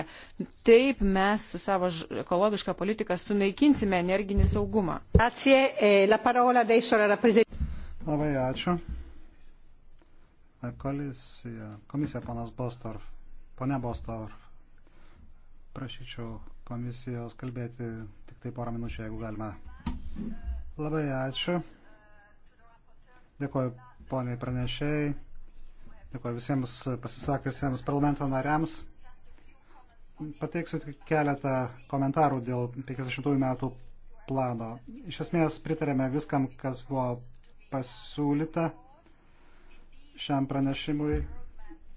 Taip mes su savo ekologišką politiką sunaikinsime energinį saugumą. E, labai ačiū. E, e, komisija, komisija panas Bostorf. Pone Bostorf, prašyčiau komisijos kalbėti tik tai porą minučių, jeigu galima. Labai ačiū. Dėkuoju poniai pranešėjai, dėkuoju visiems pasisakiusiems parlamento nariams. Pateiksiu tik keletą komentarų dėl 50 metų plano. Iš esmės pritarėme viskam, kas buvo pasiūlyta šiam pranešimui.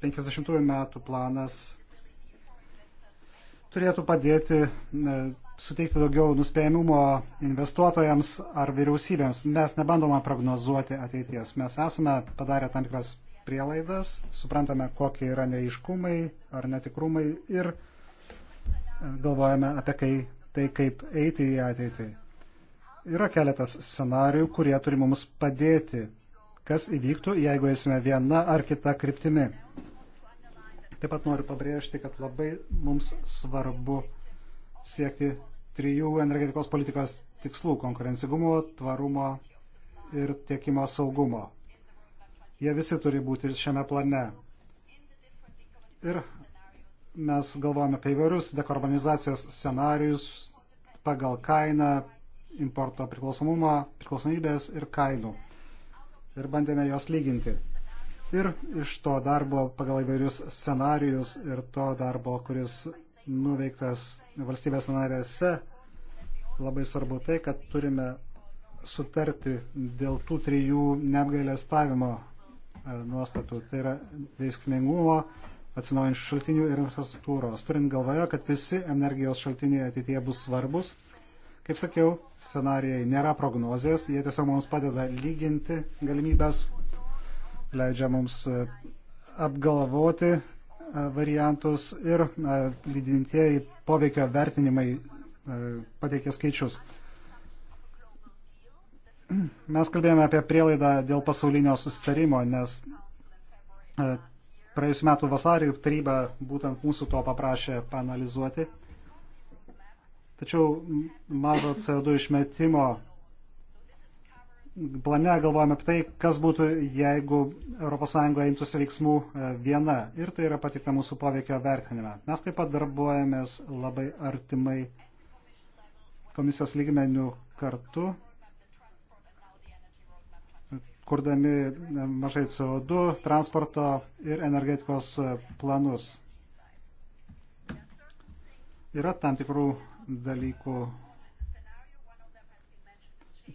50 metų planas turėtų padėti e, suteikti daugiau nuspėjimumo investuotojams ar vyriausybėms. Mes nebandome prognozuoti ateities. Mes esame padarę tam tikras prielaidas, suprantame, kokie yra neiškumai ar netikrumai ir e, galvojame apie kai, tai, kaip eiti į ateitį. Yra keletas scenarių, kurie turi mums padėti, kas įvyktų, jeigu eisime viena ar kita kryptimi. Taip pat noriu pabrėžti, kad labai mums svarbu siekti trijų energetikos politikos tikslų - konkurencingumo, tvarumo ir tiekimo saugumo. Jie visi turi būti šiame plane. Ir mes galvojame apie įvairius dekarbonizacijos scenarius pagal kainą, importo priklausomumą, priklausomybės ir kainų. Ir bandėme juos lyginti. Ir iš to darbo pagal įvairius scenarius ir to darbo, kuris nuveiktas valstybės narėse, labai svarbu tai, kad turime sutarti dėl tų trijų neapgailestavimo e, nuostatų. Tai yra veiksmingumo, atsinaujančių šaltinių ir infrastruktūros. Turint galvoje, kad visi energijos šaltiniai ateityje bus svarbus. Kaip sakiau, scenarijai nėra prognozijas, jie tiesiog mums padeda lyginti galimybės, leidžia mums e, apgalvoti variantus ir lydintieji poveikio vertinimai pateikė skaičius. Mes kalbėjome apie prielaidą dėl pasaulinio susitarimo, nes praėjusiu metu vasarį taryba būtent mūsų to paprašė panalizuoti. Tačiau mažo CO2 išmetimo plane galvojame apie tai, kas būtų, jeigu ES imtųsi veiksmų e, viena. Ir tai yra patikta mūsų poveikio vertinime. Mes taip pat darbuojamės labai artimai komisijos lygmenių kartu, kurdami e, mažai CO2, transporto ir energetikos e, planus. Yra tam tikrų dalykų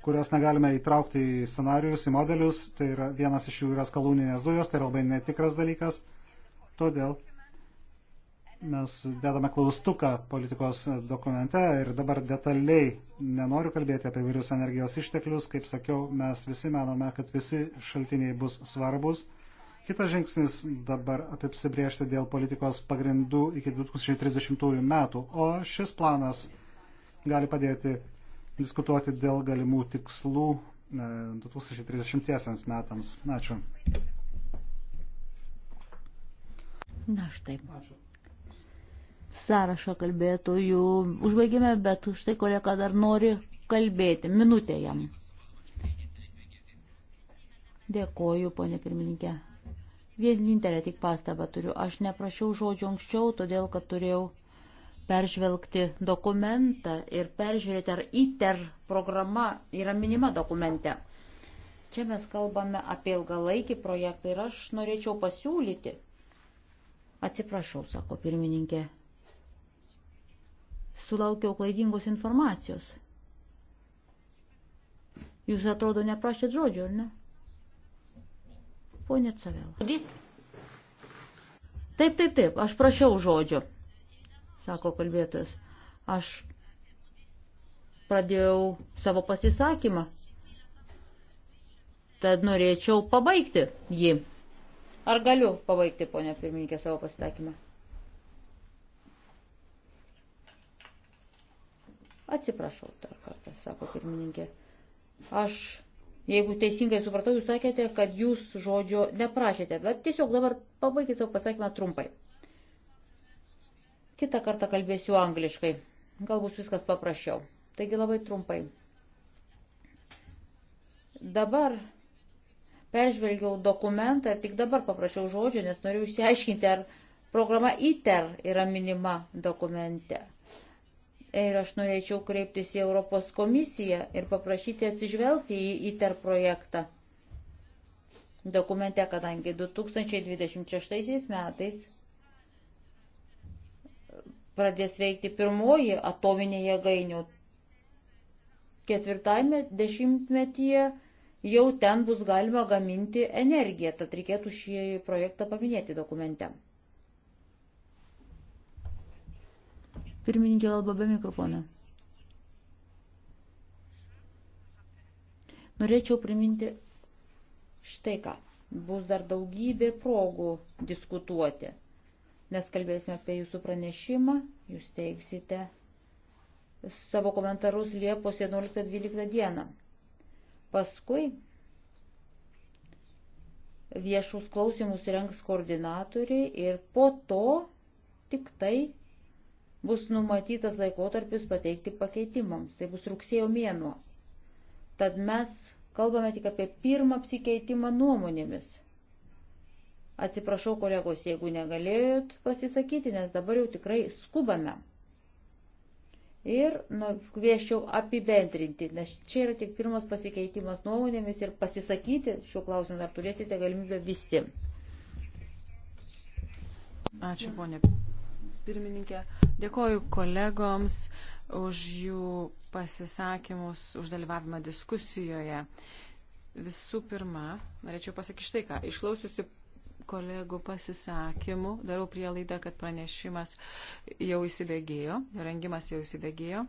kurios negalime įtraukti į scenarius, į modelius. Tai yra, vienas iš jų yra skalūninės dujos, tai yra labai netikras dalykas. Todėl mes dedame klaustuką politikos dokumente ir dabar detaliai nenoriu kalbėti apie vairius energijos išteklius. Kaip sakiau, mes visi manome, kad visi šaltiniai bus svarbus. Kitas žingsnis dabar apsibriežti dėl politikos pagrindų iki 2030 metų, o šis planas gali padėti diskutuoti dėl galimų tikslų 2030 e, metams. Ačiū. Na štai. Ačiū. Sąrašą kalbėtojų užbaigėme, bet štai kolega dar nori kalbėti. Minutė jam. Dėkoju, ponė pirmininkė. Vienintelė tik pastaba turiu. Aš neprašiau žodžio anksčiau, todėl kad turėjau peržvelgti dokumentą ir peržiūrėti, ar ITER programa yra minima dokumente. Čia mes kalbame apie ilgalaikį projektą ir aš norėčiau pasiūlyti. Atsiprašau, sako pirmininkė. Sulaukiau klaidingos informacijos. Jūs atrodo neprašėt žodžio, ar ne? Pone Cavela. Taip, taip, taip, aš prašiau žodžio sako kalbėtas. Aš pradėjau savo pasisakymą, tad norėčiau pabaigti jį. Ar galiu pabaigti, ponia pirmininkė, savo pasisakymą? Atsiprašau dar kartą, sako pirmininkė. Aš, jeigu teisingai supratau, jūs sakėte, kad jūs žodžio neprašėte, bet tiesiog dabar pabaigti savo pasakymą trumpai. Kita kartą kalbėsiu angliškai. Galbūt viskas paprasčiau. Taigi labai trumpai. Dabar peržvelgiau dokumentą ir tik dabar paprašiau žodžio, nes noriu išsiaiškinti, ar programa ITER yra minima dokumente. Ir aš norėčiau kreiptis į Europos komisiją ir paprašyti atsižvelgti į ITER projektą. Dokumente, kadangi 2026 metais pradės veikti pirmoji atominė jėgainė. Ketvirtame dešimtmetyje jau ten bus galima gaminti energiją, tad reikėtų šį projektą paminėti dokumente. Pirmininkė kalba be mikrofono. Norėčiau priminti štai ką. Bus dar daugybė progų diskutuoti nes kalbėsime apie jūsų pranešimą, jūs teiksite savo komentarus Liepos 11-12 dieną. Paskui viešus klausimus rengs koordinatoriai ir po to tik tai bus numatytas laikotarpis pateikti pakeitimams. Tai bus rugsėjo mėnuo. Tad mes kalbame tik apie pirmą apsikeitimą nuomonėmis. Atsiprašau kolegos, jeigu negalėjot pasisakyti, nes dabar jau tikrai skubame. Ir na, nu, kvieščiau apibendrinti, nes čia yra tik pirmas pasikeitimas nuomonėmis ir pasisakyti šiuo klausimu dar turėsite galimybę visi. Ačiū, ponė pirmininkė. Dėkoju kolegoms už jų pasisakymus, už dalyvavimą diskusijoje. Visų pirma, norėčiau pasakyti štai ką. Išklausiusi kolegų pasisakymų. Darau prielaidą, kad pranešimas jau įsibėgėjo, rengimas jau įsibėgėjo.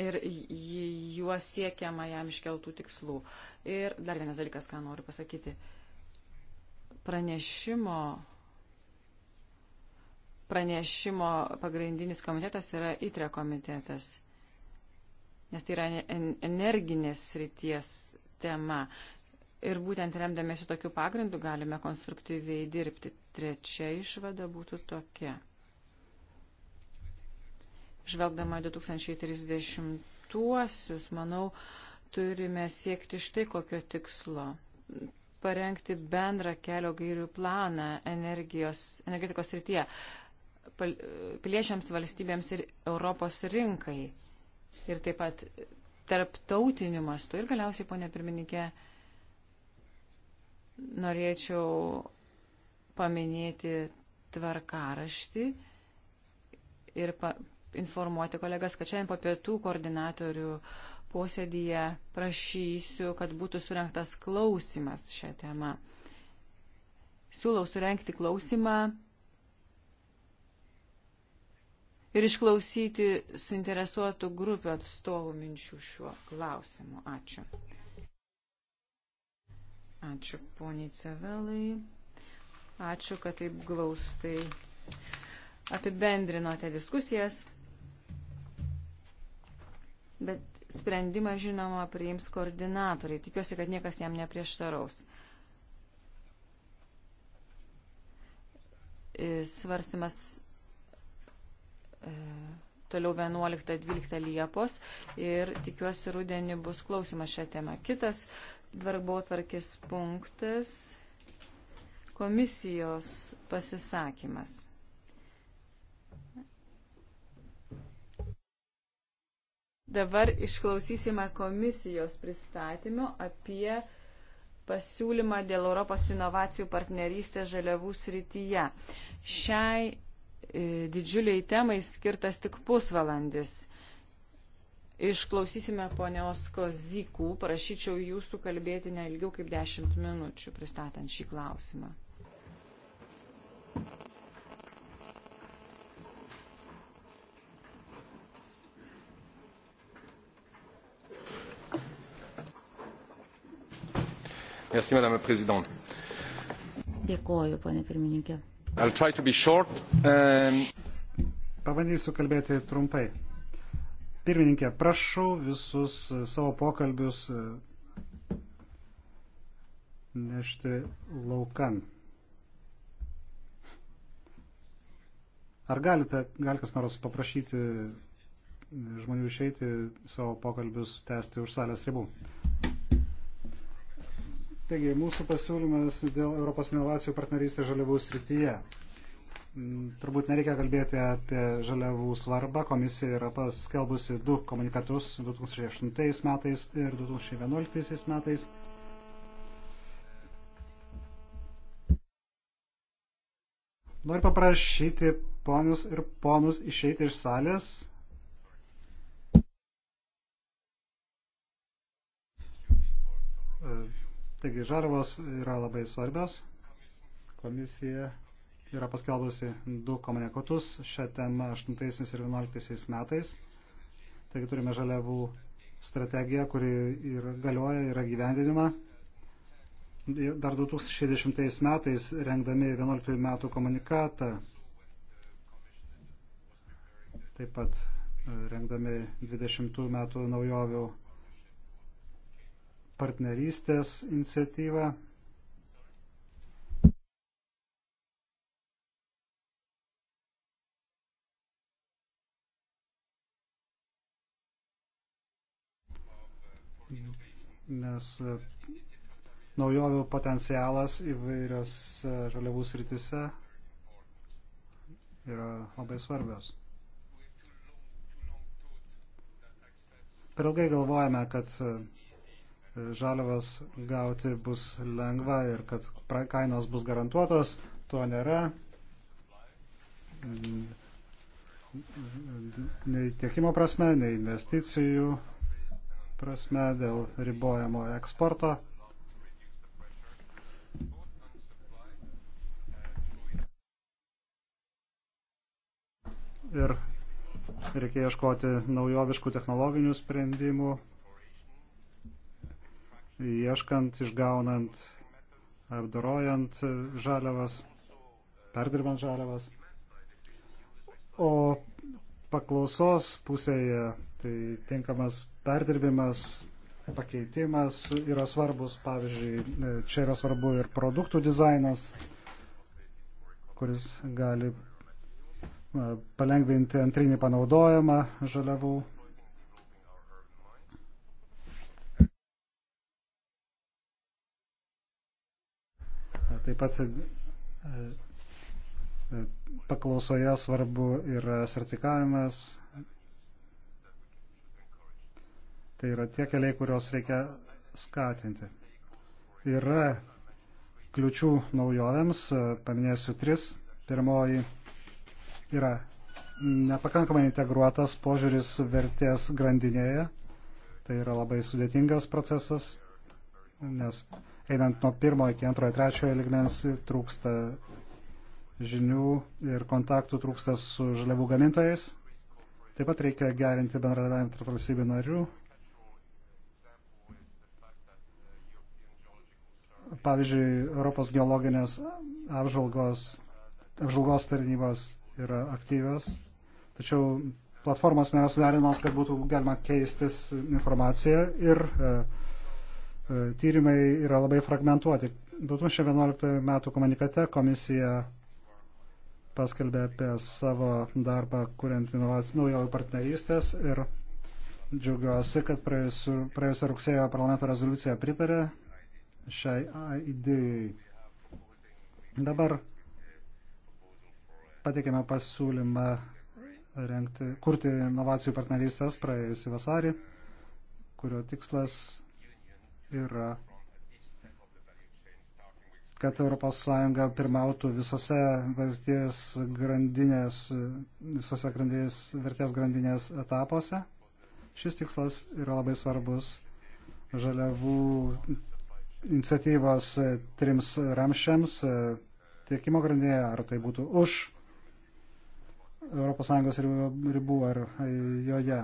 ir juos siekiama jam iškeltų tikslų. Ir dar vienas dalykas, ką noriu pasakyti. Pranešimo, pranešimo pagrindinis komitetas yra ITRE komitetas, nes tai yra energinės ryties tema. Ir būtent remdamėsi tokiu pagrindu galime konstruktyviai dirbti. Trečia išvada būtų tokia. Žvelgdama 2030-uosius, manau, turime siekti štai kokio tikslo. Parengti bendrą kelio gairių planą energijos, energetikos rytyje piliečiams, valstybėms ir Europos rinkai. Ir taip pat tarptautiniu mastu. Ir galiausiai, ponė pirmininkė, norėčiau paminėti tvarkaraštį ir pa informuoti kolegas, kad šiandien po pietų koordinatorių posėdyje prašysiu, kad būtų surinktas klausimas šią temą. Siūlau surenkti klausimą ir išklausyti suinteresuotų grupių atstovų minčių šiuo klausimu. Ačiū. Ačiū poniai Cevelai. Ačiū, kad taip glaustai apibendrinote diskusijas. Bet sprendimą, žinoma, priims koordinatoriai. Tikiuosi, kad niekas jam neprieštaraus. E, svarstymas E, toliau 11-12 Liepos ir tikiuosi rudenį bus klausimas šią temą. Kitas darbo tvarkės punktas - komisijos pasisakymas. Dabar išklausysime komisijos pristatymo apie pasiūlymą dėl Europos inovacijų partnerystės žaliavų srityje. Šiai E, didžiuliai temai skirtas tik pusvalandis. Išklausysime ponios Kozikų, prašyčiau jūsų kalbėti ne ilgiau kaip 10 minučių pristatant šį klausimą. Merci, Madame la Présidente. Dėkoju, ponė pirmininkė. Um... Pabandysiu kalbėti trumpai. Pirmininkė, prašau visus savo pokalbius uh, nešti laukan. Ar galite, gal kas nors paprašyti žmonių išeiti savo pokalbius tęsti už salės ribų? Taigi, mūsų pasiūlymas dėl Europos inovacijų partnerystės žaliavų srityje. Mm, turbūt nereikia kalbėti apie žaliavų svarbą. Komisija yra paskelbusi du komunikatus 2008 metais ir 2011 metais. Noriu paprašyti ponius ir ponus išeiti iš salės. Uh. Taigi žarvos yra labai svarbios. Komisija yra paskelbusi du komunikatus šią temą 8 ir 11 metais. Taigi turime žaliavų strategiją, kuri yra, galioja, yra gyvendinima. Dar 2060 metais rengdami 11 metų komunikatą, taip pat e, rengdami 20 metų naujovių partnerystės iniciatyvą. Nes e, naujovių potencialas įvairios žaliavų sritise yra labai svarbios. Per ilgai galvojame, kad e, žaliavas gauti bus lengva ir kad kainos bus garantuotos, to nėra. Nei tiekimo prasme, nei investicijų prasme dėl ribojamo eksporto. Ir reikia ieškoti naujoviškų technologinių sprendimų ieškant, išgaunant, apdorojant žaliavas, perdirbant žaliavas. O paklausos pusėje tai tinkamas perdirbimas, pakeitimas yra svarbus. Pavyzdžiui, čia yra svarbu ir produktų dizainas, kuris gali palengvinti antrinį panaudojimą žaliavų Taip pat e, e, paklausoje svarbu yra sertifikavimas. Tai yra tie keliai, kuriuos reikia skatinti. Yra kliučių naujovėms, e, paminėsiu tris. Pirmoji yra nepakankamai integruotas požiūris vertės grandinėje. Tai yra labai sudėtingas procesas, nes einant nuo pirmo iki antrojo, trečiojo ligmens, trūksta žinių ir kontaktų trūksta su žaliavų gamintojais. Taip pat reikia gerinti bendradarbiavimą tarp valstybių narių. Pavyzdžiui, Europos geologinės apžvalgos, apžvalgos tarnybos yra aktyvios, tačiau platformos nėra suderinamos, kad būtų galima keistis informaciją ir uh, E, tyrimai yra labai fragmentuoti. 2011 m. komunikate komisija paskelbė apie savo darbą, kuriant naujojų partnerystės ir džiaugiuosi, kad praėjusią rugsėjo parlamento rezoliuciją pritarė šiai idėjai. Dabar pateikėme pasiūlymą rengti, kurti inovacijų partnerystės praėjusį vasarį, kurio tikslas yra, kad ES pirmautų visose vertės grandinės, visose grandinės, vertės grandinės etapuose. Šis tikslas yra labai svarbus žaliavų iniciatyvos trims ramšiams e, tiekimo grandinėje, ar tai būtų už ES ribų ar joje.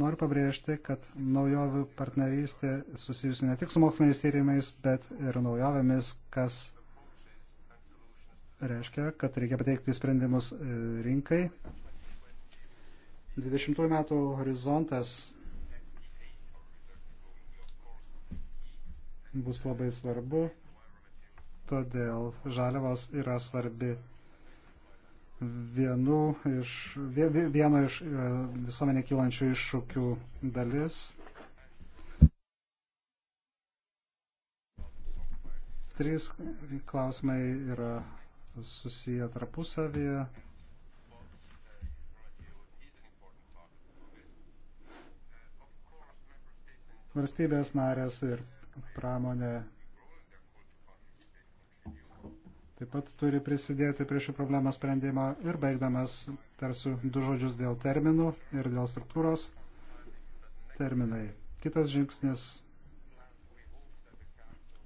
Noriu pabrėžti, kad naujovių partnerystė susijusi ne tik su moksliniais tyrimais, bet ir naujovėmis, kas reiškia, kad reikia pateikti sprendimus e, rinkai. 20 metų horizontas bus labai svarbu, todėl žaliavos yra svarbi vienu iš, vieno iš e, visuomenė kylančių iššūkių dalis. Trys klausimai yra susiję tarpusavyje. Valstybės narės ir pramonė taip pat turi prisidėti prie šių problemų sprendimo ir baigdamas tarsiu du žodžius dėl terminų ir dėl struktūros. Terminai. Kitas žingsnis.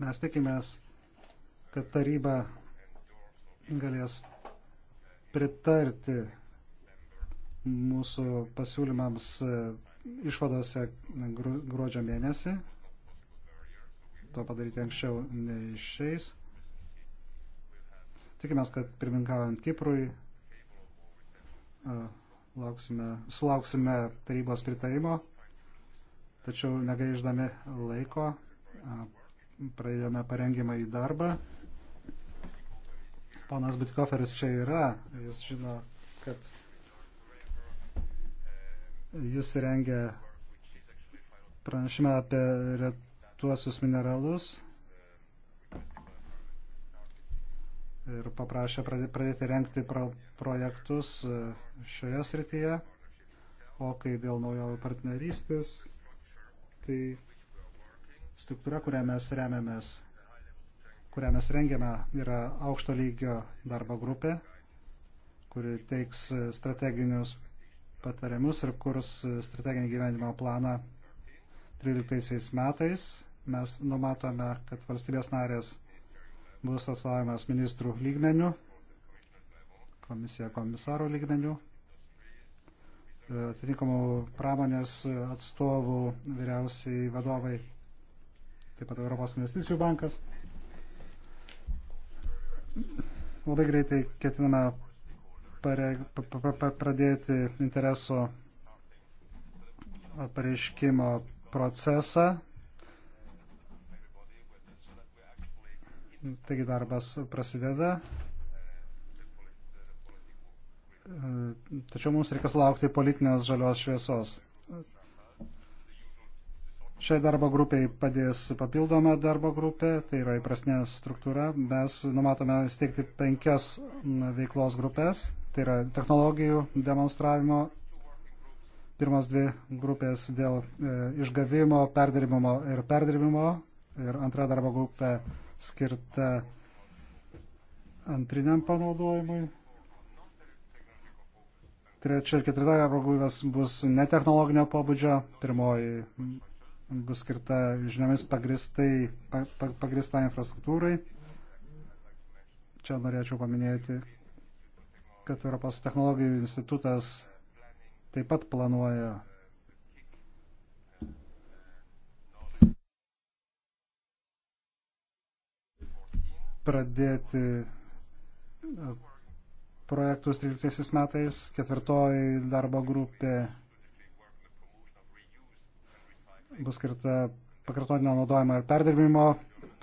Mes tikimės, kad taryba galės pritarti mūsų pasiūlymams e, išvadose gruodžio mėnesį. To padaryti anksčiau neišeis. Tikimės, kad pirmininkaujant Kiprui lauksime, sulauksime tarybos pritarimo, tačiau negaiždami laiko pradėjome parengimą į darbą. Ponas Bitkoferis čia yra, jis žino, kad jis rengia pranešimą apie retuosius mineralus ir paprašė pradėti renkti pro projektus e, šioje srityje. O kai dėl naujojo partnerystės, tai struktūra, kurią mes remiamės, kurią mes rengiame, yra aukšto lygio darbo grupė, kuri teiks strateginius patarimus ir kurs strateginį gyvenimo planą 13 metais. Mes numatome, kad valstybės narės bus atstovavimas ministrų lygmenių, komisija komisaro lygmenių, e, atitinkamų pramonės atstovų vyriausiai vadovai, taip pat Europos investicijų bankas. Labai greitai ketiname pare, pa, pa, pa, pradėti intereso pareiškimo procesą Taigi darbas prasideda. Tačiau mums reikia laukti politinės žalios šviesos. Šiai darbo grupiai padės papildoma darbo grupė, tai yra įprasnė struktūra. Mes numatome steigti penkias veiklos grupės, tai yra technologijų demonstravimo, pirmas dvi grupės dėl e, išgavimo, perdirbimo ir perdirbimo, ir antra darbo grupė skirta antriniam panaudojimui. Trečia ir ketvirta apgūvės bus netechnologinio pobūdžio, pirmoji bus skirta žiniomis pagristai, pagristai infrastruktūrai. Čia norėčiau paminėti, kad Europos technologijų institutas taip pat planuoja pradėti e, projektus 13 metais, ketvirtoji darbo grupė bus skirta pakartotinio naudojimo ir perdirbimo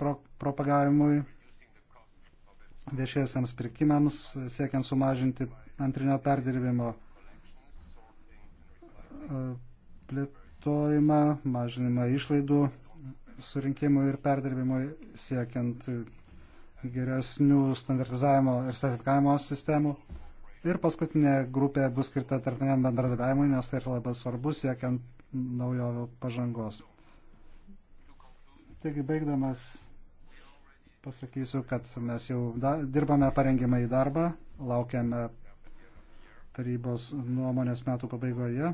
pro propagavimui, viešiesiams pirkimams, siekiant sumažinti antrinio perdirbimo e, plėtojimą, mažinimą išlaidų surinkimui ir perdirbimui, siekiant geresnių standartizavimo ir sertifikavimo sistemų. Ir paskutinė grupė bus skirta tarptautiniam bendradarbiavimui, nes tai yra labai svarbu siekiant naujovių pažangos. Taigi baigdamas pasakysiu, kad mes jau da, dirbame parengimą į darbą, laukiame tarybos nuomonės metų pabaigoje.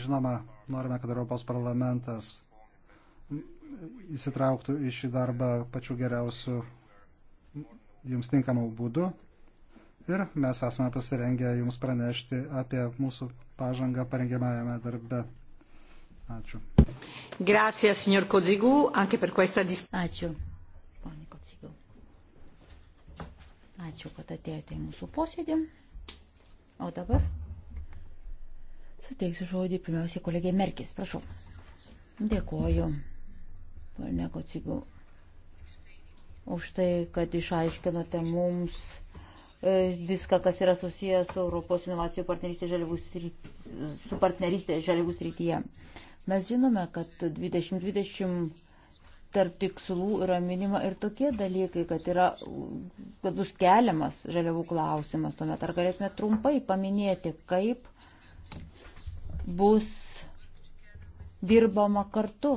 Žinoma, norime, kad Europos parlamentas įsitrauktų į šį darbą pačiu geriausiu jums tinkamu būdu. Ir mes esame pasirengę jums pranešti apie mūsų pažangą parengiamajame darbe. Ačiū. Grazie, signor Kodzigu, anche per questa Ačiū, ponė Kodzigu. Ačiū, kad atėjote į mūsų posėdį. O dabar suteiksiu žodį pirmiausiai kolegė Merkis, prašau. Dėkuoju. Nekocigu, už tai, kad išaiškinote mums e, viską, kas yra susijęs su Europos inovacijų partnerystė žaliavus, su partnerystė žaliavų srityje. Mes žinome, kad 2020 tarp tikslų yra minima ir tokie dalykai, kad, yra, kad bus keliamas žaliavų klausimas. Tuomet ar galėtume trumpai paminėti, kaip bus dirbama kartu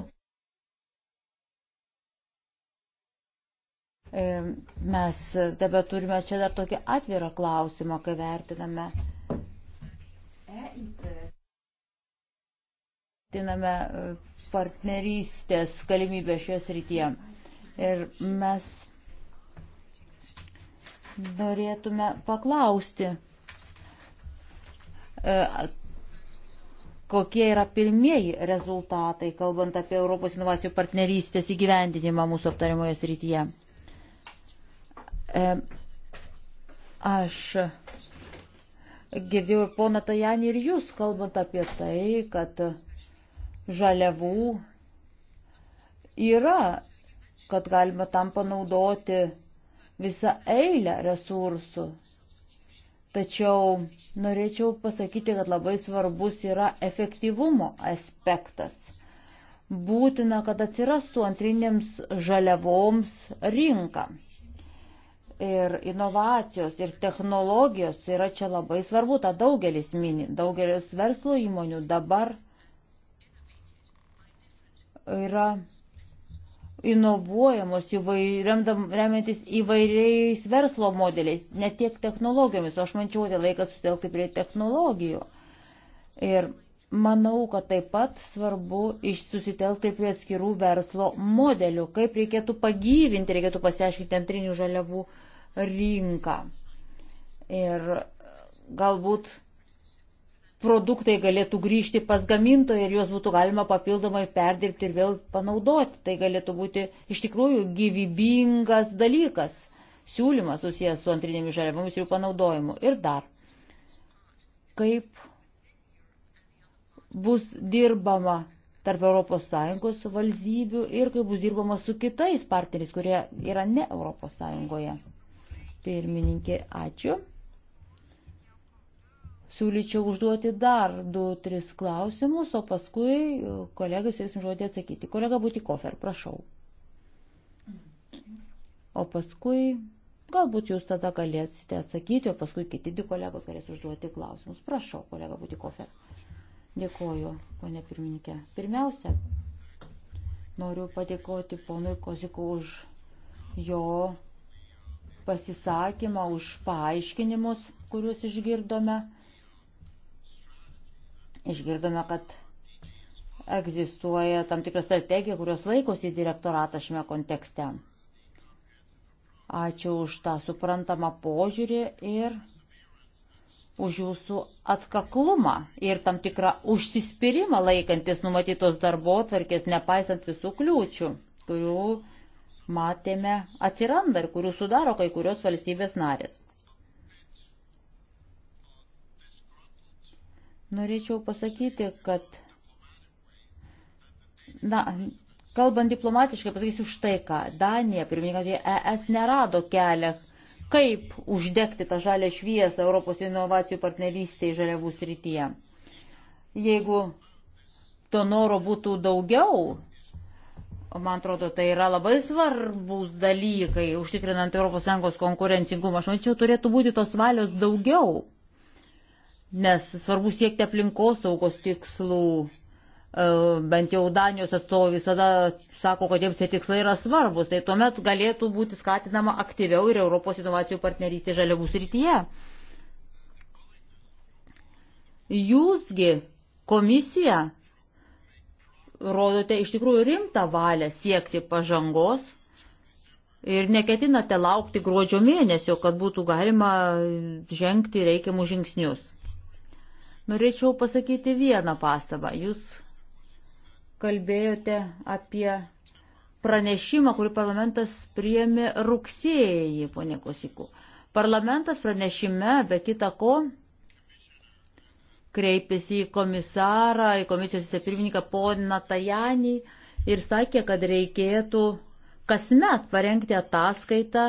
E, mes dabar turime čia dar tokį atvirą klausimą, kai vertiname. Vertiname e, partnerystės galimybę šios rytyje. Ir mes norėtume paklausti, e, kokie yra pirmieji rezultatai, kalbant apie Europos inovacijų partnerystės įgyvendinimą mūsų aptariamoje srityje. E, aš girdėjau ir poną Tajanį ir jūs kalbant apie tai, kad žaliavų yra, kad galima tam panaudoti visą eilę resursų. Tačiau norėčiau pasakyti, kad labai svarbus yra efektyvumo aspektas. Būtina, kad atsirastų antrinėms žaliavoms rinka ir inovacijos, ir technologijos yra čia labai svarbu, tą daugelis mini, daugelis verslo įmonių dabar yra inovuojamos, įvair, remdam, remiantis įvairiais verslo modeliais, ne tiek technologijomis, o aš mančiau, tai laikas sutelkti prie technologijų. Ir Manau, kad taip pat svarbu susitelkti prie atskirų verslo modelių, kaip reikėtų pagyvinti, reikėtų pasiaiškinti antrinių žaliavų rinką. Ir galbūt produktai galėtų grįžti pas gamintoją ir juos būtų galima papildomai perdirbti ir vėl panaudoti. Tai galėtų būti iš tikrųjų gyvybingas dalykas, siūlymas susijęs su antrinėmis žaliavomis ir jų panaudojimu. Ir dar, kaip bus dirbama tarp ES valstybių ir kaip bus dirbama su kitais partneriais, kurie yra ne ES. Pirmininkė, ačiū. Siūlyčiau užduoti dar 2-3 klausimus, o paskui kolegai sėsim žodį atsakyti. Kolega būti kofer, prašau. O paskui galbūt jūs tada galėsite atsakyti, o paskui kiti du kolegos galės užduoti klausimus. Prašau, kolega būti kofer. Dėkoju, ponė pirmininkė. Pirmiausia, noriu padėkoti ponui Koziku už jo pasisakymą, už paaiškinimus, kuriuos išgirdome. Išgirdome, kad egzistuoja tam tikra strategija, kurios laikosi direktoratas šiame kontekste. Ačiū už tą suprantamą požiūrį ir už jūsų atkaklumą ir tam tikrą užsispyrimą laikantis numatytos darbo atvarkės, nepaisant visų kliūčių, kurių matėme atsiranda ir kurių sudaro kai kurios valstybės narės. Norėčiau pasakyti, kad, na, kalbant diplomatiškai, pasakysiu štai ką. Danija, pirmininkai, ES nerado kelias kaip uždegti tą žalę šviesą Europos inovacijų partnerystėje žaliavų srityje. Jeigu to noro būtų daugiau, man atrodo, tai yra labai svarbus dalykai, užtikrinant ES konkurencingumą. Aš manyčiau, turėtų būti tos valios daugiau, nes svarbu siekti aplinkos saugos tikslų E, bent jau Danijos atstovai visada sako, kad jiems tie tikslai yra svarbus, tai tuomet galėtų būti skatinama aktyviau ir Europos inovacijų partnerystė žaliavų srityje. Jūsgi komisija rodote iš tikrųjų rimtą valią siekti pažangos ir neketinate laukti gruodžio mėnesio, kad būtų galima žengti reikiamus žingsnius. Norėčiau pasakyti vieną pastabą. Jūs kalbėjote apie pranešimą, kurį parlamentas priėmė rugsėjį, ponė Kosiku. Parlamentas pranešime, be kita ko, kreipėsi į komisarą, į komisijos įsipirmininką poną Tajanį ir sakė, kad reikėtų kasmet parengti ataskaitą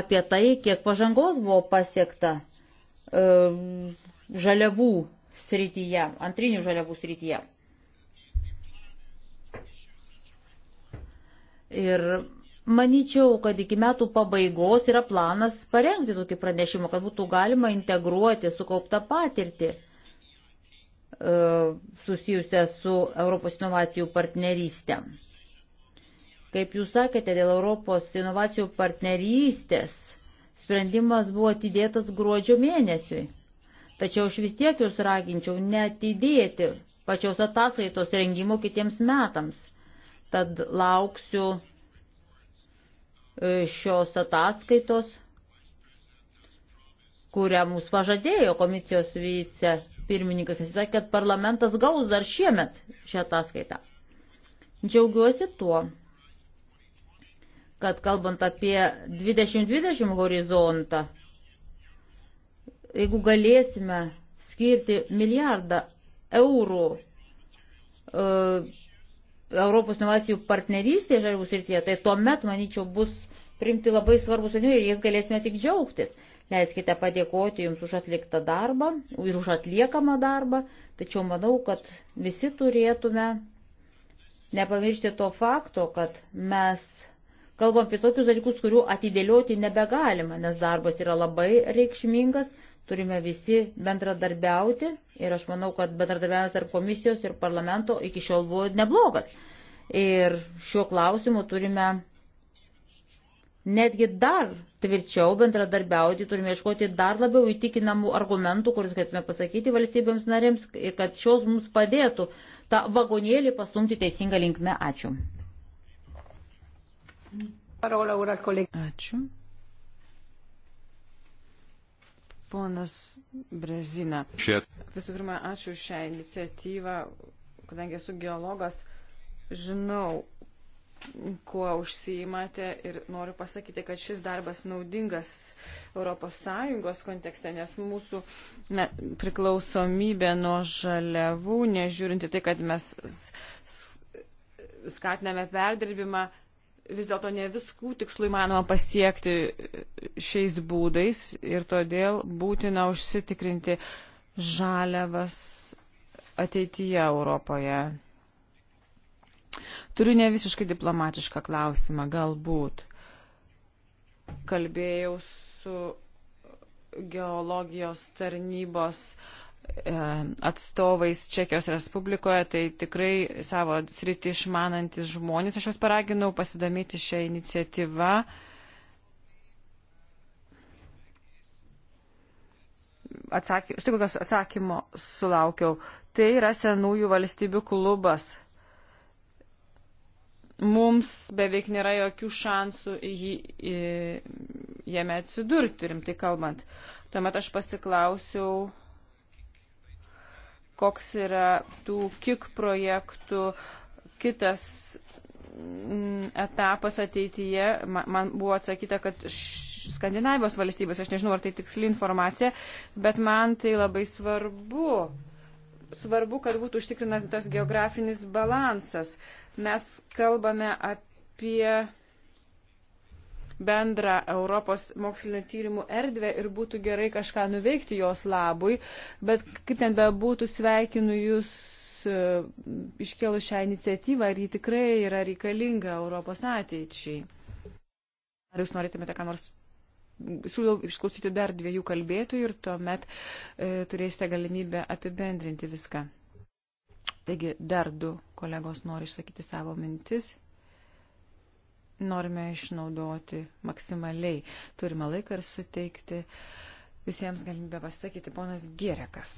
apie tai, kiek pažangos buvo pasiekta e, žaliavų srityje, antrinių žaliavų srityje. Ir manyčiau, kad iki metų pabaigos yra planas parengti tokį pranešimą, kad būtų galima integruoti sukauptą patirtį e, susijusią su Europos inovacijų partnerystė. Kaip jūs sakėte, dėl Europos inovacijų partnerystės sprendimas buvo atidėtas gruodžio mėnesiui. Tačiau aš vis tiek jūs raginčiau netidėti pačios ataskaitos rengimo kitiems metams. Tad lauksiu e, šios ataskaitos, kurią mums pažadėjo komisijos vice pirmininkas. Jis sakė, kad parlamentas gaus dar šiemet šią ataskaitą. Džiaugiuosi tuo, kad kalbant apie 2020 horizontą, jeigu galėsime skirti milijardą eurų e, Europos inovacijų partnerystė žaliavų srityje, tai tuomet, manyčiau, bus primti labai svarbus sprendimai ir jais galėsime tik džiaugtis. Leiskite padėkoti Jums už atliktą darbą ir už atliekamą darbą, tačiau manau, kad visi turėtume nepamiršti to fakto, kad mes kalbam apie tokius dalykus, kurių atidėlioti nebegalima, nes darbas yra labai reikšmingas Turime visi bendradarbiauti ir aš manau, kad bendradarbiavimas tarp komisijos ir parlamento iki šiol buvo neblogas. Ir šiuo klausimu turime netgi dar tvirčiau bendradarbiauti, turime iškoti dar labiau įtikinamų argumentų, kuris galėtume pasakyti valstybėms narėms, kad šios mums padėtų tą vagonėlį pastumti teisingą linkmę. Ačiū. Ačiū. Ponas Brezina. Šiet. Visų pirma, ačiū šią iniciatyvą, kadangi esu geologas, žinau, kuo užsiimate ir noriu pasakyti, kad šis darbas naudingas ES kontekste, nes mūsų ne, priklausomybė nuo žaliavų, nežiūrinti tai, kad mes skatiname perdirbimą, vis dėlto ne viskų tikslų įmanoma pasiekti šiais būdais ir todėl būtina užsitikrinti žaliavas ateityje Europoje. Turiu ne visiškai diplomatišką klausimą, galbūt. Kalbėjau su geologijos tarnybos uh, E, atstovais Čekijos Respublikoje, tai tikrai savo sritį išmanantis žmonės. Aš juos paraginau pasidomėti šią iniciatyvą. Atsaky, štai kokios atsakymo sulaukiau. Tai yra senųjų valstybių klubas. Mums beveik nėra jokių šansų jį, jį, jame atsidurti, rimtai kalbant. Tuomet aš pasiklausiau koks yra tų kik projektų kitas mm, etapas ateityje. Man buvo atsakyta, kad Skandinavijos valstybės, aš nežinau, ar tai tiksli informacija, bet man tai labai svarbu. Svarbu, kad būtų užtikrinas tas geografinis balansas. Mes kalbame apie bendrą Europos mokslinio tyrimų erdvę ir būtų gerai kažką nuveikti jos labui, bet kaip ten bebūtų, sveikinu Jūs e, iškėlus šią iniciatyvą, ar ji tikrai yra reikalinga Europos ateičiai. Ar Jūs norėtumėte ką nors siūlau išklausyti dar dviejų kalbėtojų ir tuomet e, turėsite galimybę apibendrinti viską. Taigi dar du kolegos nori išsakyti savo mintis norime išnaudoti maksimaliai. Turime laiką ir suteikti visiems galimybę pasakyti ponas Gerekas.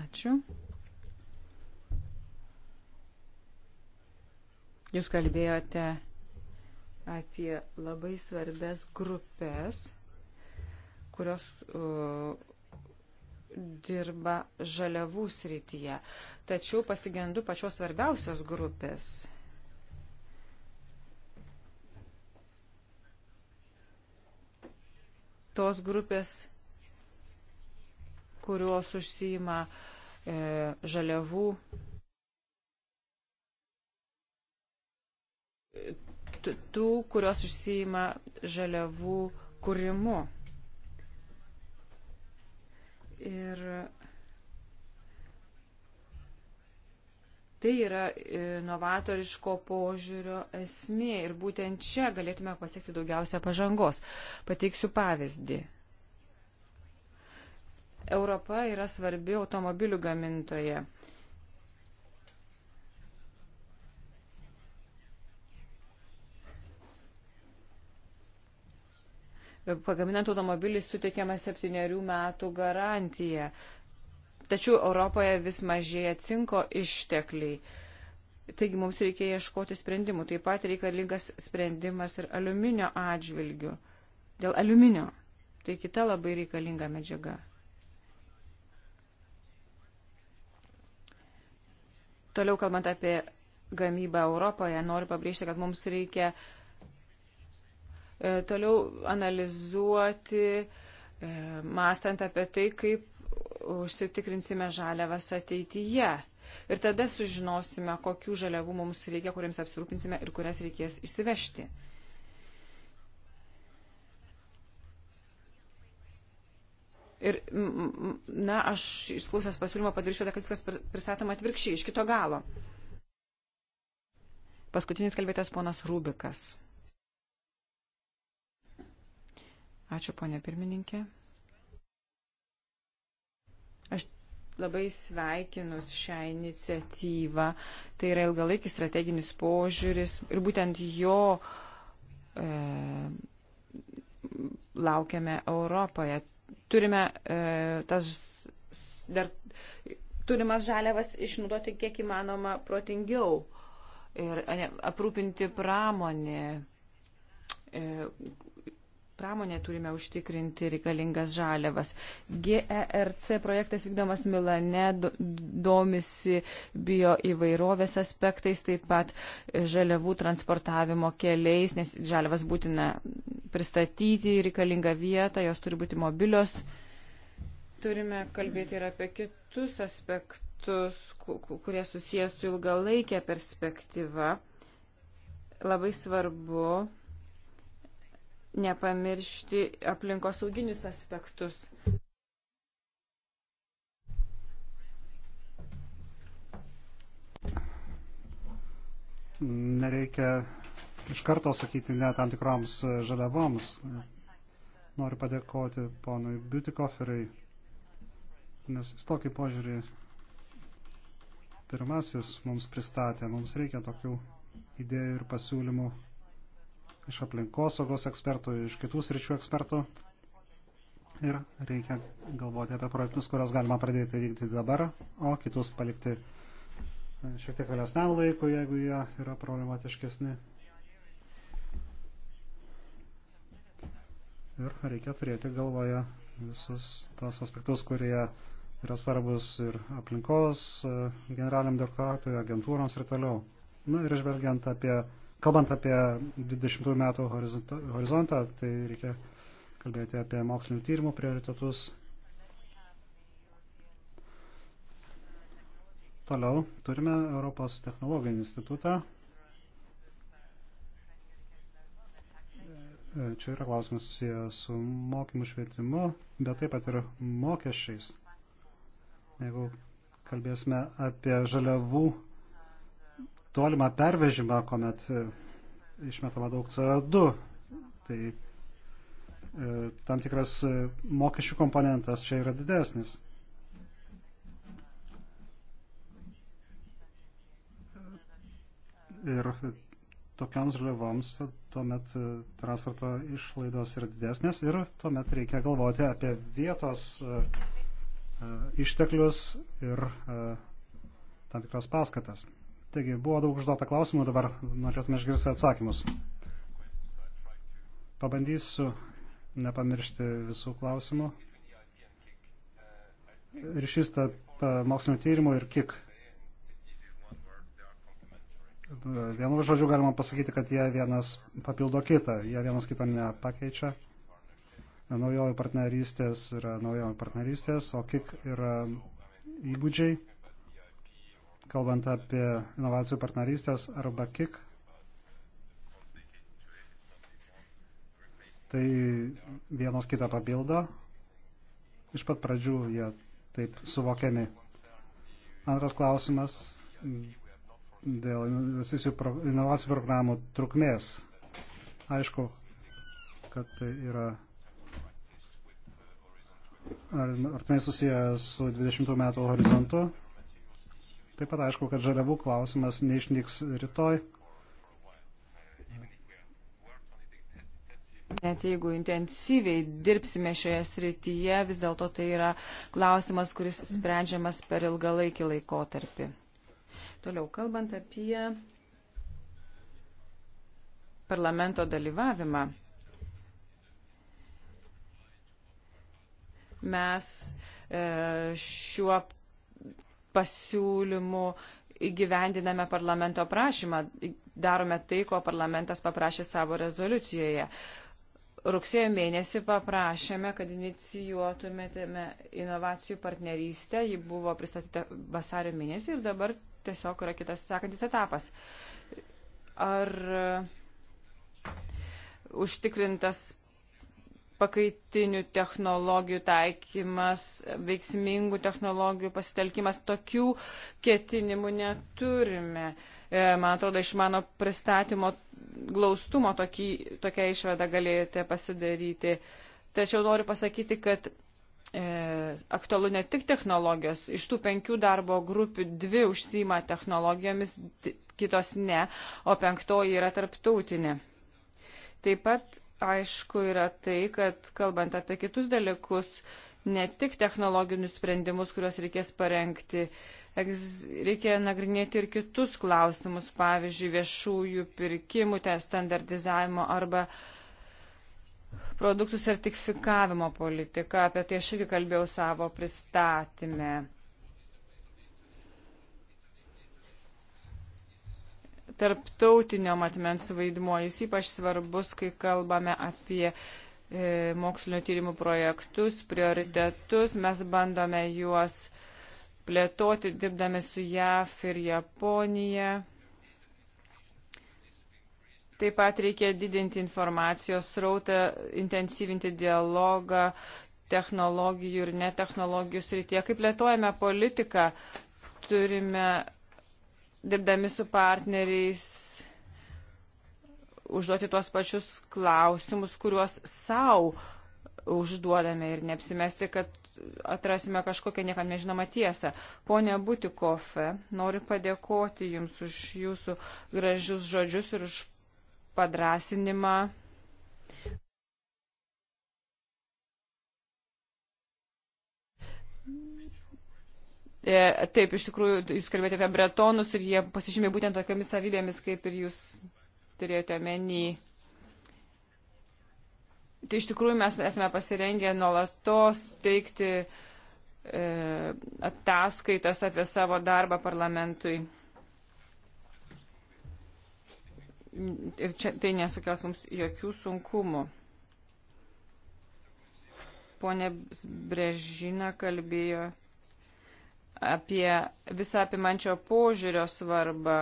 Ačiū. Jūs kalbėjote apie labai svarbės grupės, kurios uh, dirba žaliavų srityje. Tačiau pasigendu pačios svarbiausios grupės tos grupės, kurios užsijima e, žaliavų tų, kurios užsijima žaliavų kūrimu. Ir Tai yra e, novatoriško požiūrio esmė ir būtent čia galėtume pasiekti daugiausia pažangos. Pateiksiu pavyzdį. Europa yra svarbi automobilių gamintoje. Pagaminant automobilį suteikiama septyniarių metų garantija. Tačiau Europoje vis mažėja cinko ištekliai. Taigi mums reikia ieškoti sprendimų. Taip pat reikalingas sprendimas ir aliuminio atžvilgių. Dėl aliuminio. Tai kita labai reikalinga medžiaga. Toliau kalbant apie gamybą Europoje, noriu pabrėžti, kad mums reikia e, toliau analizuoti, e, mąstant apie tai, kaip užsitikrinsime žaliavas ateityje. Ir tada sužinosime, kokių žaliavų mums reikia, kuriems apsirūpinsime ir kurias reikės išsivežti. Ir, na, aš išklausęs pasiūlymą padaryčiau, kad viskas pristatoma atvirkščiai, iš kito galo. Paskutinis kalbėtas ponas Rubikas. Ačiū, ponė pirmininkė. Aš labai sveikinus šią iniciatyvą. Tai yra ilgalaikis strateginis požiūris ir būtent jo e, laukiame Europoje. Turime e, tas dar turimas žaliavas išnaudoti kiek įmanoma protingiau ir e, aprūpinti pramonį e, pramonė turime užtikrinti reikalingas žaliavas. GERC projektas vykdomas Milane domisi bio įvairovės aspektais, taip pat žaliavų transportavimo keliais, nes žaliavas būtina pristatyti į reikalingą vietą, jos turi būti mobilios. Turime kalbėti ir apie kitus aspektus, kurie susijęs su ilgalaikė perspektyva. Labai svarbu nepamiršti aplinkosauginius aspektus. Nereikia iš karto sakyti ne tam tikroms žaliavoms. Noriu padėkoti ponui Butikoferiai, nes jis tokį požiūrį pirmasis mums pristatė. Mums reikia tokių idėjų ir pasiūlymų iš aplinkosaugos ekspertų, iš kitų sričių ekspertų. Ir reikia galvoti apie projektus, kurios galima pradėti vykdyti dabar, o kitus palikti šiek tiek vėlesniam laikui, jeigu jie yra problematiškesni. Ir reikia turėti galvoje visus tos aspektus, kurie yra svarbus ir aplinkos e, generaliniam direktoratui, agentūroms ir toliau. Na ir išvelgiant apie kalbant apie 20 metų horizontą, tai reikia kalbėti apie mokslinių tyrimų prioritetus. Toliau turime Europos technologinį institutą. Čia yra klausimas susijęs su mokymu švietimu, bet taip pat ir mokesčiais. Jeigu kalbėsime apie žaliavų tolimą pervežimą, kuomet e, išmetama daug CO2. Tai e, tam tikras e, mokesčių komponentas čia yra didesnis. Ir tokiams žaliavoms tuomet transporto išlaidos yra didesnės ir tuomet reikia galvoti apie vietos išteklius ir tam tikras paskatas. Taigi, buvo daug užduota klausimų, dabar norėtume išgirsti atsakymus. Pabandysiu nepamiršti visų klausimų. Ryšys tarp e, mokslinio tyrimų ir KIK. Vienu žodžiu galima pasakyti, kad jie vienas papildo kitą, jie vienas kitą nepakeičia naujoji partnerystės yra naujoji partnerystės, o kiek yra įgūdžiai, kalbant apie inovacijų partnerystės arba KIK, tai vienos kitą papildo. Iš pat pradžių jie taip suvokiami. Antras klausimas dėl investicijų pro, inovacijų programų trukmės. Aišku, kad tai yra artimai susiję su 20 metų horizontu. Taip pat aišku, kad žaliavų klausimas neišnyks rytoj. Net jeigu intensyviai dirbsime šioje srityje, vis dėlto tai yra klausimas, kuris sprendžiamas per ilgalaikį laikotarpį. Toliau kalbant apie parlamento dalyvavimą. Mes e, šiuo pasiūlymų įgyvendiname parlamento prašymą, darome tai, ko parlamentas paprašė savo rezoliucijoje. Rugsėjo mėnesį paprašėme, kad inicijuotumėte inovacijų partnerystę, ji buvo pristatyta vasario mėnesį ir dabar tiesiog yra kitas sekantis etapas. Ar užtikrintas pakaitinių technologijų taikymas, veiksmingų technologijų pasitelkimas, tokių ketinimų neturime. E, man atrodo, iš mano pristatymo glaustumo tokį, tokią išvadą galėjote pasidaryti. Tačiau noriu pasakyti, kad e, aktualu ne tik technologijos. Iš tų penkių darbo grupių dvi užsima technologijomis, kitos ne, o penktoji yra tarptautinė. Taip pat aišku yra tai, kad kalbant apie kitus dalykus, ne tik technologinius sprendimus, kuriuos reikės parengti, reikia nagrinėti ir kitus klausimus, pavyzdžiui, viešųjų pirkimų, standartizavimo arba produktų sertifikavimo politiką. Apie tai aš irgi kalbėjau savo pristatymę. tarptautinio matmens vaidmuo. Jis ypač svarbus, kai kalbame apie e, mokslinio tyrimų projektus, prioritetus. Mes bandome juos plėtoti, dirbdami su JAF ir Japonija. Taip pat reikia didinti informacijos srautą, intensyvinti dialogą technologijų ir netechnologijų srityje. Kaip plėtojame politiką, turime dirbdami su partneriais, užduoti tuos pačius klausimus, kuriuos savo užduodame ir neapsimesti, kad atrasime kažkokią niekam nežinomą tiesą. Pone Butikofe, noriu padėkoti Jums už Jūsų gražius žodžius ir už padrasinimą. E, taip, iš tikrųjų, jūs kalbėjote apie bretonus ir jie pasižymė būtent tokiamis savybėmis, kaip ir jūs turėjote menį. Tai iš tikrųjų mes esame pasirengę nuolatos teikti e, ataskaitas apie savo darbą parlamentui. Ir čia, tai nesukels mums jokių sunkumų. Pone Brežina kalbėjo apie visą apimančio požiūrio svarbą.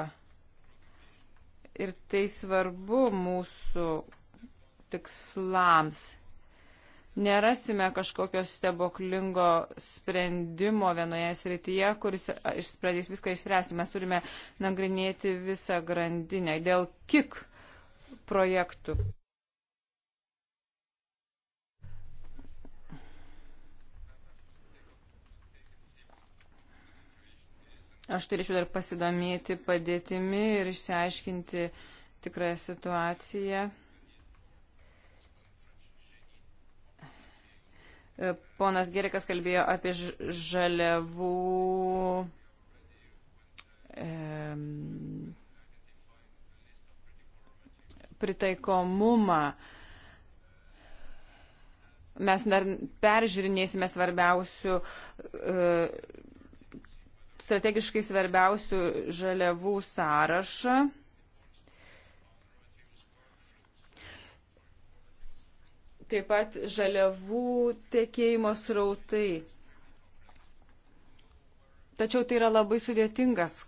Ir tai svarbu mūsų tikslams. Nerasime kažkokio stebuklingo sprendimo vienoje srityje, kuris išsprendys viską išspręsti. Mes turime nagrinėti visą grandinę dėl kik projektų. Aš turėčiau dar pasidomėti padėtimi ir išsiaiškinti tikrąją situaciją. E, ponas Gerikas kalbėjo apie žaliavų pritaikomumą. Mes dar peržiūrinėsime svarbiausių e, strategiškai svarbiausių žaliavų sąrašą. Taip pat žaliavų tekėjimo srautai. Tačiau tai yra labai sudėtingas e,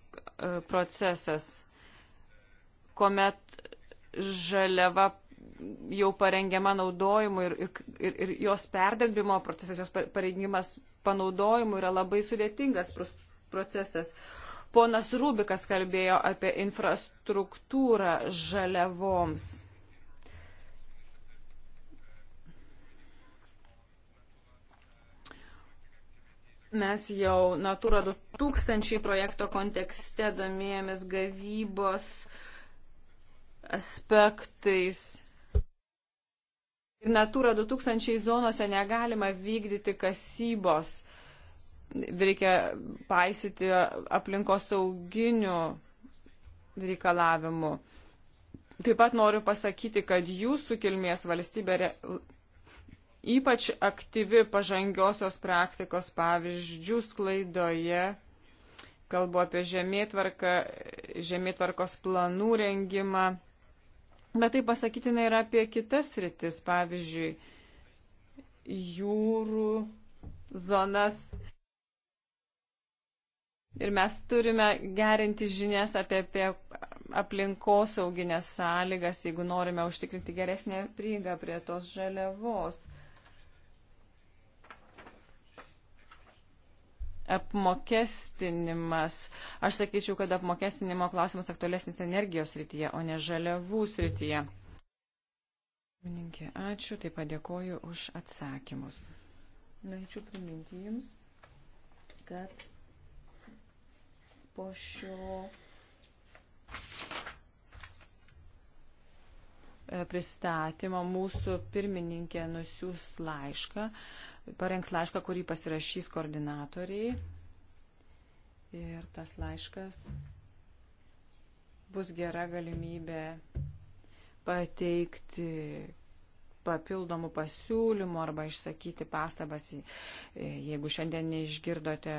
procesas, kuomet žaliava jau parengiama naudojimui ir, ir, ir jos perdirbimo procesas, jos parengimas panaudojimu yra labai sudėtingas, procesas. Ponas Rubikas kalbėjo apie infrastruktūrą žaliavoms. Mes jau Natura 2000 projekto kontekste domėjomės gavybos aspektais. Natura 2000 zonose negalima vykdyti kasybos reikia paisyti aplinkos sauginių reikalavimų. Taip pat noriu pasakyti, kad jūsų kilmės valstybė re... ypač aktyvi pažangiosios praktikos pavyzdžių sklaidoje. Kalbu apie žemėtvarką, žemėtvarkos planų rengimą. Bet tai pasakytina yra apie kitas rytis, pavyzdžiui, jūrų zonas Ir mes turime gerinti žinias apie, apie aplinkosauginės sąlygas, jeigu norime užtikrinti geresnę prieigą prie tos žaliavos. Apmokestinimas. Aš sakyčiau, kad apmokestinimo klausimas aktualesnis energijos rytyje, o ne žaliavų rytyje. Mininkė, ačiū, taip pat dėkoju už atsakymus. Norėčiau priminti Jums, kad po šio e, pristatymo mūsų pirmininkė nusiūs laišką, parengs laišką, kurį pasirašys koordinatoriai. Ir tas laiškas bus gera galimybė pateikti papildomų pasiūlymų arba išsakyti pastabas, jeigu šiandien neišgirdote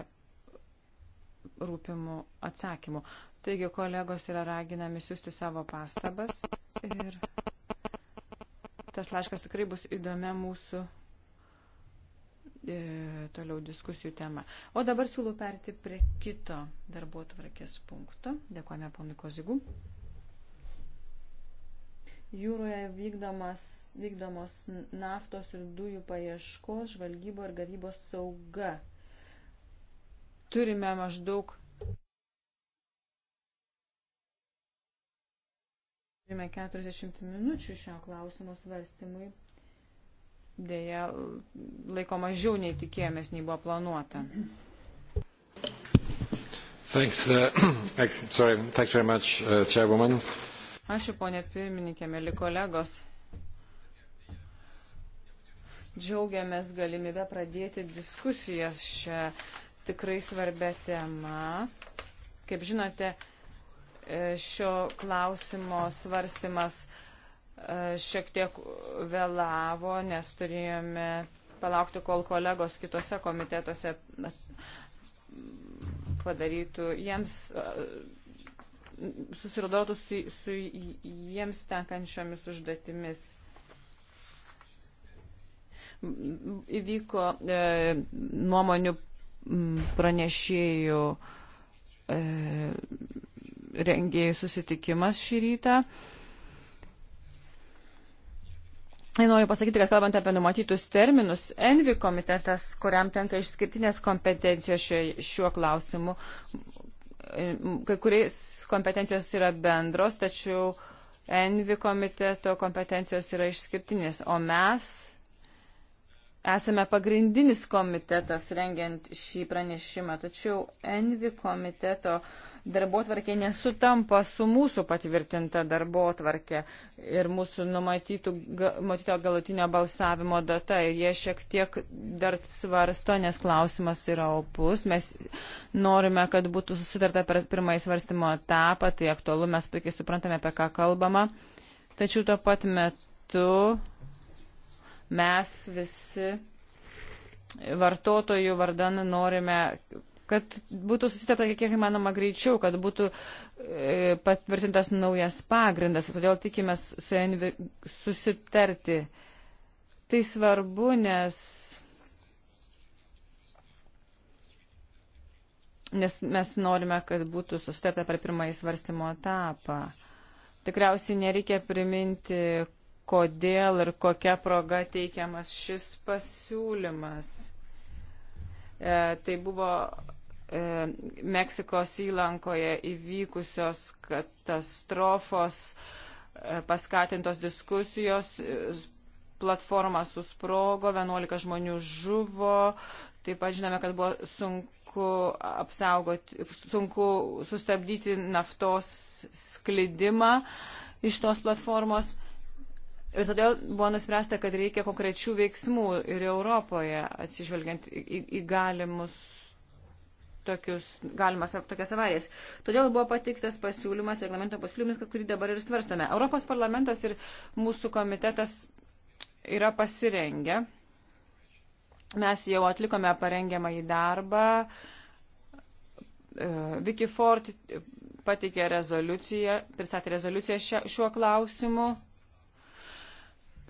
rūpimų atsakymų. Taigi kolegos yra raginami siūsti savo pastabas ir tas laiškas tikrai bus įdomia mūsų e, toliau diskusijų tema. O dabar siūlau perti prie kito darbo tvarkės punkto. Dėkojame ponui Kozigų. Jūroje vykdomas, vykdomos naftos ir dujų paieškos, žvalgybo ir gavybos sauga turime maždaug Turime 40 minučių šio klausimo svarstymui. Deja, laiko mažiau nei tikėjomės, nei buvo planuota. Thanks, uh, sorry, thanks very much, uh, Chairwoman. Ačiū, ponė pirmininkė, mėly kolegos. Džiaugiamės galimybę pradėti diskusijas šią tikrai svarbia tema. Kaip žinote, e, šio klausimo svarstymas e, šiek tiek vėlavo, nes turėjome palaukti, kol kolegos kitose komitetuose padarytų jiems e, susirodotų su, su jiems tenkančiomis užduotimis. Įvyko e, nuomonių pranešėjų e, rengėjų susitikimas šį rytą. Noriu pasakyti, kad kalbant apie numatytus terminus, Envi komitetas, kuriam tenka išskirtinės kompetencijos šiuo klausimu, e, kai kuriais kompetencijos yra bendros, tačiau Envi komiteto kompetencijos yra išskirtinės, o mes esame pagrindinis komitetas rengiant šį pranešimą, tačiau Envi komiteto darbotvarkė nesutampa su mūsų patvirtinta darbotvarkė ir mūsų numatytų matyto galutinio balsavimo data. Ir jie šiek tiek dar svarsto, nes klausimas yra opus. Mes norime, kad būtų susitarta per pirmąjį svarstymo etapą, tai aktualu, mes puikiai suprantame, apie ką kalbama. Tačiau tuo pat metu mes visi vartotojų vardan norime, kad būtų susitata kiek įmanoma greičiau, kad būtų e, patvirtintas naujas pagrindas ir todėl tikimės su Envi susitarti. Tai svarbu, nes, nes mes norime, kad būtų susitarta per pirmąjį svarstymo etapą. Tikriausiai nereikia priminti kodėl ir kokia proga teikiamas šis pasiūlymas. E, tai buvo e, Meksikos įlankoje įvykusios katastrofos e, paskatintos diskusijos. E, platforma susprogo, 11 žmonių žuvo, taip pat žinome, kad buvo sunku apsaugoti, sunku sustabdyti naftos sklidimą iš tos platformos. E, Ir todėl buvo nuspręsta, kad reikia konkrečių veiksmų ir Europoje, atsižvelgiant į, į, į galimus tokius, galimas tokias avarijas. Todėl buvo patiktas pasiūlymas, reglamento pasiūlymas, kurį dabar ir svarstome. Europos parlamentas ir mūsų komitetas yra pasirengę. Mes jau atlikome parengiamą į darbą. E, Vicky Ford pateikė rezoliuciją, pristatė rezoliuciją šiuo klausimu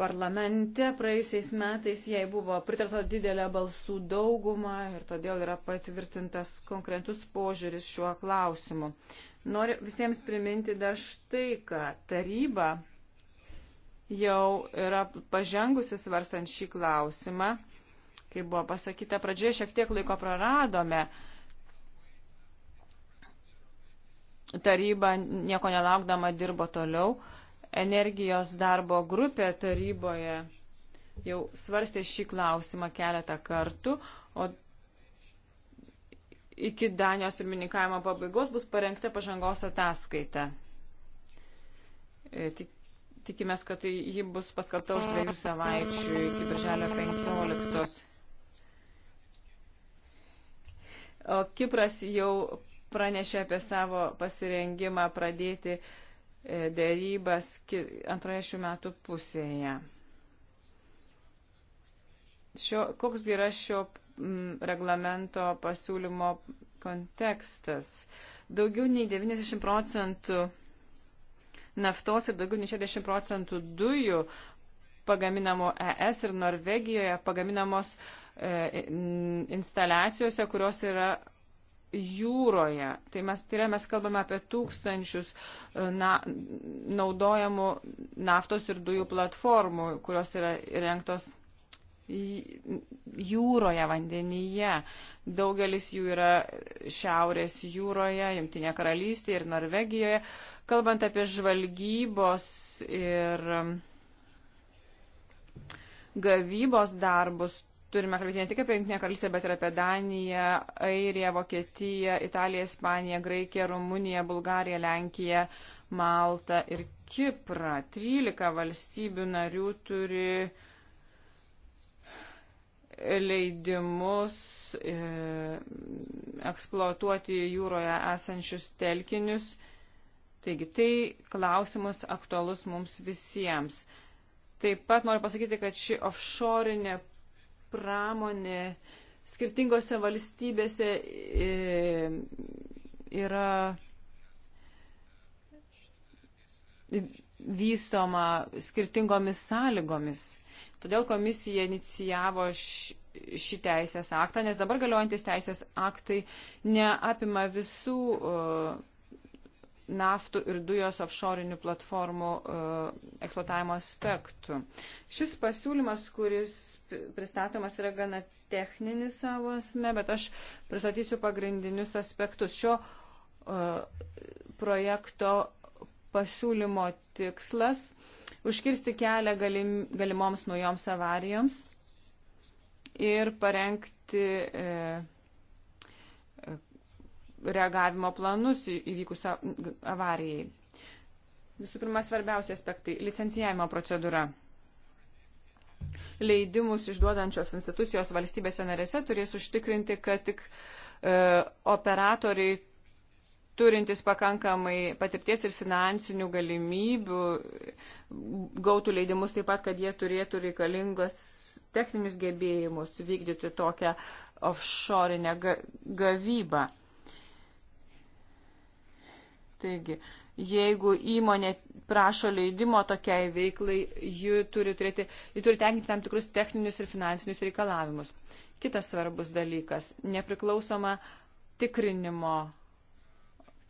parlamente. Praėjusiais metais jai buvo pritarta didelė balsų dauguma ir todėl yra patvirtintas konkretus požiūris šiuo klausimu. Noriu visiems priminti dar štai, kad taryba jau yra pažengusi svarstant šį klausimą. Kaip buvo pasakyta, pradžioje šiek tiek laiko praradome. Taryba nieko nelaukdama dirbo toliau energijos darbo grupė taryboje jau svarstė šį klausimą keletą kartų, o iki Danijos pirmininkavimo pabaigos bus parengta pažangos ataskaita. E, tik, tikimės, kad tai ji bus paskalta už dviejų savaičių iki birželio 15. O Kipras jau pranešė apie savo pasirengimą pradėti uh, E, dėrybas antroje šių metų pusėje. Šio, koks yra šio reglamento pasiūlymo kontekstas? Daugiau nei 90 procentų naftos ir daugiau nei 60 procentų dujų pagaminamo ES ir Norvegijoje pagaminamos e, instaliacijose, kurios yra jūroje. Tai mes, tai yra, mes kalbame apie tūkstančius e, na, naudojamų naftos ir dujų platformų, kurios yra įrengtos jūroje, vandenyje. Daugelis jų yra Šiaurės jūroje, Jungtinė karalystė ir Norvegijoje. Kalbant apie žvalgybos ir e, gavybos darbus, turime kalbėti ne tik apie Junktinę karalystę, bet ir apie Daniją, Airiją, Vokietiją, Italiją, Ispaniją, Graikiją, Rumuniją, Bulgariją, Lenkiją, Maltą ir Kiprą. 13 valstybių narių turi leidimus e, eksploatuoti jūroje esančius telkinius. Taigi tai klausimus aktualus mums visiems. Taip pat noriu pasakyti, kad ši offshorinė pramonė skirtingose valstybėse e, yra vystoma skirtingomis sąlygomis. Todėl komisija inicijavo šį teisės aktą, nes dabar galiojantis teisės aktai neapima visų uh, naftų ir dujos offshore'inių platformų e, eksploatavimo aspektų. Šis pasiūlymas, kuris pristatomas, yra gana techninis savo asme, bet aš pristatysiu pagrindinius aspektus. Šio e, projekto pasiūlymo tikslas - užkirsti kelią galim, galimoms naujoms avarijoms ir parengti e, reagavimo planus įvykusią avarijai. Visų pirma, svarbiausi aspektai - licencijavimo procedūra. Leidimus išduodančios institucijos valstybėse narėse turės užtikrinti, kad tik e, operatoriai turintys pakankamai patirties ir finansinių galimybių gautų leidimus taip pat, kad jie turėtų reikalingas techninius gebėjimus vykdyti tokią offshore gavybą. Taigi, jeigu įmonė prašo leidimo tokiai veiklai, ji turi, turėti, ji turi tenkinti tam tikrus techninius ir finansinius reikalavimus. Kitas svarbus dalykas - nepriklausoma tikrinimo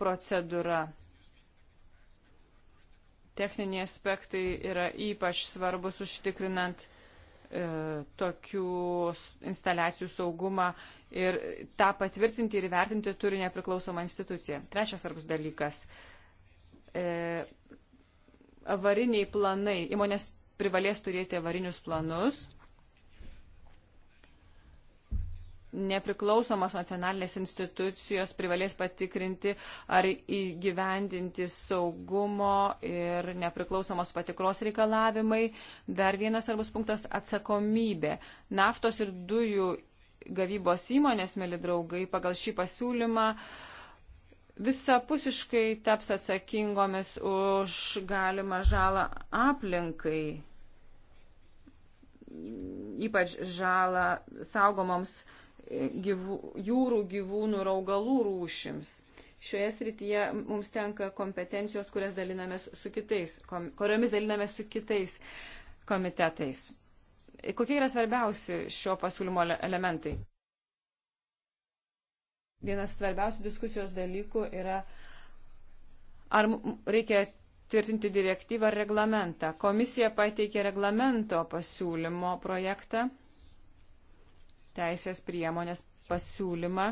procedūra. Techniniai aspektai yra ypač svarbus užtikrinant e, tokių instaliacijų saugumą ir tą patvirtinti ir įvertinti turi nepriklausoma institucija. Trečias svarbus dalykas e, - avariniai planai. Įmonės privalės turėti avarinius planus. Nepriklausomos nacionalinės institucijos privalės patikrinti ar įgyvendinti saugumo ir nepriklausomos patikros reikalavimai. Dar vienas svarbus punktas - atsakomybė. Naftos ir dujų gavybos įmonės, mėly draugai, pagal šį pasiūlymą visapusiškai taps atsakingomis už galimą žalą aplinkai, ypač žalą saugomoms gyvų, jūrų gyvūnų ir augalų rūšims. Šioje srityje mums tenka kompetencijos, kurias dalinamės su kitais, kom, kuriomis dalinamės su kitais komitetais. Kokie yra svarbiausi šio pasiūlymo elementai? Vienas svarbiausių diskusijos dalykų yra, ar reikia tvirtinti direktyvą ar reglamentą. Komisija pateikė reglamento pasiūlymo projektą, teisės priemonės pasiūlymą.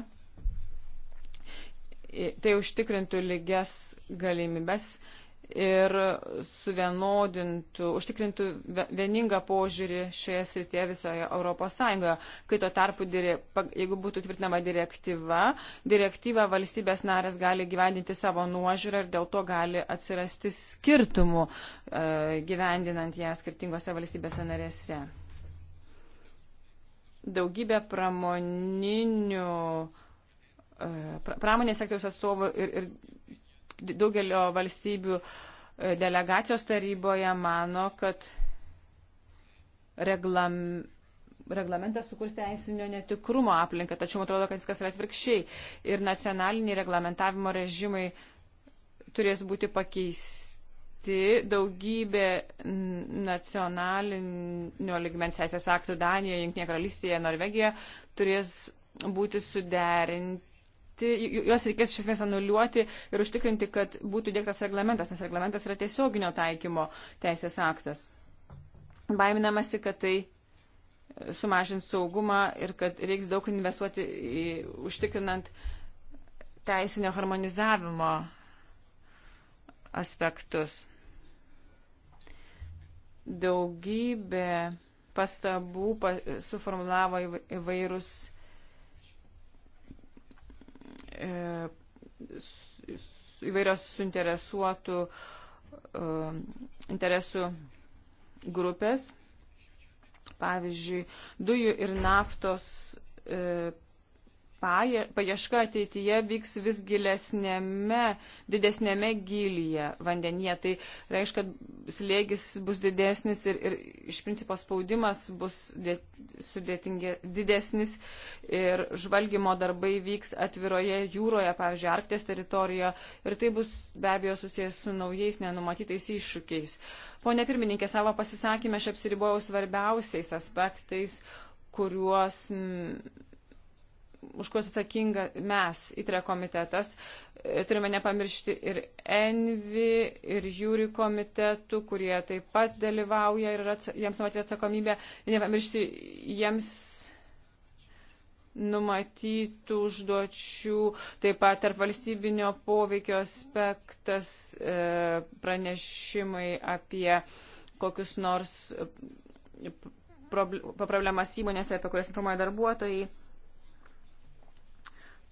Tai užtikrintų lygias galimybės ir suvienodintų, užtikrintų vieningą požiūrį šioje srityje visoje Europos Sąjungoje. Kai tuo tarpu, jeigu būtų tvirtinama direktyva, direktyvą valstybės narės gali gyvendinti savo nuožiūrą ir dėl to gali atsirasti skirtumų e, gyvendinant ją skirtingose valstybėse narėse. Daugybė pramoninių e, pramonės sektoriaus atstovų ir, ir daugelio valstybių e, delegacijos taryboje mano, kad reglam, reglamentas sukurs teisinio netikrumo aplinką, tačiau man atrodo, kad viskas yra atvirkščiai ir nacionaliniai reglamentavimo režimai turės būti pakeisti daugybė nacionalinio ligmens teisės aktų Danijoje, Junktinėje karalystėje, Norvegijoje turės būti suderinti pakeisti, juos reikės iš esmės anuliuoti ir užtikrinti, kad būtų dėktas reglamentas, nes reglamentas yra tiesioginio taikymo teisės aktas. Baiminamasi, kad tai e, sumažins saugumą ir kad reiks daug investuoti į, užtikrinant teisinio harmonizavimo aspektus. Daugybė pastabų pa, suformulavo įvairūs E, įvairios suinteresuotų e, interesų grupės, pavyzdžiui, dujų ir naftos e, paieška ateityje vyks vis gilesnėme, didesnėme gilyje vandenyje. Tai reiškia, kad slėgis bus didesnis ir, ir iš principo spaudimas bus sudėtingė, didesnis ir žvalgymo darbai vyks atviroje jūroje, pavyzdžiui, Arktės teritorijoje ir tai bus be abejo susijęs su naujais nenumatytais iššūkiais. Pone pirmininkė, savo pasisakymę aš apsiribojau svarbiausiais aspektais kuriuos už kuos atsakinga mes, įtre komitetas. E, turime nepamiršti ir Envi, ir Jūri komitetų, kurie taip pat dalyvauja ir jiems numatyti atsakomybę. Ir nepamiršti jiems numatytų užduočių, taip pat tarp valstybinio poveikio aspektas e, pranešimai apie kokius nors e, problemas įmonėse, apie kurias informuoja darbuotojai.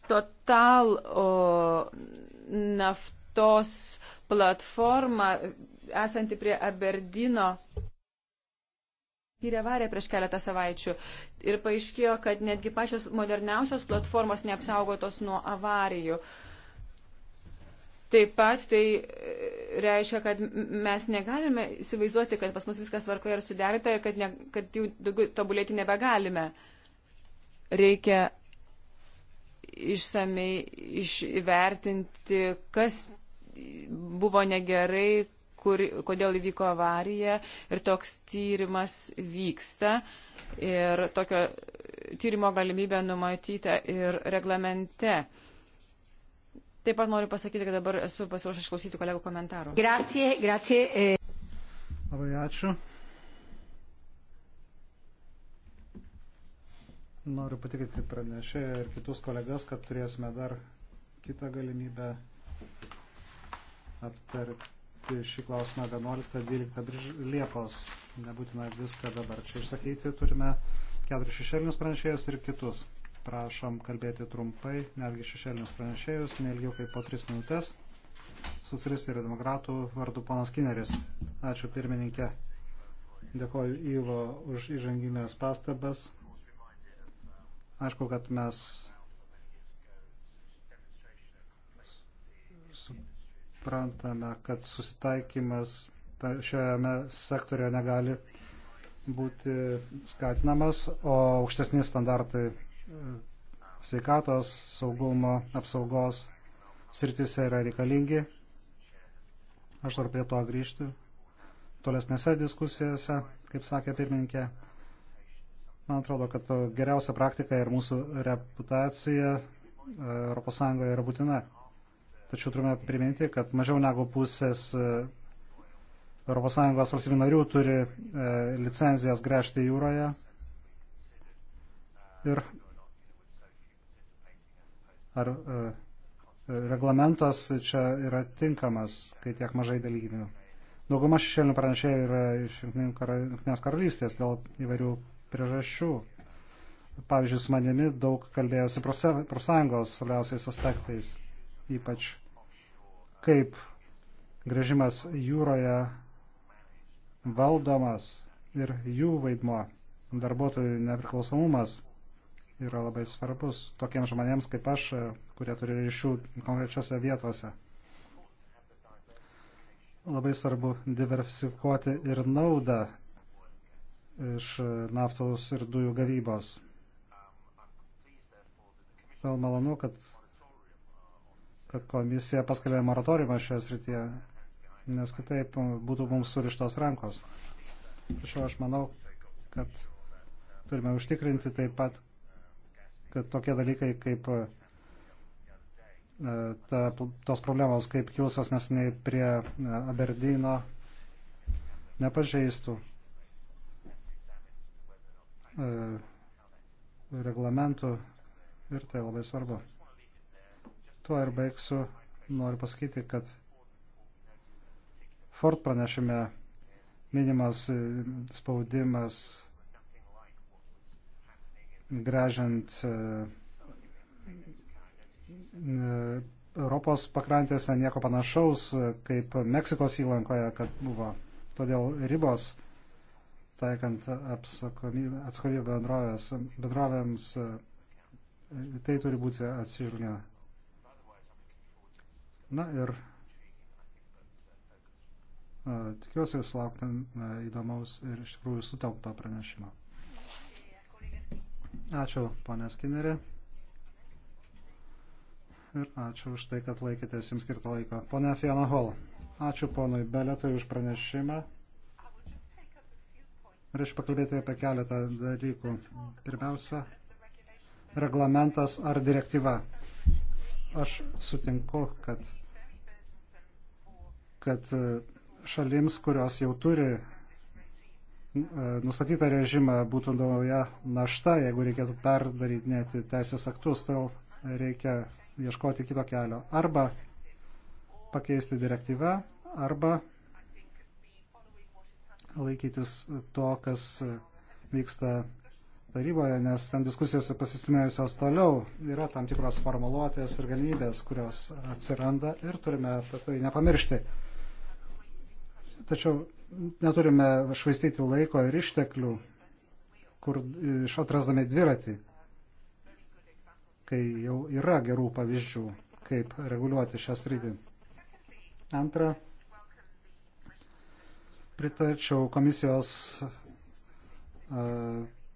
Total o, naftos platforma esanti prie Aberdino tyrė varę prieš keletą savaičių ir paaiškėjo, kad netgi pačios moderniausios platformos neapsaugotos nuo avarijų. Taip pat tai e, reiškia, kad mes negalime įsivaizduoti, kad pas mus viskas tvarkoje ir suderita ir kad, ne, kad jų daugiau tobulėti nebegalime. Reikia išsamei išvertinti, kas buvo negerai, kur, kodėl įvyko avarija ir toks tyrimas vyksta. Ir tokio tyrimo galimybė numatyta ir reglamente. Taip pat noriu pasakyti, kad dabar esu pasiruošęs išklausyti kolegų komentarų. Grazie, grazie. Eh. Labai ačiū. Noriu patikinti pranešėją ir kitus kolegas, kad turėsime dar kitą galimybę aptarti šį klausimą 11-12 Liepos. Nebūtina viską dabar čia išsakyti. Turime keturis šešėlinius pranešėjus ir kitus. Prašom kalbėti trumpai, netgi šešėlinius pranešėjus, neilgiau kaip po 3 minutės. Socialistų ir demokratų vardu ponas Kineris. Ačiū pirmininkė. Dėkoju Ivo už įžanginės pastabas. Aišku, kad mes suprantame, kad susitaikymas šiame sektorioje negali būti skatinamas, o aukštesni standartai e, sveikatos, saugumo, apsaugos sritise yra reikalingi. Aš dar prie to grįžti tolesnėse diskusijose, kaip sakė pirmininkė. Man atrodo, kad geriausia praktika ir mūsų reputacija ES yra būtina. Tačiau turime priminti, kad mažiau negu pusės ES valstybių narių turi e, licenzijas gręžti jūroje. Ir ar e, reglamentas čia yra tinkamas, kai tiek mažai dalyvių. Dauguma šešėlinių pranešėjų yra iš Junktinės karalystės dėl įvairių priežasčių. Pavyzdžiui, su manimi daug kalbėjosi profsąjungos svarbiausiais aspektais, ypač kaip grėžimas jūroje valdomas ir jų vaidmo, darbuotojų nepriklausomumas yra labai svarbus tokiems žmonėms kaip aš, kurie turi ryšių konkrečiose vietose. Labai svarbu diversifikuoti ir naudą iš naftos ir dujų gavybos. Vėl malonu, kad, kad komisija paskelbė moratoriumą šioje srityje, nes kitaip būtų mums surištos rankos. Tačiau aš manau, kad turime užtikrinti taip pat, kad tokie dalykai kaip e, ta, tos problemos, kaip kilusios nesiniai prie e, Aberdyno, nepažeistų E, reglamentų ir tai labai svarbu. Tuo ir baigsiu. Noriu pasakyti, kad Ford pranešime minimas e, spaudimas grežiant e, Europos pakrantėse nieko panašaus kaip Meksikos įlankoje, kad buvo. Todėl ribos taikant atsakomybę bendrovėms, tai turi būti atsižvelgiama. Na ir tikiuosi sulauktume įdomaus ir iš tikrųjų sutelkto pranešimo. Ačiū, ponė Skinnerė. Ir ačiū už tai, kad laikėtės jums skirto laiko. Pone Fiona Hall, ačiū ponui Beletui už pranešimą. Norėčiau pakalbėti apie keletą dalykų. Pirmiausia, reglamentas ar direktyva. Aš sutinku, kad, kad e, šalims, kurios jau turi e, nustatytą režimą, būtų nauja našta, jeigu reikėtų perdarinėti teisės aktus, todėl reikia ieškoti kito kelio. Arba pakeisti direktyvą, arba laikytis to, kas vyksta taryboje, nes ten diskusijos pasistumėjusios toliau yra tam tikros formuluotės ir galimybės, kurios atsiranda ir turime apie tai nepamiršti. Tačiau neturime švaistyti laiko ir išteklių, kur išatrasdami dviratį, kai jau yra gerų pavyzdžių, kaip reguliuoti šią sritį. Antra, pritarčiau komisijos e,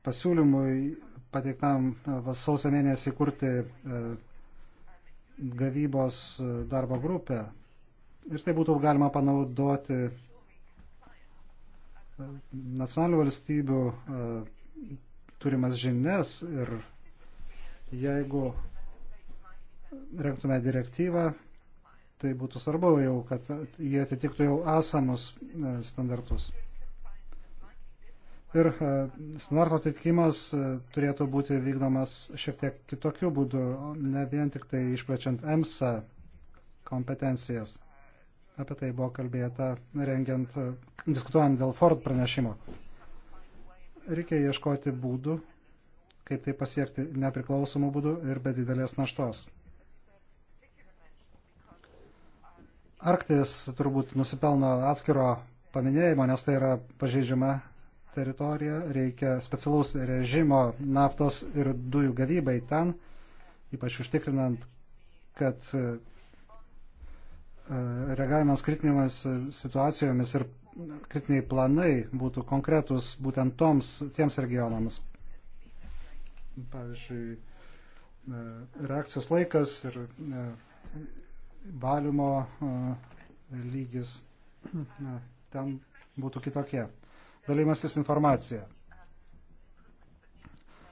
pasiūlymui pateiktam e, sausio mėnesį kurti e, gavybos darbo grupę. Ir tai būtų galima panaudoti nacionalinių valstybių turimas žinias ir jeigu renktume direktyvą, tai būtų svarbu jau, kad jie atitiktų jau esamus e, standartus. Ir e, standarto atitikimas e, turėtų būti vykdomas šiek tiek kitokiu būdu, ne vien tik tai išplečiant EMSA kompetencijas. Apie tai buvo kalbėta rengiant, diskutuojant dėl Ford pranešimo. Reikia ieškoti būdų, kaip tai pasiekti nepriklausomų būdų ir be didelės naštos. Arktis turbūt nusipelno atskiro paminėjimo, nes tai yra pažeidžiama teritorija, reikia specialaus režimo naftos ir dujų gavybai ten, ypač užtikrinant, kad e, reagavimas kritinėmis situacijomis ir kritiniai planai būtų konkretus būtent toms, tiems regionams. Pavyzdžiui, e, reakcijos laikas ir e, valymo lygis ten būtų kitokie. Dalymasis informacija.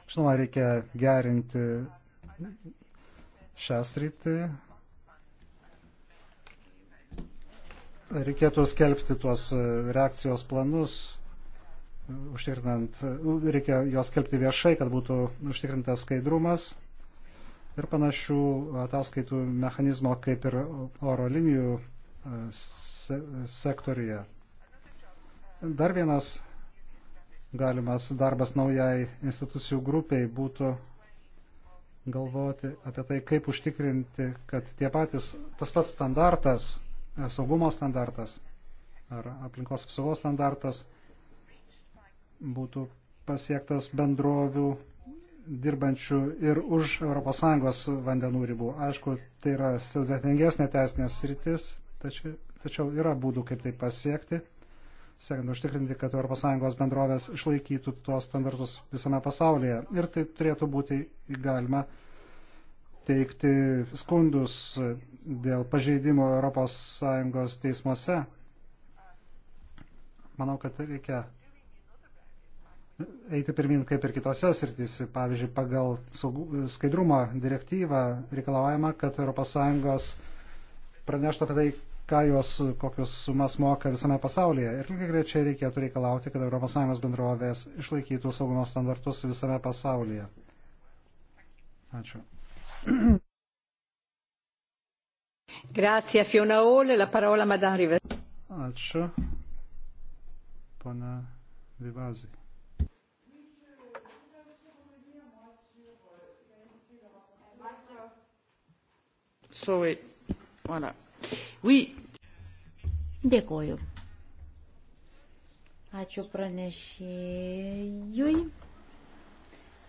Žinoma, reikia gerinti šią sritį. Reikėtų skelbti tuos reakcijos planus, užtikrinant, reikia juos skelbti viešai, kad būtų užtikrintas skaidrumas ir panašių ataskaitų mechanizmo kaip ir oro linijų e, se sektorija. Dar vienas galimas darbas naujai institucijų grupiai būtų galvoti apie tai, kaip užtikrinti, kad tie patys, tas pats standartas, e, saugumo standartas ar aplinkos apsaugos standartas būtų pasiektas bendrovių dirbančių ir už ES vandenų ribų. Aišku, tai yra sudėtingesnė teisinės sritis, tačiau, tačiau yra būdų, kaip tai pasiekti, siekiant užtikrinti, kad ES bendrovės išlaikytų tuos standartus visame pasaulyje. Ir tai turėtų būti galima teikti skundus dėl pažeidimo ES teismuose. Manau, kad reikia eiti pirmin kaip ir kitose srityse. Pavyzdžiui, pagal skaidrumo direktyvą reikalaujama, kad ES praneštų apie tai, ką jos, kokius sumas moka visame pasaulyje. Ir lygiai grečiai reikėtų reikalauti, kad ES bendrovės išlaikytų saugumo standartus visame pasaulyje. Ačiū. Grazie Fiona Ole, la parola Madame Rives. Ačiū. Pana Vivazi. So wait. Voilà. Oui. Dėkoju. Ačiū pranešėjui.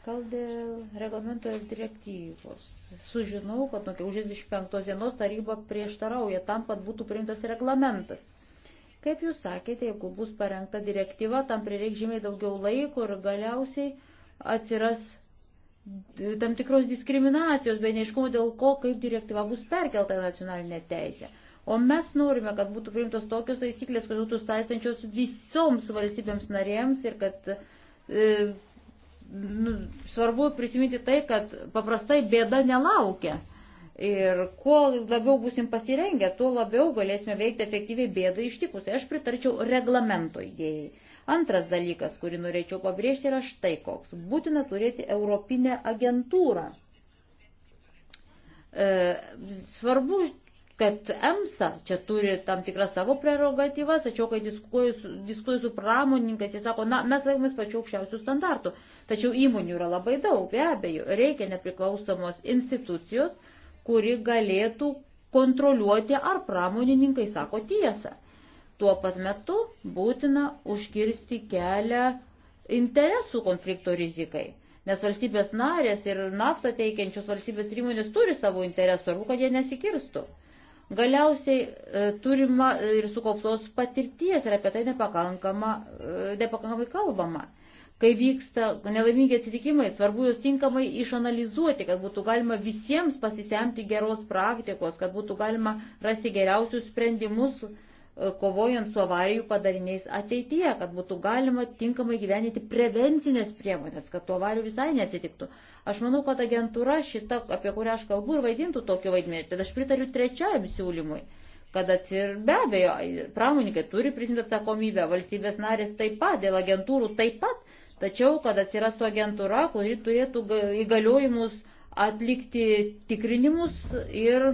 Gal dėl reglamento ir direktyvos. Sužinau, kad nuo gegužės 25 dienos taryba prieštarauja tam, kad būtų priimtas reglamentas. Kaip jūs sakėte, jeigu bus parengta direktyva, tam prireiks žymiai daugiau laiko ir galiausiai atsiras tam tikros diskriminacijos, bei neiškumo dėl ko, kaip direktyva bus perkelta į nacionalinę teisę. O mes norime, kad būtų priimtos tokios taisyklės, kurios būtų saistančios visoms valstybėms narėms ir kad e, nu, svarbu prisiminti tai, kad paprastai bėda nelaukia. Ir kuo labiau busim pasirengę, tuo labiau galėsime veikti efektyviai bėdą ištikus. Tai aš pritarčiau reglamento idėjai. Antras dalykas, kurį norėčiau pabrėžti, yra štai koks. Būtina turėti Europinę agentūrą. E, svarbu, kad EMSA čia turi tam tikrą savo prerogatyvas, tačiau kai diskuoju su, diskuoju su pramoninkais, jie sako, na, mes laikomės pačiu aukščiausių standartų. Tačiau įmonių yra labai daug, be abejo, reikia nepriklausomos institucijos, kuri galėtų kontroliuoti, ar pramonininkai sako tiesą. Tuo pat metu būtina užkirsti kelią interesų konflikto rizikai. Nes valstybės narės ir naftą teikiančios valstybės įmonės turi savo interesų, arba kad jie nesikirstų. Galiausiai e, turima ir sukauptos patirties ir apie tai nepakankama, e, nepakankamai kalbama. Kai vyksta nelaimingi atsitikimai, svarbu juos tinkamai išanalizuoti, kad būtų galima visiems pasisemti geros praktikos, kad būtų galima rasti geriausius sprendimus kovojant su avarijų padariniais ateityje, kad būtų galima tinkamai gyveninti prevencinės priemonės, kad tų avarijų visai neatsitiktų. Aš manau, kad agentūra šita, apie kurią aš kalbu, ir vaidintų tokį vaidmenį. Tad aš pritariu trečiajam siūlymui, kad atsir be abejo, pramoninkai turi prisimti atsakomybę, valstybės narės taip pat, dėl agentūrų taip pat, tačiau kad atsirastų agentūra, kuri turėtų įgaliojimus atlikti tikrinimus ir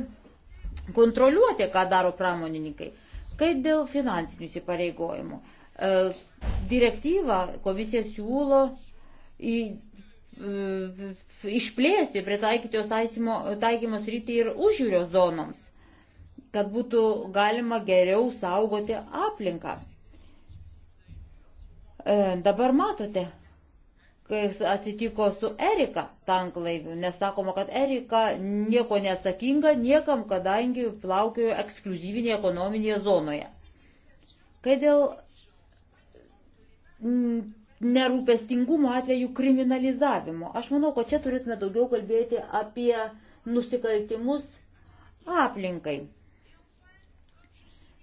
kontroliuoti, ką daro pramonininkai. Kai dėl finansinių įsipareigojimų. E, direktyva komisija siūlo į, e, išplėsti, pritaikyti jos taikymos rytį ir užjūrio zonoms, kad būtų galima geriau saugoti aplinką. E, dabar matote, kas atsitiko su Erika tanklaiviu, nes sakoma, kad Erika nieko neatsakinga niekam, kadangi plaukiojo ekskluzyvinėje ekonominėje zonoje. Kai dėl nerūpestingumo atveju kriminalizavimo, aš manau, kad čia turėtume daugiau kalbėti apie nusikaltimus aplinkai.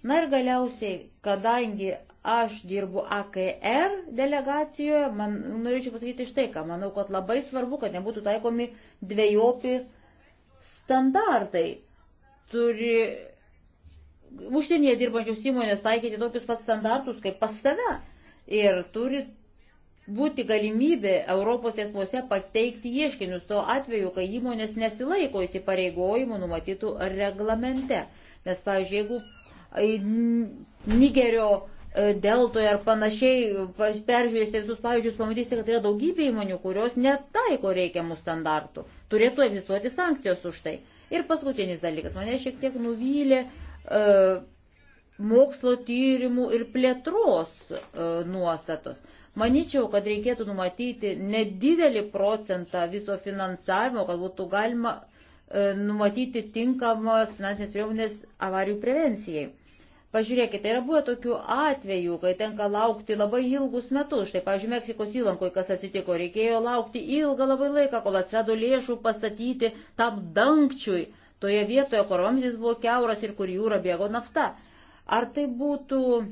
Na ir galiausiai, kadangi Aš dirbu AKR delegacijoje, man norėčiau pasakyti štai ką, manau, kad labai svarbu, kad nebūtų taikomi dviejopi standartai. Turi užsienyje dirbančios įmonės taikyti tokius pat standartus kaip pas save ir turi būti galimybė Europos teismuose pateikti ieškinius tuo atveju, kai įmonės nesilaiko įsipareigojimų numatytų reglamente. Nes, pavyzdžiui, jeigu Nigerio E, deltoje ar panašiai, peržiūrėsite visus pavyzdžius, pamatysite, kad yra daugybė įmonių, kurios netaiko reikiamų standartų. Turėtų egzistuoti sankcijos už tai. Ir paskutinis dalykas, mane šiek tiek nuvylė e, mokslo tyrimų ir plėtros e, nuostatos. Maničiau, kad reikėtų numatyti nedidelį procentą viso finansavimo, kad būtų galima e, numatyti tinkamas finansinės priemonės avarijų prevencijai Pažiūrėkite, yra buvę tokių atvejų, kai tenka laukti labai ilgus metus. Štai, pavyzdžiui, Meksikos įlankoje kas atsitiko, reikėjo laukti ilgą labai laiką, kol atsirado lėšų pastatyti tam dangčiui, toje vietoje, kur vamzdis buvo keuras ir kur jūra bėgo nafta. Ar tai būtų e,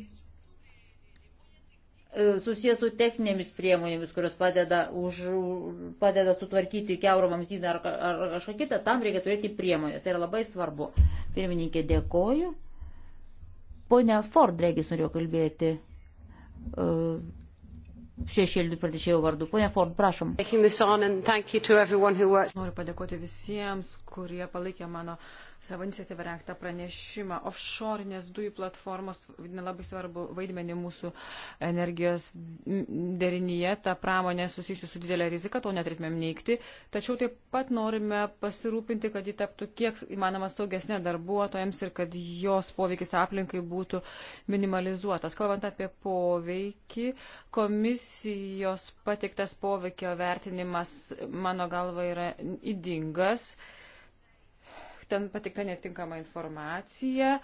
susijęs su techninėmis priemonėmis, kurios padeda, už, padeda sutvarkyti keurą vamzdyną ar, ar kažką kitą, tam reikia turėti priemonės. Tai yra labai svarbu. Pirmininkė, dėkoju. Pone Ford, regis norėjo kalbėti e, šešėlinių pranešėjų vardu. Pone Ford, prašom. Noriu padėkoti visiems, kurie palaikė mano uh, savo iniciatyvą renktą pranešimą. Offshore'inės dujų platformos vaidina labai svarbu vaidmenį mūsų energijos derinyje. Ta pramonė susijusi su didelė rizika, to neturėtumėm neikti. Tačiau taip pat norime pasirūpinti, kad ji taptų kiek įmanoma saugesnė darbuotojams ir kad jos poveikis aplinkai būtų minimalizuotas. Kalbant apie poveikį, komisijos pateiktas poveikio vertinimas mano galva yra įdingas. Uh, ten patikta netinkama informacija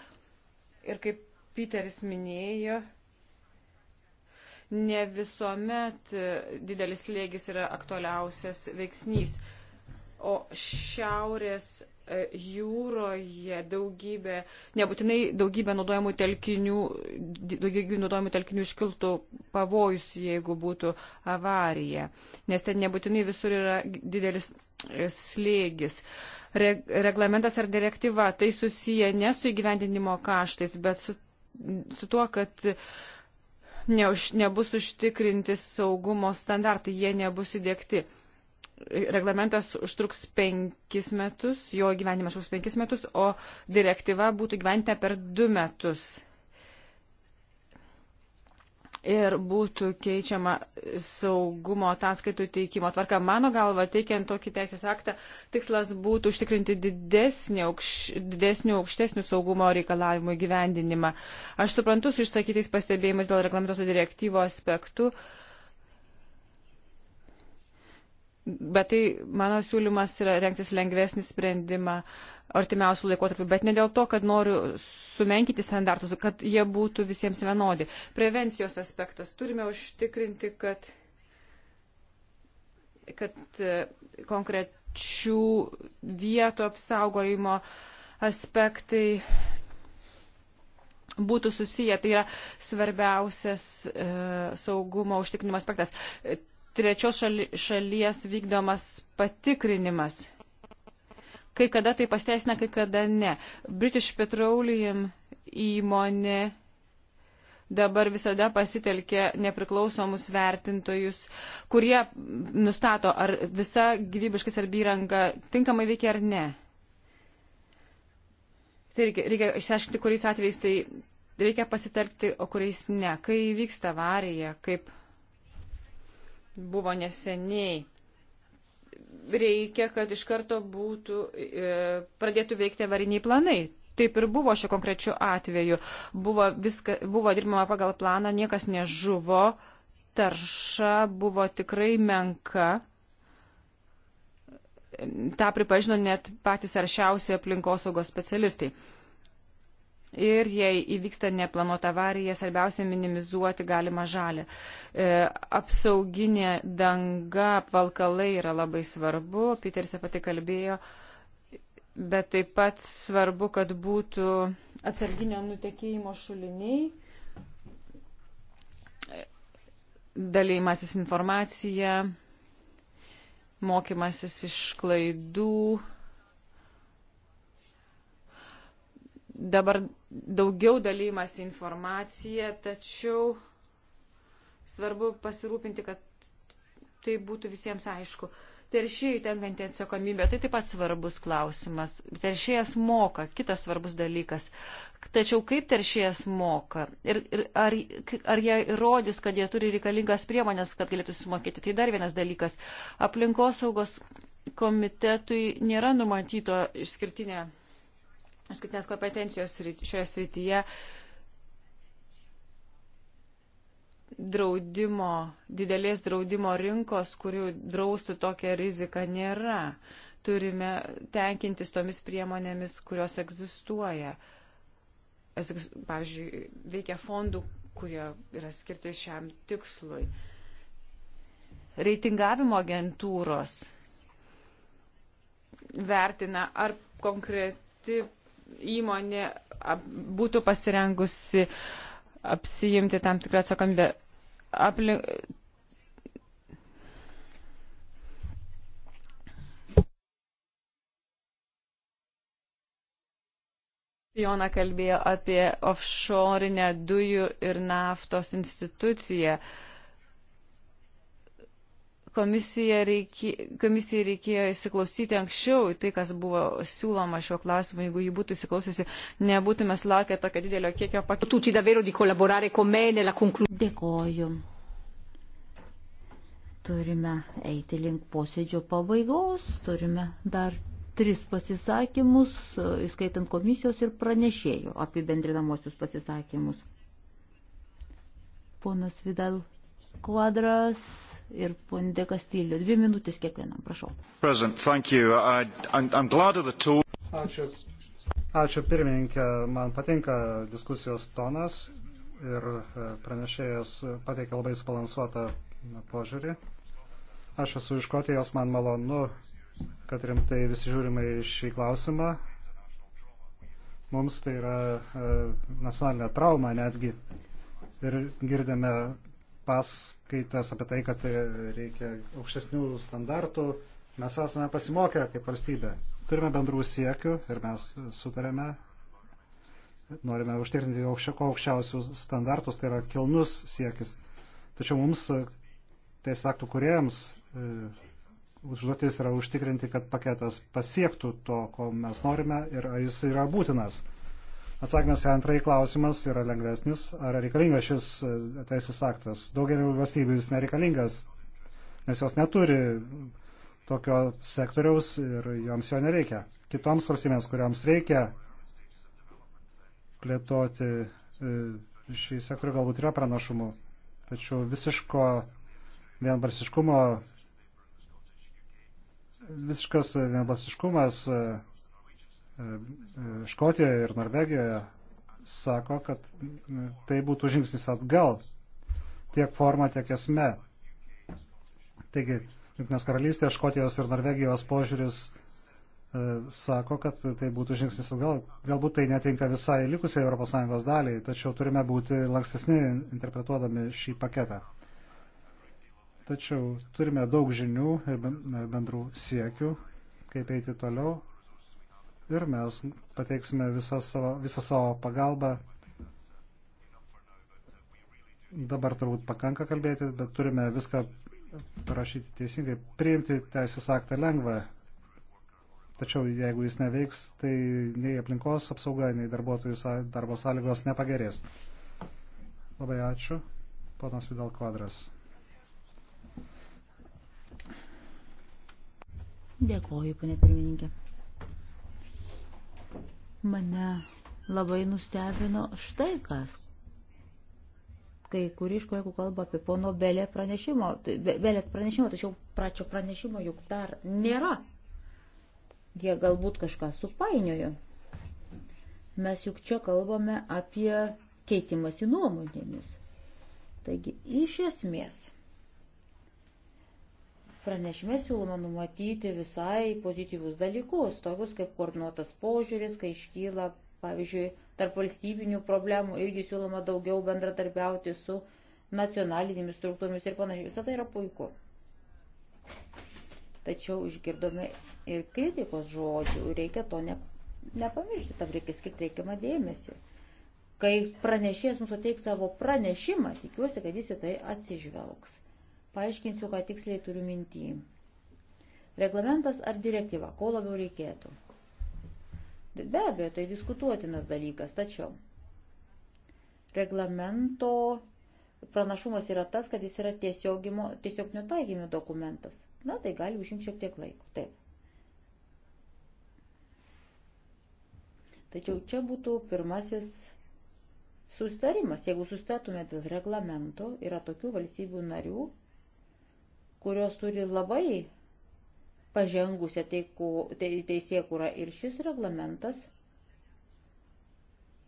ir kaip Piteris minėjo, ne visuomet didelis slėgis yra aktualiausias veiksnys. O šiaurės e, jūroje daugybė, nebūtinai daugybė naudojamų telkinių, daugybė naudojamų telkinių iškiltų pavojus, jeigu būtų avarija, nes ten nebūtinai visur yra didelis e, slėgis. Uh, reglamentas ar direktyva. Tai susiję ne su įgyvendinimo kaštais, bet su, su tuo, kad ne, nebus užtikrinti saugumo standartai, jie nebus įdėkti. Reglamentas užtruks penkis metus, jo gyvenimas užtruks penkis metus, o direktyva būtų gyventa per du metus ir būtų keičiama saugumo ataskaitų teikimo tvarka. Mano galva, teikiant tokį teisės aktą, tikslas būtų užtikrinti didesnį, aukš, didesnį aukštesnių saugumo reikalavimų įgyvendinimą. Aš suprantu su išsakytais pastebėjimais dėl reglamentos direktyvo aspektų. Uh, Bet tai mano siūlymas yra renktis lengvesnį sprendimą artimiausių laikotarpių, bet ne dėl to, kad noriu sumenkyti standartus, kad jie būtų visiems vienodi. Prevencijos aspektas. Turime užtikrinti, kad, kad e, konkrečių vietų apsaugojimo aspektai būtų susiję. Tai yra svarbiausias e, saugumo užtikrinimo aspektas trečios šali, šalies vykdomas patikrinimas. Kai kada tai pasteisina, kai kada ne. British Petroleum įmonė dabar visada pasitelkė nepriklausomus vertintojus, kurie nustato, ar visa gyvybiškai svarbi įranga tinkamai veikia ar ne. Tai reikia, reikia išsiaiškinti, kuriais atvejais tai reikia pasitelkti, o kuriais ne. Kai vyksta avarija, kaip buvo neseniai. Reikia, kad iš karto būtų, e, pradėtų veikti avariniai planai. Taip ir buvo šio konkrečiu atveju. Buvo, viska, buvo dirbama pagal planą, niekas nežuvo, tarša buvo tikrai menka. Ta pripažino net patys aršiausi aplinkosaugos specialistai ir jei įvyksta neplanuota avarija, svarbiausia minimizuoti galima žalį. E, apsauginė danga, apvalkalai yra labai svarbu, Piteris apie tai kalbėjo, bet taip pat svarbu, kad būtų atsarginio nutekėjimo šuliniai dalymasis informacija, mokymasis iš klaidų. Dabar daugiau dalymas informacija, tačiau svarbu pasirūpinti, kad tai būtų visiems aišku. Teršėjų tenkanti atsakomybė, tai taip pat svarbus klausimas. Teršėjas moka, kitas svarbus dalykas. Tačiau kaip teršėjas moka ir, ir ar, ar jie įrodys, kad jie turi reikalingas priemonės, kad galėtų sumokėti, tai dar vienas dalykas. Aplinkosaugos komitetui nėra numatyto išskirtinė skirtinės kompetencijos šioje srityje draudimo, didelės draudimo rinkos, kurių draustų tokią riziką nėra. Turime tenkintis tomis priemonėmis, kurios egzistuoja. Pavyzdžiui, veikia fondų, kurie yra skirti šiam tikslui. Reitingavimo agentūros vertina, ar konkreti įmonė būtų pasirengusi apsijimti tam tikrą atsakomybę. Aplink... Jona kalbėjo apie offshorinę dujų ir naftos instituciją. Uh, komisija reikė, komisijai reikėjo įsiklausyti anksčiau į tai, kas buvo siūloma šiuo klausimu. Jeigu jį būtų įsiklausiusi, nebūtume sulaukę tokio didelio kiekio pakeitimų. Dėkoju. Turime eiti link posėdžio pabaigos, turime dar tris pasisakymus, įskaitant komisijos ir pranešėjų apibendrinamosius pasisakymus. Ponas Vidal Kvadras ir ponde Kastilio. Dvi minutės kiekvienam, prašau. Ačiū. Ačiū pirmininkė, man patinka diskusijos tonas ir e, pranešėjas pateikia labai subalansuotą požiūrį. Aš esu iš Škotijos, man malonu, kad rimtai visi žiūrime į šį klausimą. Mums tai yra e, nacionalinė trauma netgi. Ir girdėme paskaitas apie tai, kad reikia aukštesnių standartų. Mes esame pasimokę kaip valstybė. Turime bendrų siekių ir mes sutarėme, norime užtikrinti aukščiausius standartus, tai yra kilnus siekis. Tačiau mums, teisės aktų kuriejams, e, užduotis yra užtikrinti, kad paketas pasiektų to, ko mes norime ir ar jis yra būtinas. Atsakymas į antrąjį klausimas yra lengvesnis. Ar reikalingas šis e, teisės aktas? Daugeliu valstybių jis nereikalingas, nes jos neturi tokio sektoriaus ir joms jo nereikia. Kitoms valstybėms, kuriams reikia plėtoti e, šį sektorių, galbūt yra pranašumų. Tačiau visiško vienbarsiškumo, visiškas vienbarsiškumas e, Škotijoje ir Norvegijoje sako, kad e, tai būtų žingsnis atgal tiek forma, tiek esme. Taigi, Junktinės karalystės, Škotijos ir Norvegijos požiūris e, sako, kad tai būtų žingsnis atgal. Galbūt tai netinka visai likusiai ES daliai, tačiau turime būti lankstesni interpretuodami šį paketą. Tačiau turime daug žinių ir e, bendrų siekių, kaip eiti toliau ir mes pateiksime visą savo, visą savo pagalbą. Dabar turbūt pakanka kalbėti, bet turime viską parašyti teisingai. Priimti teisės aktą lengva, tačiau jeigu jis neveiks, tai nei aplinkos apsauga, nei darbuotojų darbo sąlygos nepagerės. Labai ačiū. Ponas Vidal Kvadras. Dėkuoju, ponė pirmininkė. Mane labai nustebino štai kas. Kai kuri iš kolegų kalba apie pono Belė pranešimo, tai Belėt pranešimo, tačiau pračio pranešimo juk dar nėra. Jie galbūt kažką supainiojo. Mes juk čia kalbame apie keitimąsi nuomonėmis. Taigi, iš esmės, Pranešime siūloma numatyti visai pozityvius dalykus, tokius kaip koordinuotas požiūris, kai iškyla, pavyzdžiui, tarp valstybinių problemų, irgi siūloma daugiau bendratarbiauti su nacionalinėmis struktūromis ir panašiai. Visą tai yra puiku. Tačiau išgirdome ir kritikos žodžių, reikia to ne, nepamiršti, tam reikia skirti reikiamą dėmesį. Kai pranešėjas mums ateiks savo pranešimą, tikiuosi, kad jis į tai atsižvelgs. Paaiškinsiu, ką tiksliai turiu minty. Reglamentas ar direktyva, ko labiau reikėtų. Be abejo, tai diskutuotinas dalykas, tačiau reglamento pranašumas yra tas, kad jis yra tiesioginio tiesiog taikymio dokumentas. Na, tai gali užimti šiek tiek laiko. Taip. Tačiau čia būtų pirmasis sustarimas, jeigu sustatume dėl reglamento, yra tokių valstybių narių, kurios turi labai pažengusią teisėkurą ir šis reglamentas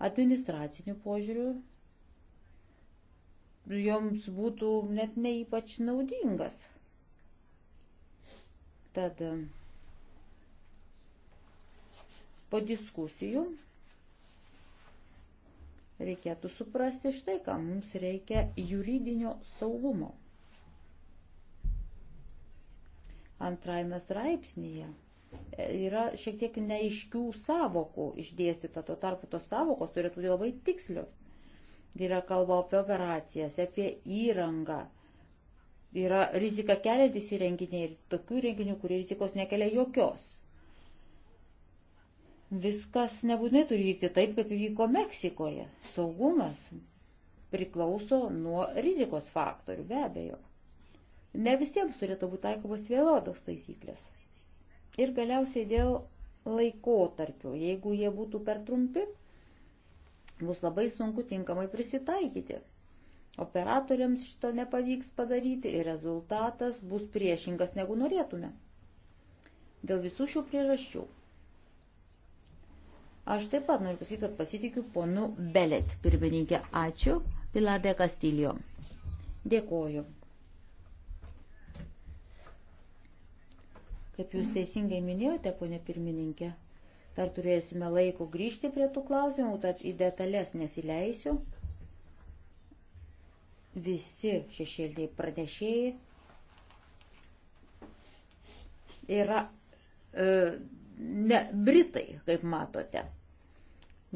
administracinių požiūrių joms būtų net neįpač naudingas. Tad po diskusijų reikėtų suprasti štai, ką mums reikia juridinio saugumo. antrajame straipsnyje e, yra šiek tiek neaiškių savokų išdėstyta, tuo tarpu tos savokos turėtų būti labai tikslios. Yra kalba apie operacijas, apie įrangą. Yra rizika keliantis įrenginiai ir tokių įrenginių, kurie rizikos nekelia jokios. Viskas nebūtinai turi vykti taip, kaip vyko Meksikoje. Saugumas priklauso nuo rizikos faktorių, be abejo. Ne visiems turėtų būti taikomas vienodos taisyklės. Ir galiausiai dėl laikotarpių, jeigu jie būtų per trumpi, bus labai sunku tinkamai prisitaikyti. Operatoriams šito nepavyks padaryti ir rezultatas bus priešingas negu norėtume. Dėl visų šių priežasčių. Aš taip pat noriu pasakyti, kad pasitikiu ponu Belet, pirmininkė. Ačiū, Pilar de Castillo. Dėkoju. Kaip jūs teisingai minėjote, ponė pirmininkė, dar turėsime laiko grįžti prie tų klausimų, tad į detalės nesileisiu. Visi šešėliai pranešėjai yra e, ne Britai, kaip matote.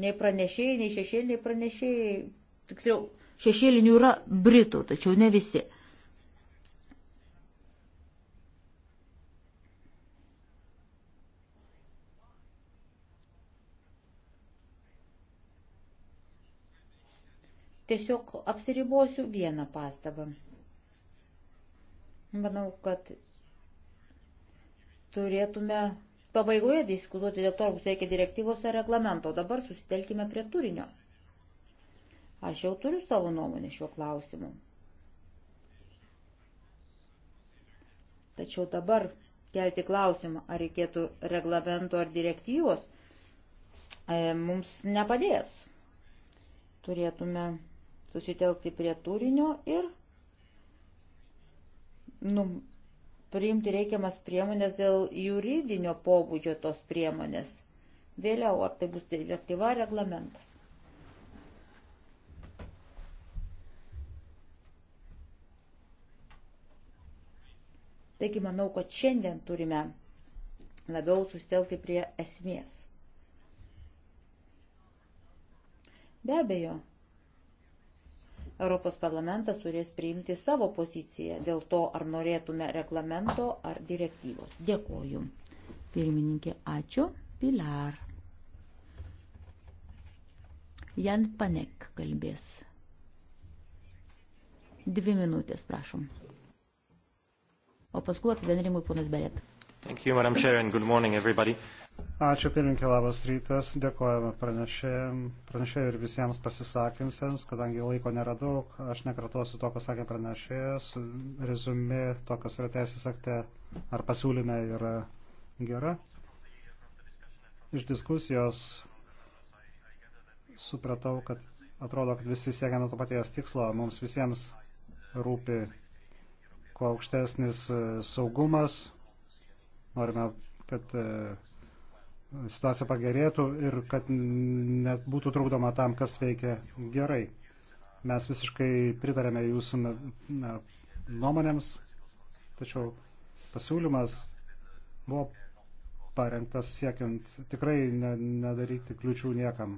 Nei pranešėjai, nei šešėliniai pranešėjai, tiksliau, šešėlinių yra Britų, tačiau ne visi. Tiesiog apsiribosiu vieną pastabą. Manau, kad turėtume pabaigoje diskutuoti dėl to, ar reikia direktyvos ar reglamento. Dabar susitelkime prie turinio. Aš jau turiu savo nuomonę šiuo klausimu. Tačiau dabar kelti klausimą, ar reikėtų reglamento ar direktyvos, e, mums nepadės. Turėtume susitelkti prie turinio ir nu, priimti reikiamas priemonės dėl juridinio pobūdžio tos priemonės. Vėliau, ar tai bus direktyva ar reglamentas. Taigi manau, kad šiandien turime labiau susitelkti prie esmės. Be abejo, Europos parlamentas turės priimti savo poziciją dėl to, ar norėtume reglamento ar direktyvos. Dėkoju. Pirmininkė, ačiū. Pilar. Jan Panek kalbės. Dvi minutės, prašom. O paskui apibendrimui ponas Beret. Thank you, Madam Chair, and good morning, everybody. Uh, Ačiū pirmininkė, labas rytas. Dėkojame pranešėjai ir visiems pasisakymsiems, kadangi laiko nėra daug. Aš nekartosiu to, ką sakė pranešėjas. Rezumi to, kas yra teisės akte ar pasiūlyme yra gera. Iš diskusijos supratau, kad atrodo, kad visi siekiame to paties tikslo. Mums visiems rūpi kuo aukštesnis e, saugumas. Norime, kad e, situacija pagerėtų ir kad net būtų trukdoma tam, kas veikia gerai. Mes visiškai pritarėme jūsų nuomonėms, tačiau pasiūlymas buvo parengtas siekiant tikrai nedaryti kliučių niekam.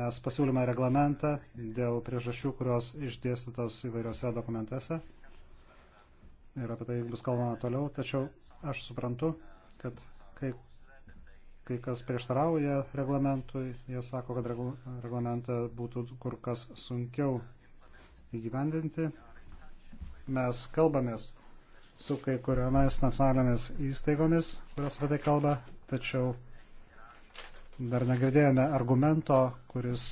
Mes pasiūlyme reglamentą dėl priežasčių, kurios išdėstytos įvairiose dokumentuose. Ir apie tai bus kalbama toliau, tačiau aš suprantu, kad kai kai kas prieštarauja reglamentui, jie sako, kad reglamentą būtų kur kas sunkiau įgyvendinti. Mes kalbamės su kai kuriomis nacionalinėmis įstaigomis, kurios apie tai kalba, tačiau dar negirdėjome argumento, kuris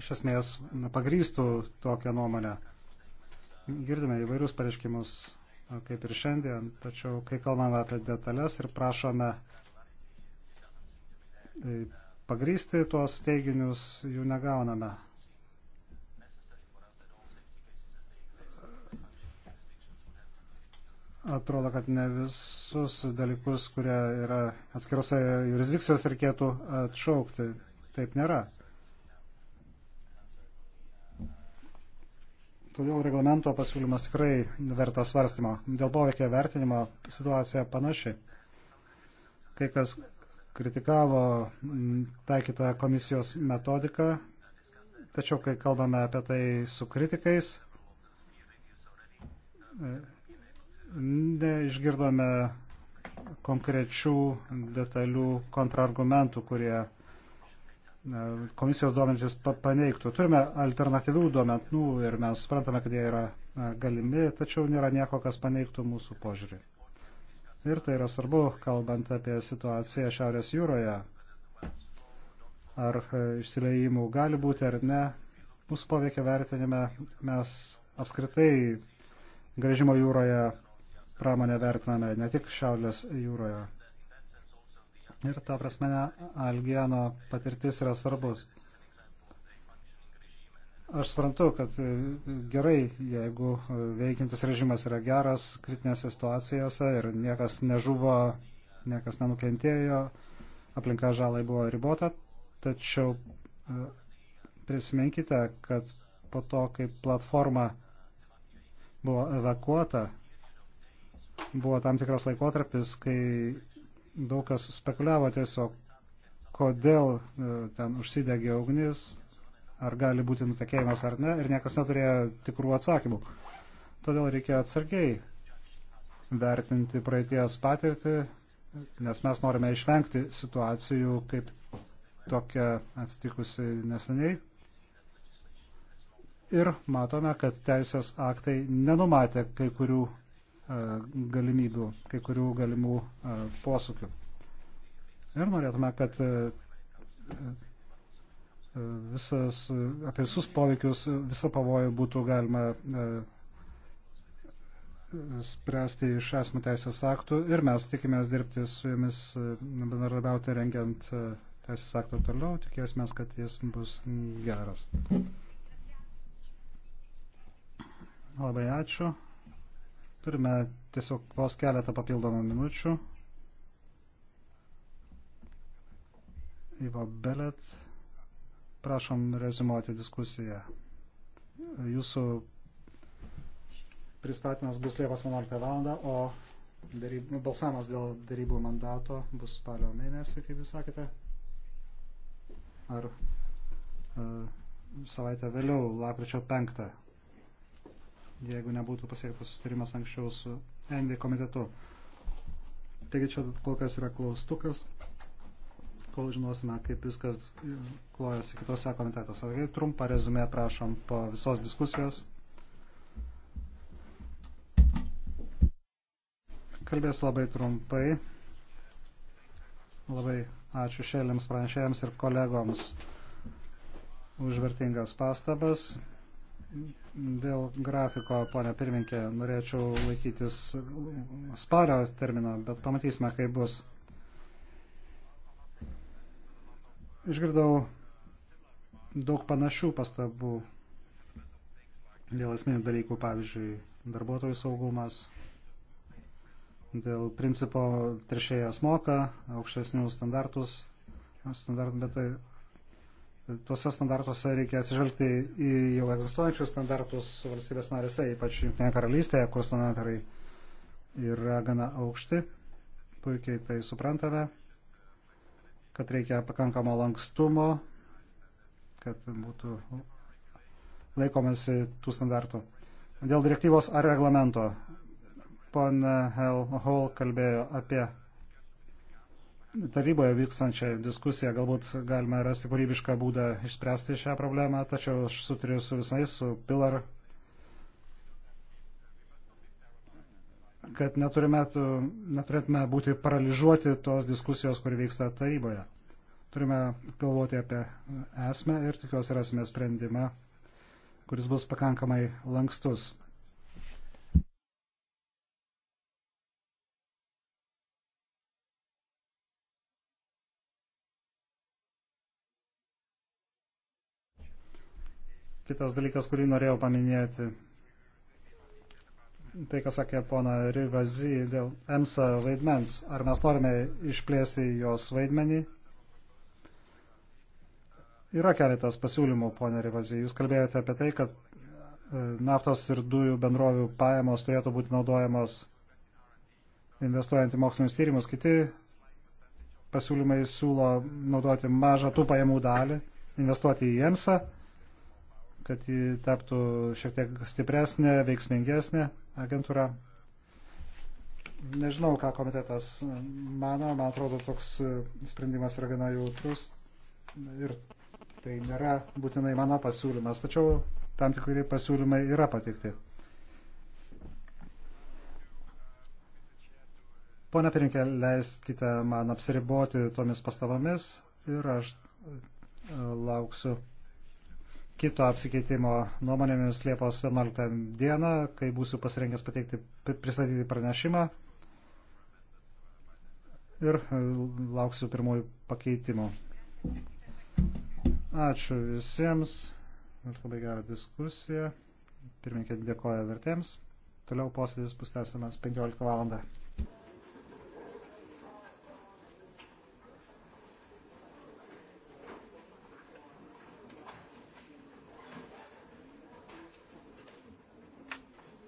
iš esmės pagrystų tokią nuomonę. Girdime įvairius pareiškimus kaip ir šiandien, tačiau kai kalbame apie detalės ir prašome e, pagrysti tuos teiginius, jų negauname. Atrodo, kad ne visus dalykus, kurie yra atskirose jurisdikcijos, reikėtų atšaukti. Taip nėra. Todėl reglamento pasiūlymas tikrai vertas svarstymo. Dėl poveikio vertinimo situacija panaši. Kai kas kritikavo mm, taikytą komisijos metodiką, tačiau kai kalbame apie tai su kritikais, e, neišgirdome konkrečių detalių kontrargumentų, kurie komisijos duomenys paneigtų. Turime alternatyvių duomenų ir mes suprantame, kad jie yra galimi, tačiau nėra nieko, kas paneigtų mūsų požiūrį. Ir tai yra svarbu, kalbant apie situaciją Šiaurės jūroje. Ar e, išsileimų gali būti ar ne. Mūsų poveikia vertinime mes apskritai grėžimo jūroje pramonę vertiname ne tik Šiaurės jūroje. Ir ta prasme, Algiano patirtis yra svarbus. Aš suprantu, kad gerai, jeigu veikiantis režimas yra geras kritinėse situacijose ir niekas nežuvo, niekas nenukentėjo, aplinka žalai buvo ribota, tačiau e, prisiminkite, kad po to, kai platforma buvo evakuota, buvo tam tikras laikotarpis, kai daug kas spekuliavo tiesiog, kodėl e, ten užsidegė ugnis, ar gali būti nutekėjimas ar ne, ir niekas neturėjo tikrų atsakymų. Todėl reikia atsargiai vertinti praeities patirtį, nes mes norime išvengti situacijų kaip tokia atsitikusi neseniai. Ir matome, kad teisės aktai nenumatė kai kurių galimybių, kai kurių galimų posūkių. Ir norėtume, kad visas, apie visus poveikius, visą pavojų būtų galima spręsti iš esmų teisės aktų ir mes tikimės dirbti su jumis bendradarbiauti rengiant teisės aktą toliau, tikėsime, kad jis bus geras. Labai ačiū. Turime tiesiog vos keletą papildomų minučių. Ivo Belet, prašom rezimuoti diskusiją. Jūsų pristatymas bus Liepos 11 val. o daryb, nu, balsavimas dėl darybų mandato bus spalio mėnesį, kaip jūs sakėte. Ar uh, savaitę vėliau, lapkričio 5 jeigu nebūtų pasiektas sustarimas anksčiau su NV komitetu. Taigi čia kol kas yra klaustukas, kol žinosime, kaip viskas klojasi kitose komitetuose. Taigi trumpą rezumę prašom po visos diskusijos. Kalbės labai trumpai. Labai ačiū šėlėms pranešėjams ir kolegoms už vertingas pastabas. Dėl grafiko, ponia pirminkė, norėčiau laikytis spario termino, bet pamatysime, kaip bus. Išgirdau daug panašių pastabų dėl esminių dalykų, pavyzdžiui, darbuotojų saugumas, dėl principo teršėjas moka aukštesnių standartus, standart, bet tai tuose standartuose reikia atsižvelgti į jau egzistuojančius standartus valstybės narėse, ypač Junktinėje karalystėje, kur standartai yra gana aukšti. Puikiai tai suprantame, kad reikia pakankamo lankstumo, kad būtų laikomasi tų standartų. Dėl direktyvos ar reglamento, pon Hall kalbėjo apie taryboje vykstančią diskusiją galbūt galime rasti kūrybišką būdą išspręsti šią problemą, tačiau aš suturiu su visais, su Pilar, kad neturime, neturėtume būti paralyžuoti tos diskusijos, kuri vyksta taryboje. Turime galvoti apie esmę ir tikiuosi rasime sprendimą, kuris bus pakankamai lankstus. Kitas dalykas, kurį norėjau paminėti, tai, ką sakė pona Rivazy dėl EMSA vaidmens. Ar mes norime išplėsti jos vaidmenį? Yra keletas pasiūlymų, ponė Rivazy. Jūs kalbėjote apie tai, kad e, naftos ir dujų bendrovių pajamos turėtų būti naudojamos investuojant į mokslinius tyrimus. Kiti pasiūlymai siūlo naudoti mažą tų pajamų dalį, investuoti į EMSA kad ji taptų šiek tiek stipresnė, veiksmingesnė agentūra. Nežinau, ką komitetas mano, man atrodo, toks sprendimas yra gana jautrus ir tai nėra būtinai mano pasiūlymas, tačiau tam tikri pasiūlymai yra patikti. Pone Pirinkė, leiskite man apsiriboti tomis pastabomis ir aš lauksiu kito apsikeitimo nuomonėmis Liepos 11 dieną, kai būsiu pasirengęs pateikti, pristatyti pranešimą ir e, lauksiu pirmųjų pakeitimų. Ačiū visiems už labai gerą diskusiją. Pirmininkė dėkoja vertėms. Toliau posėdis bus tęsiamas 15 valandą.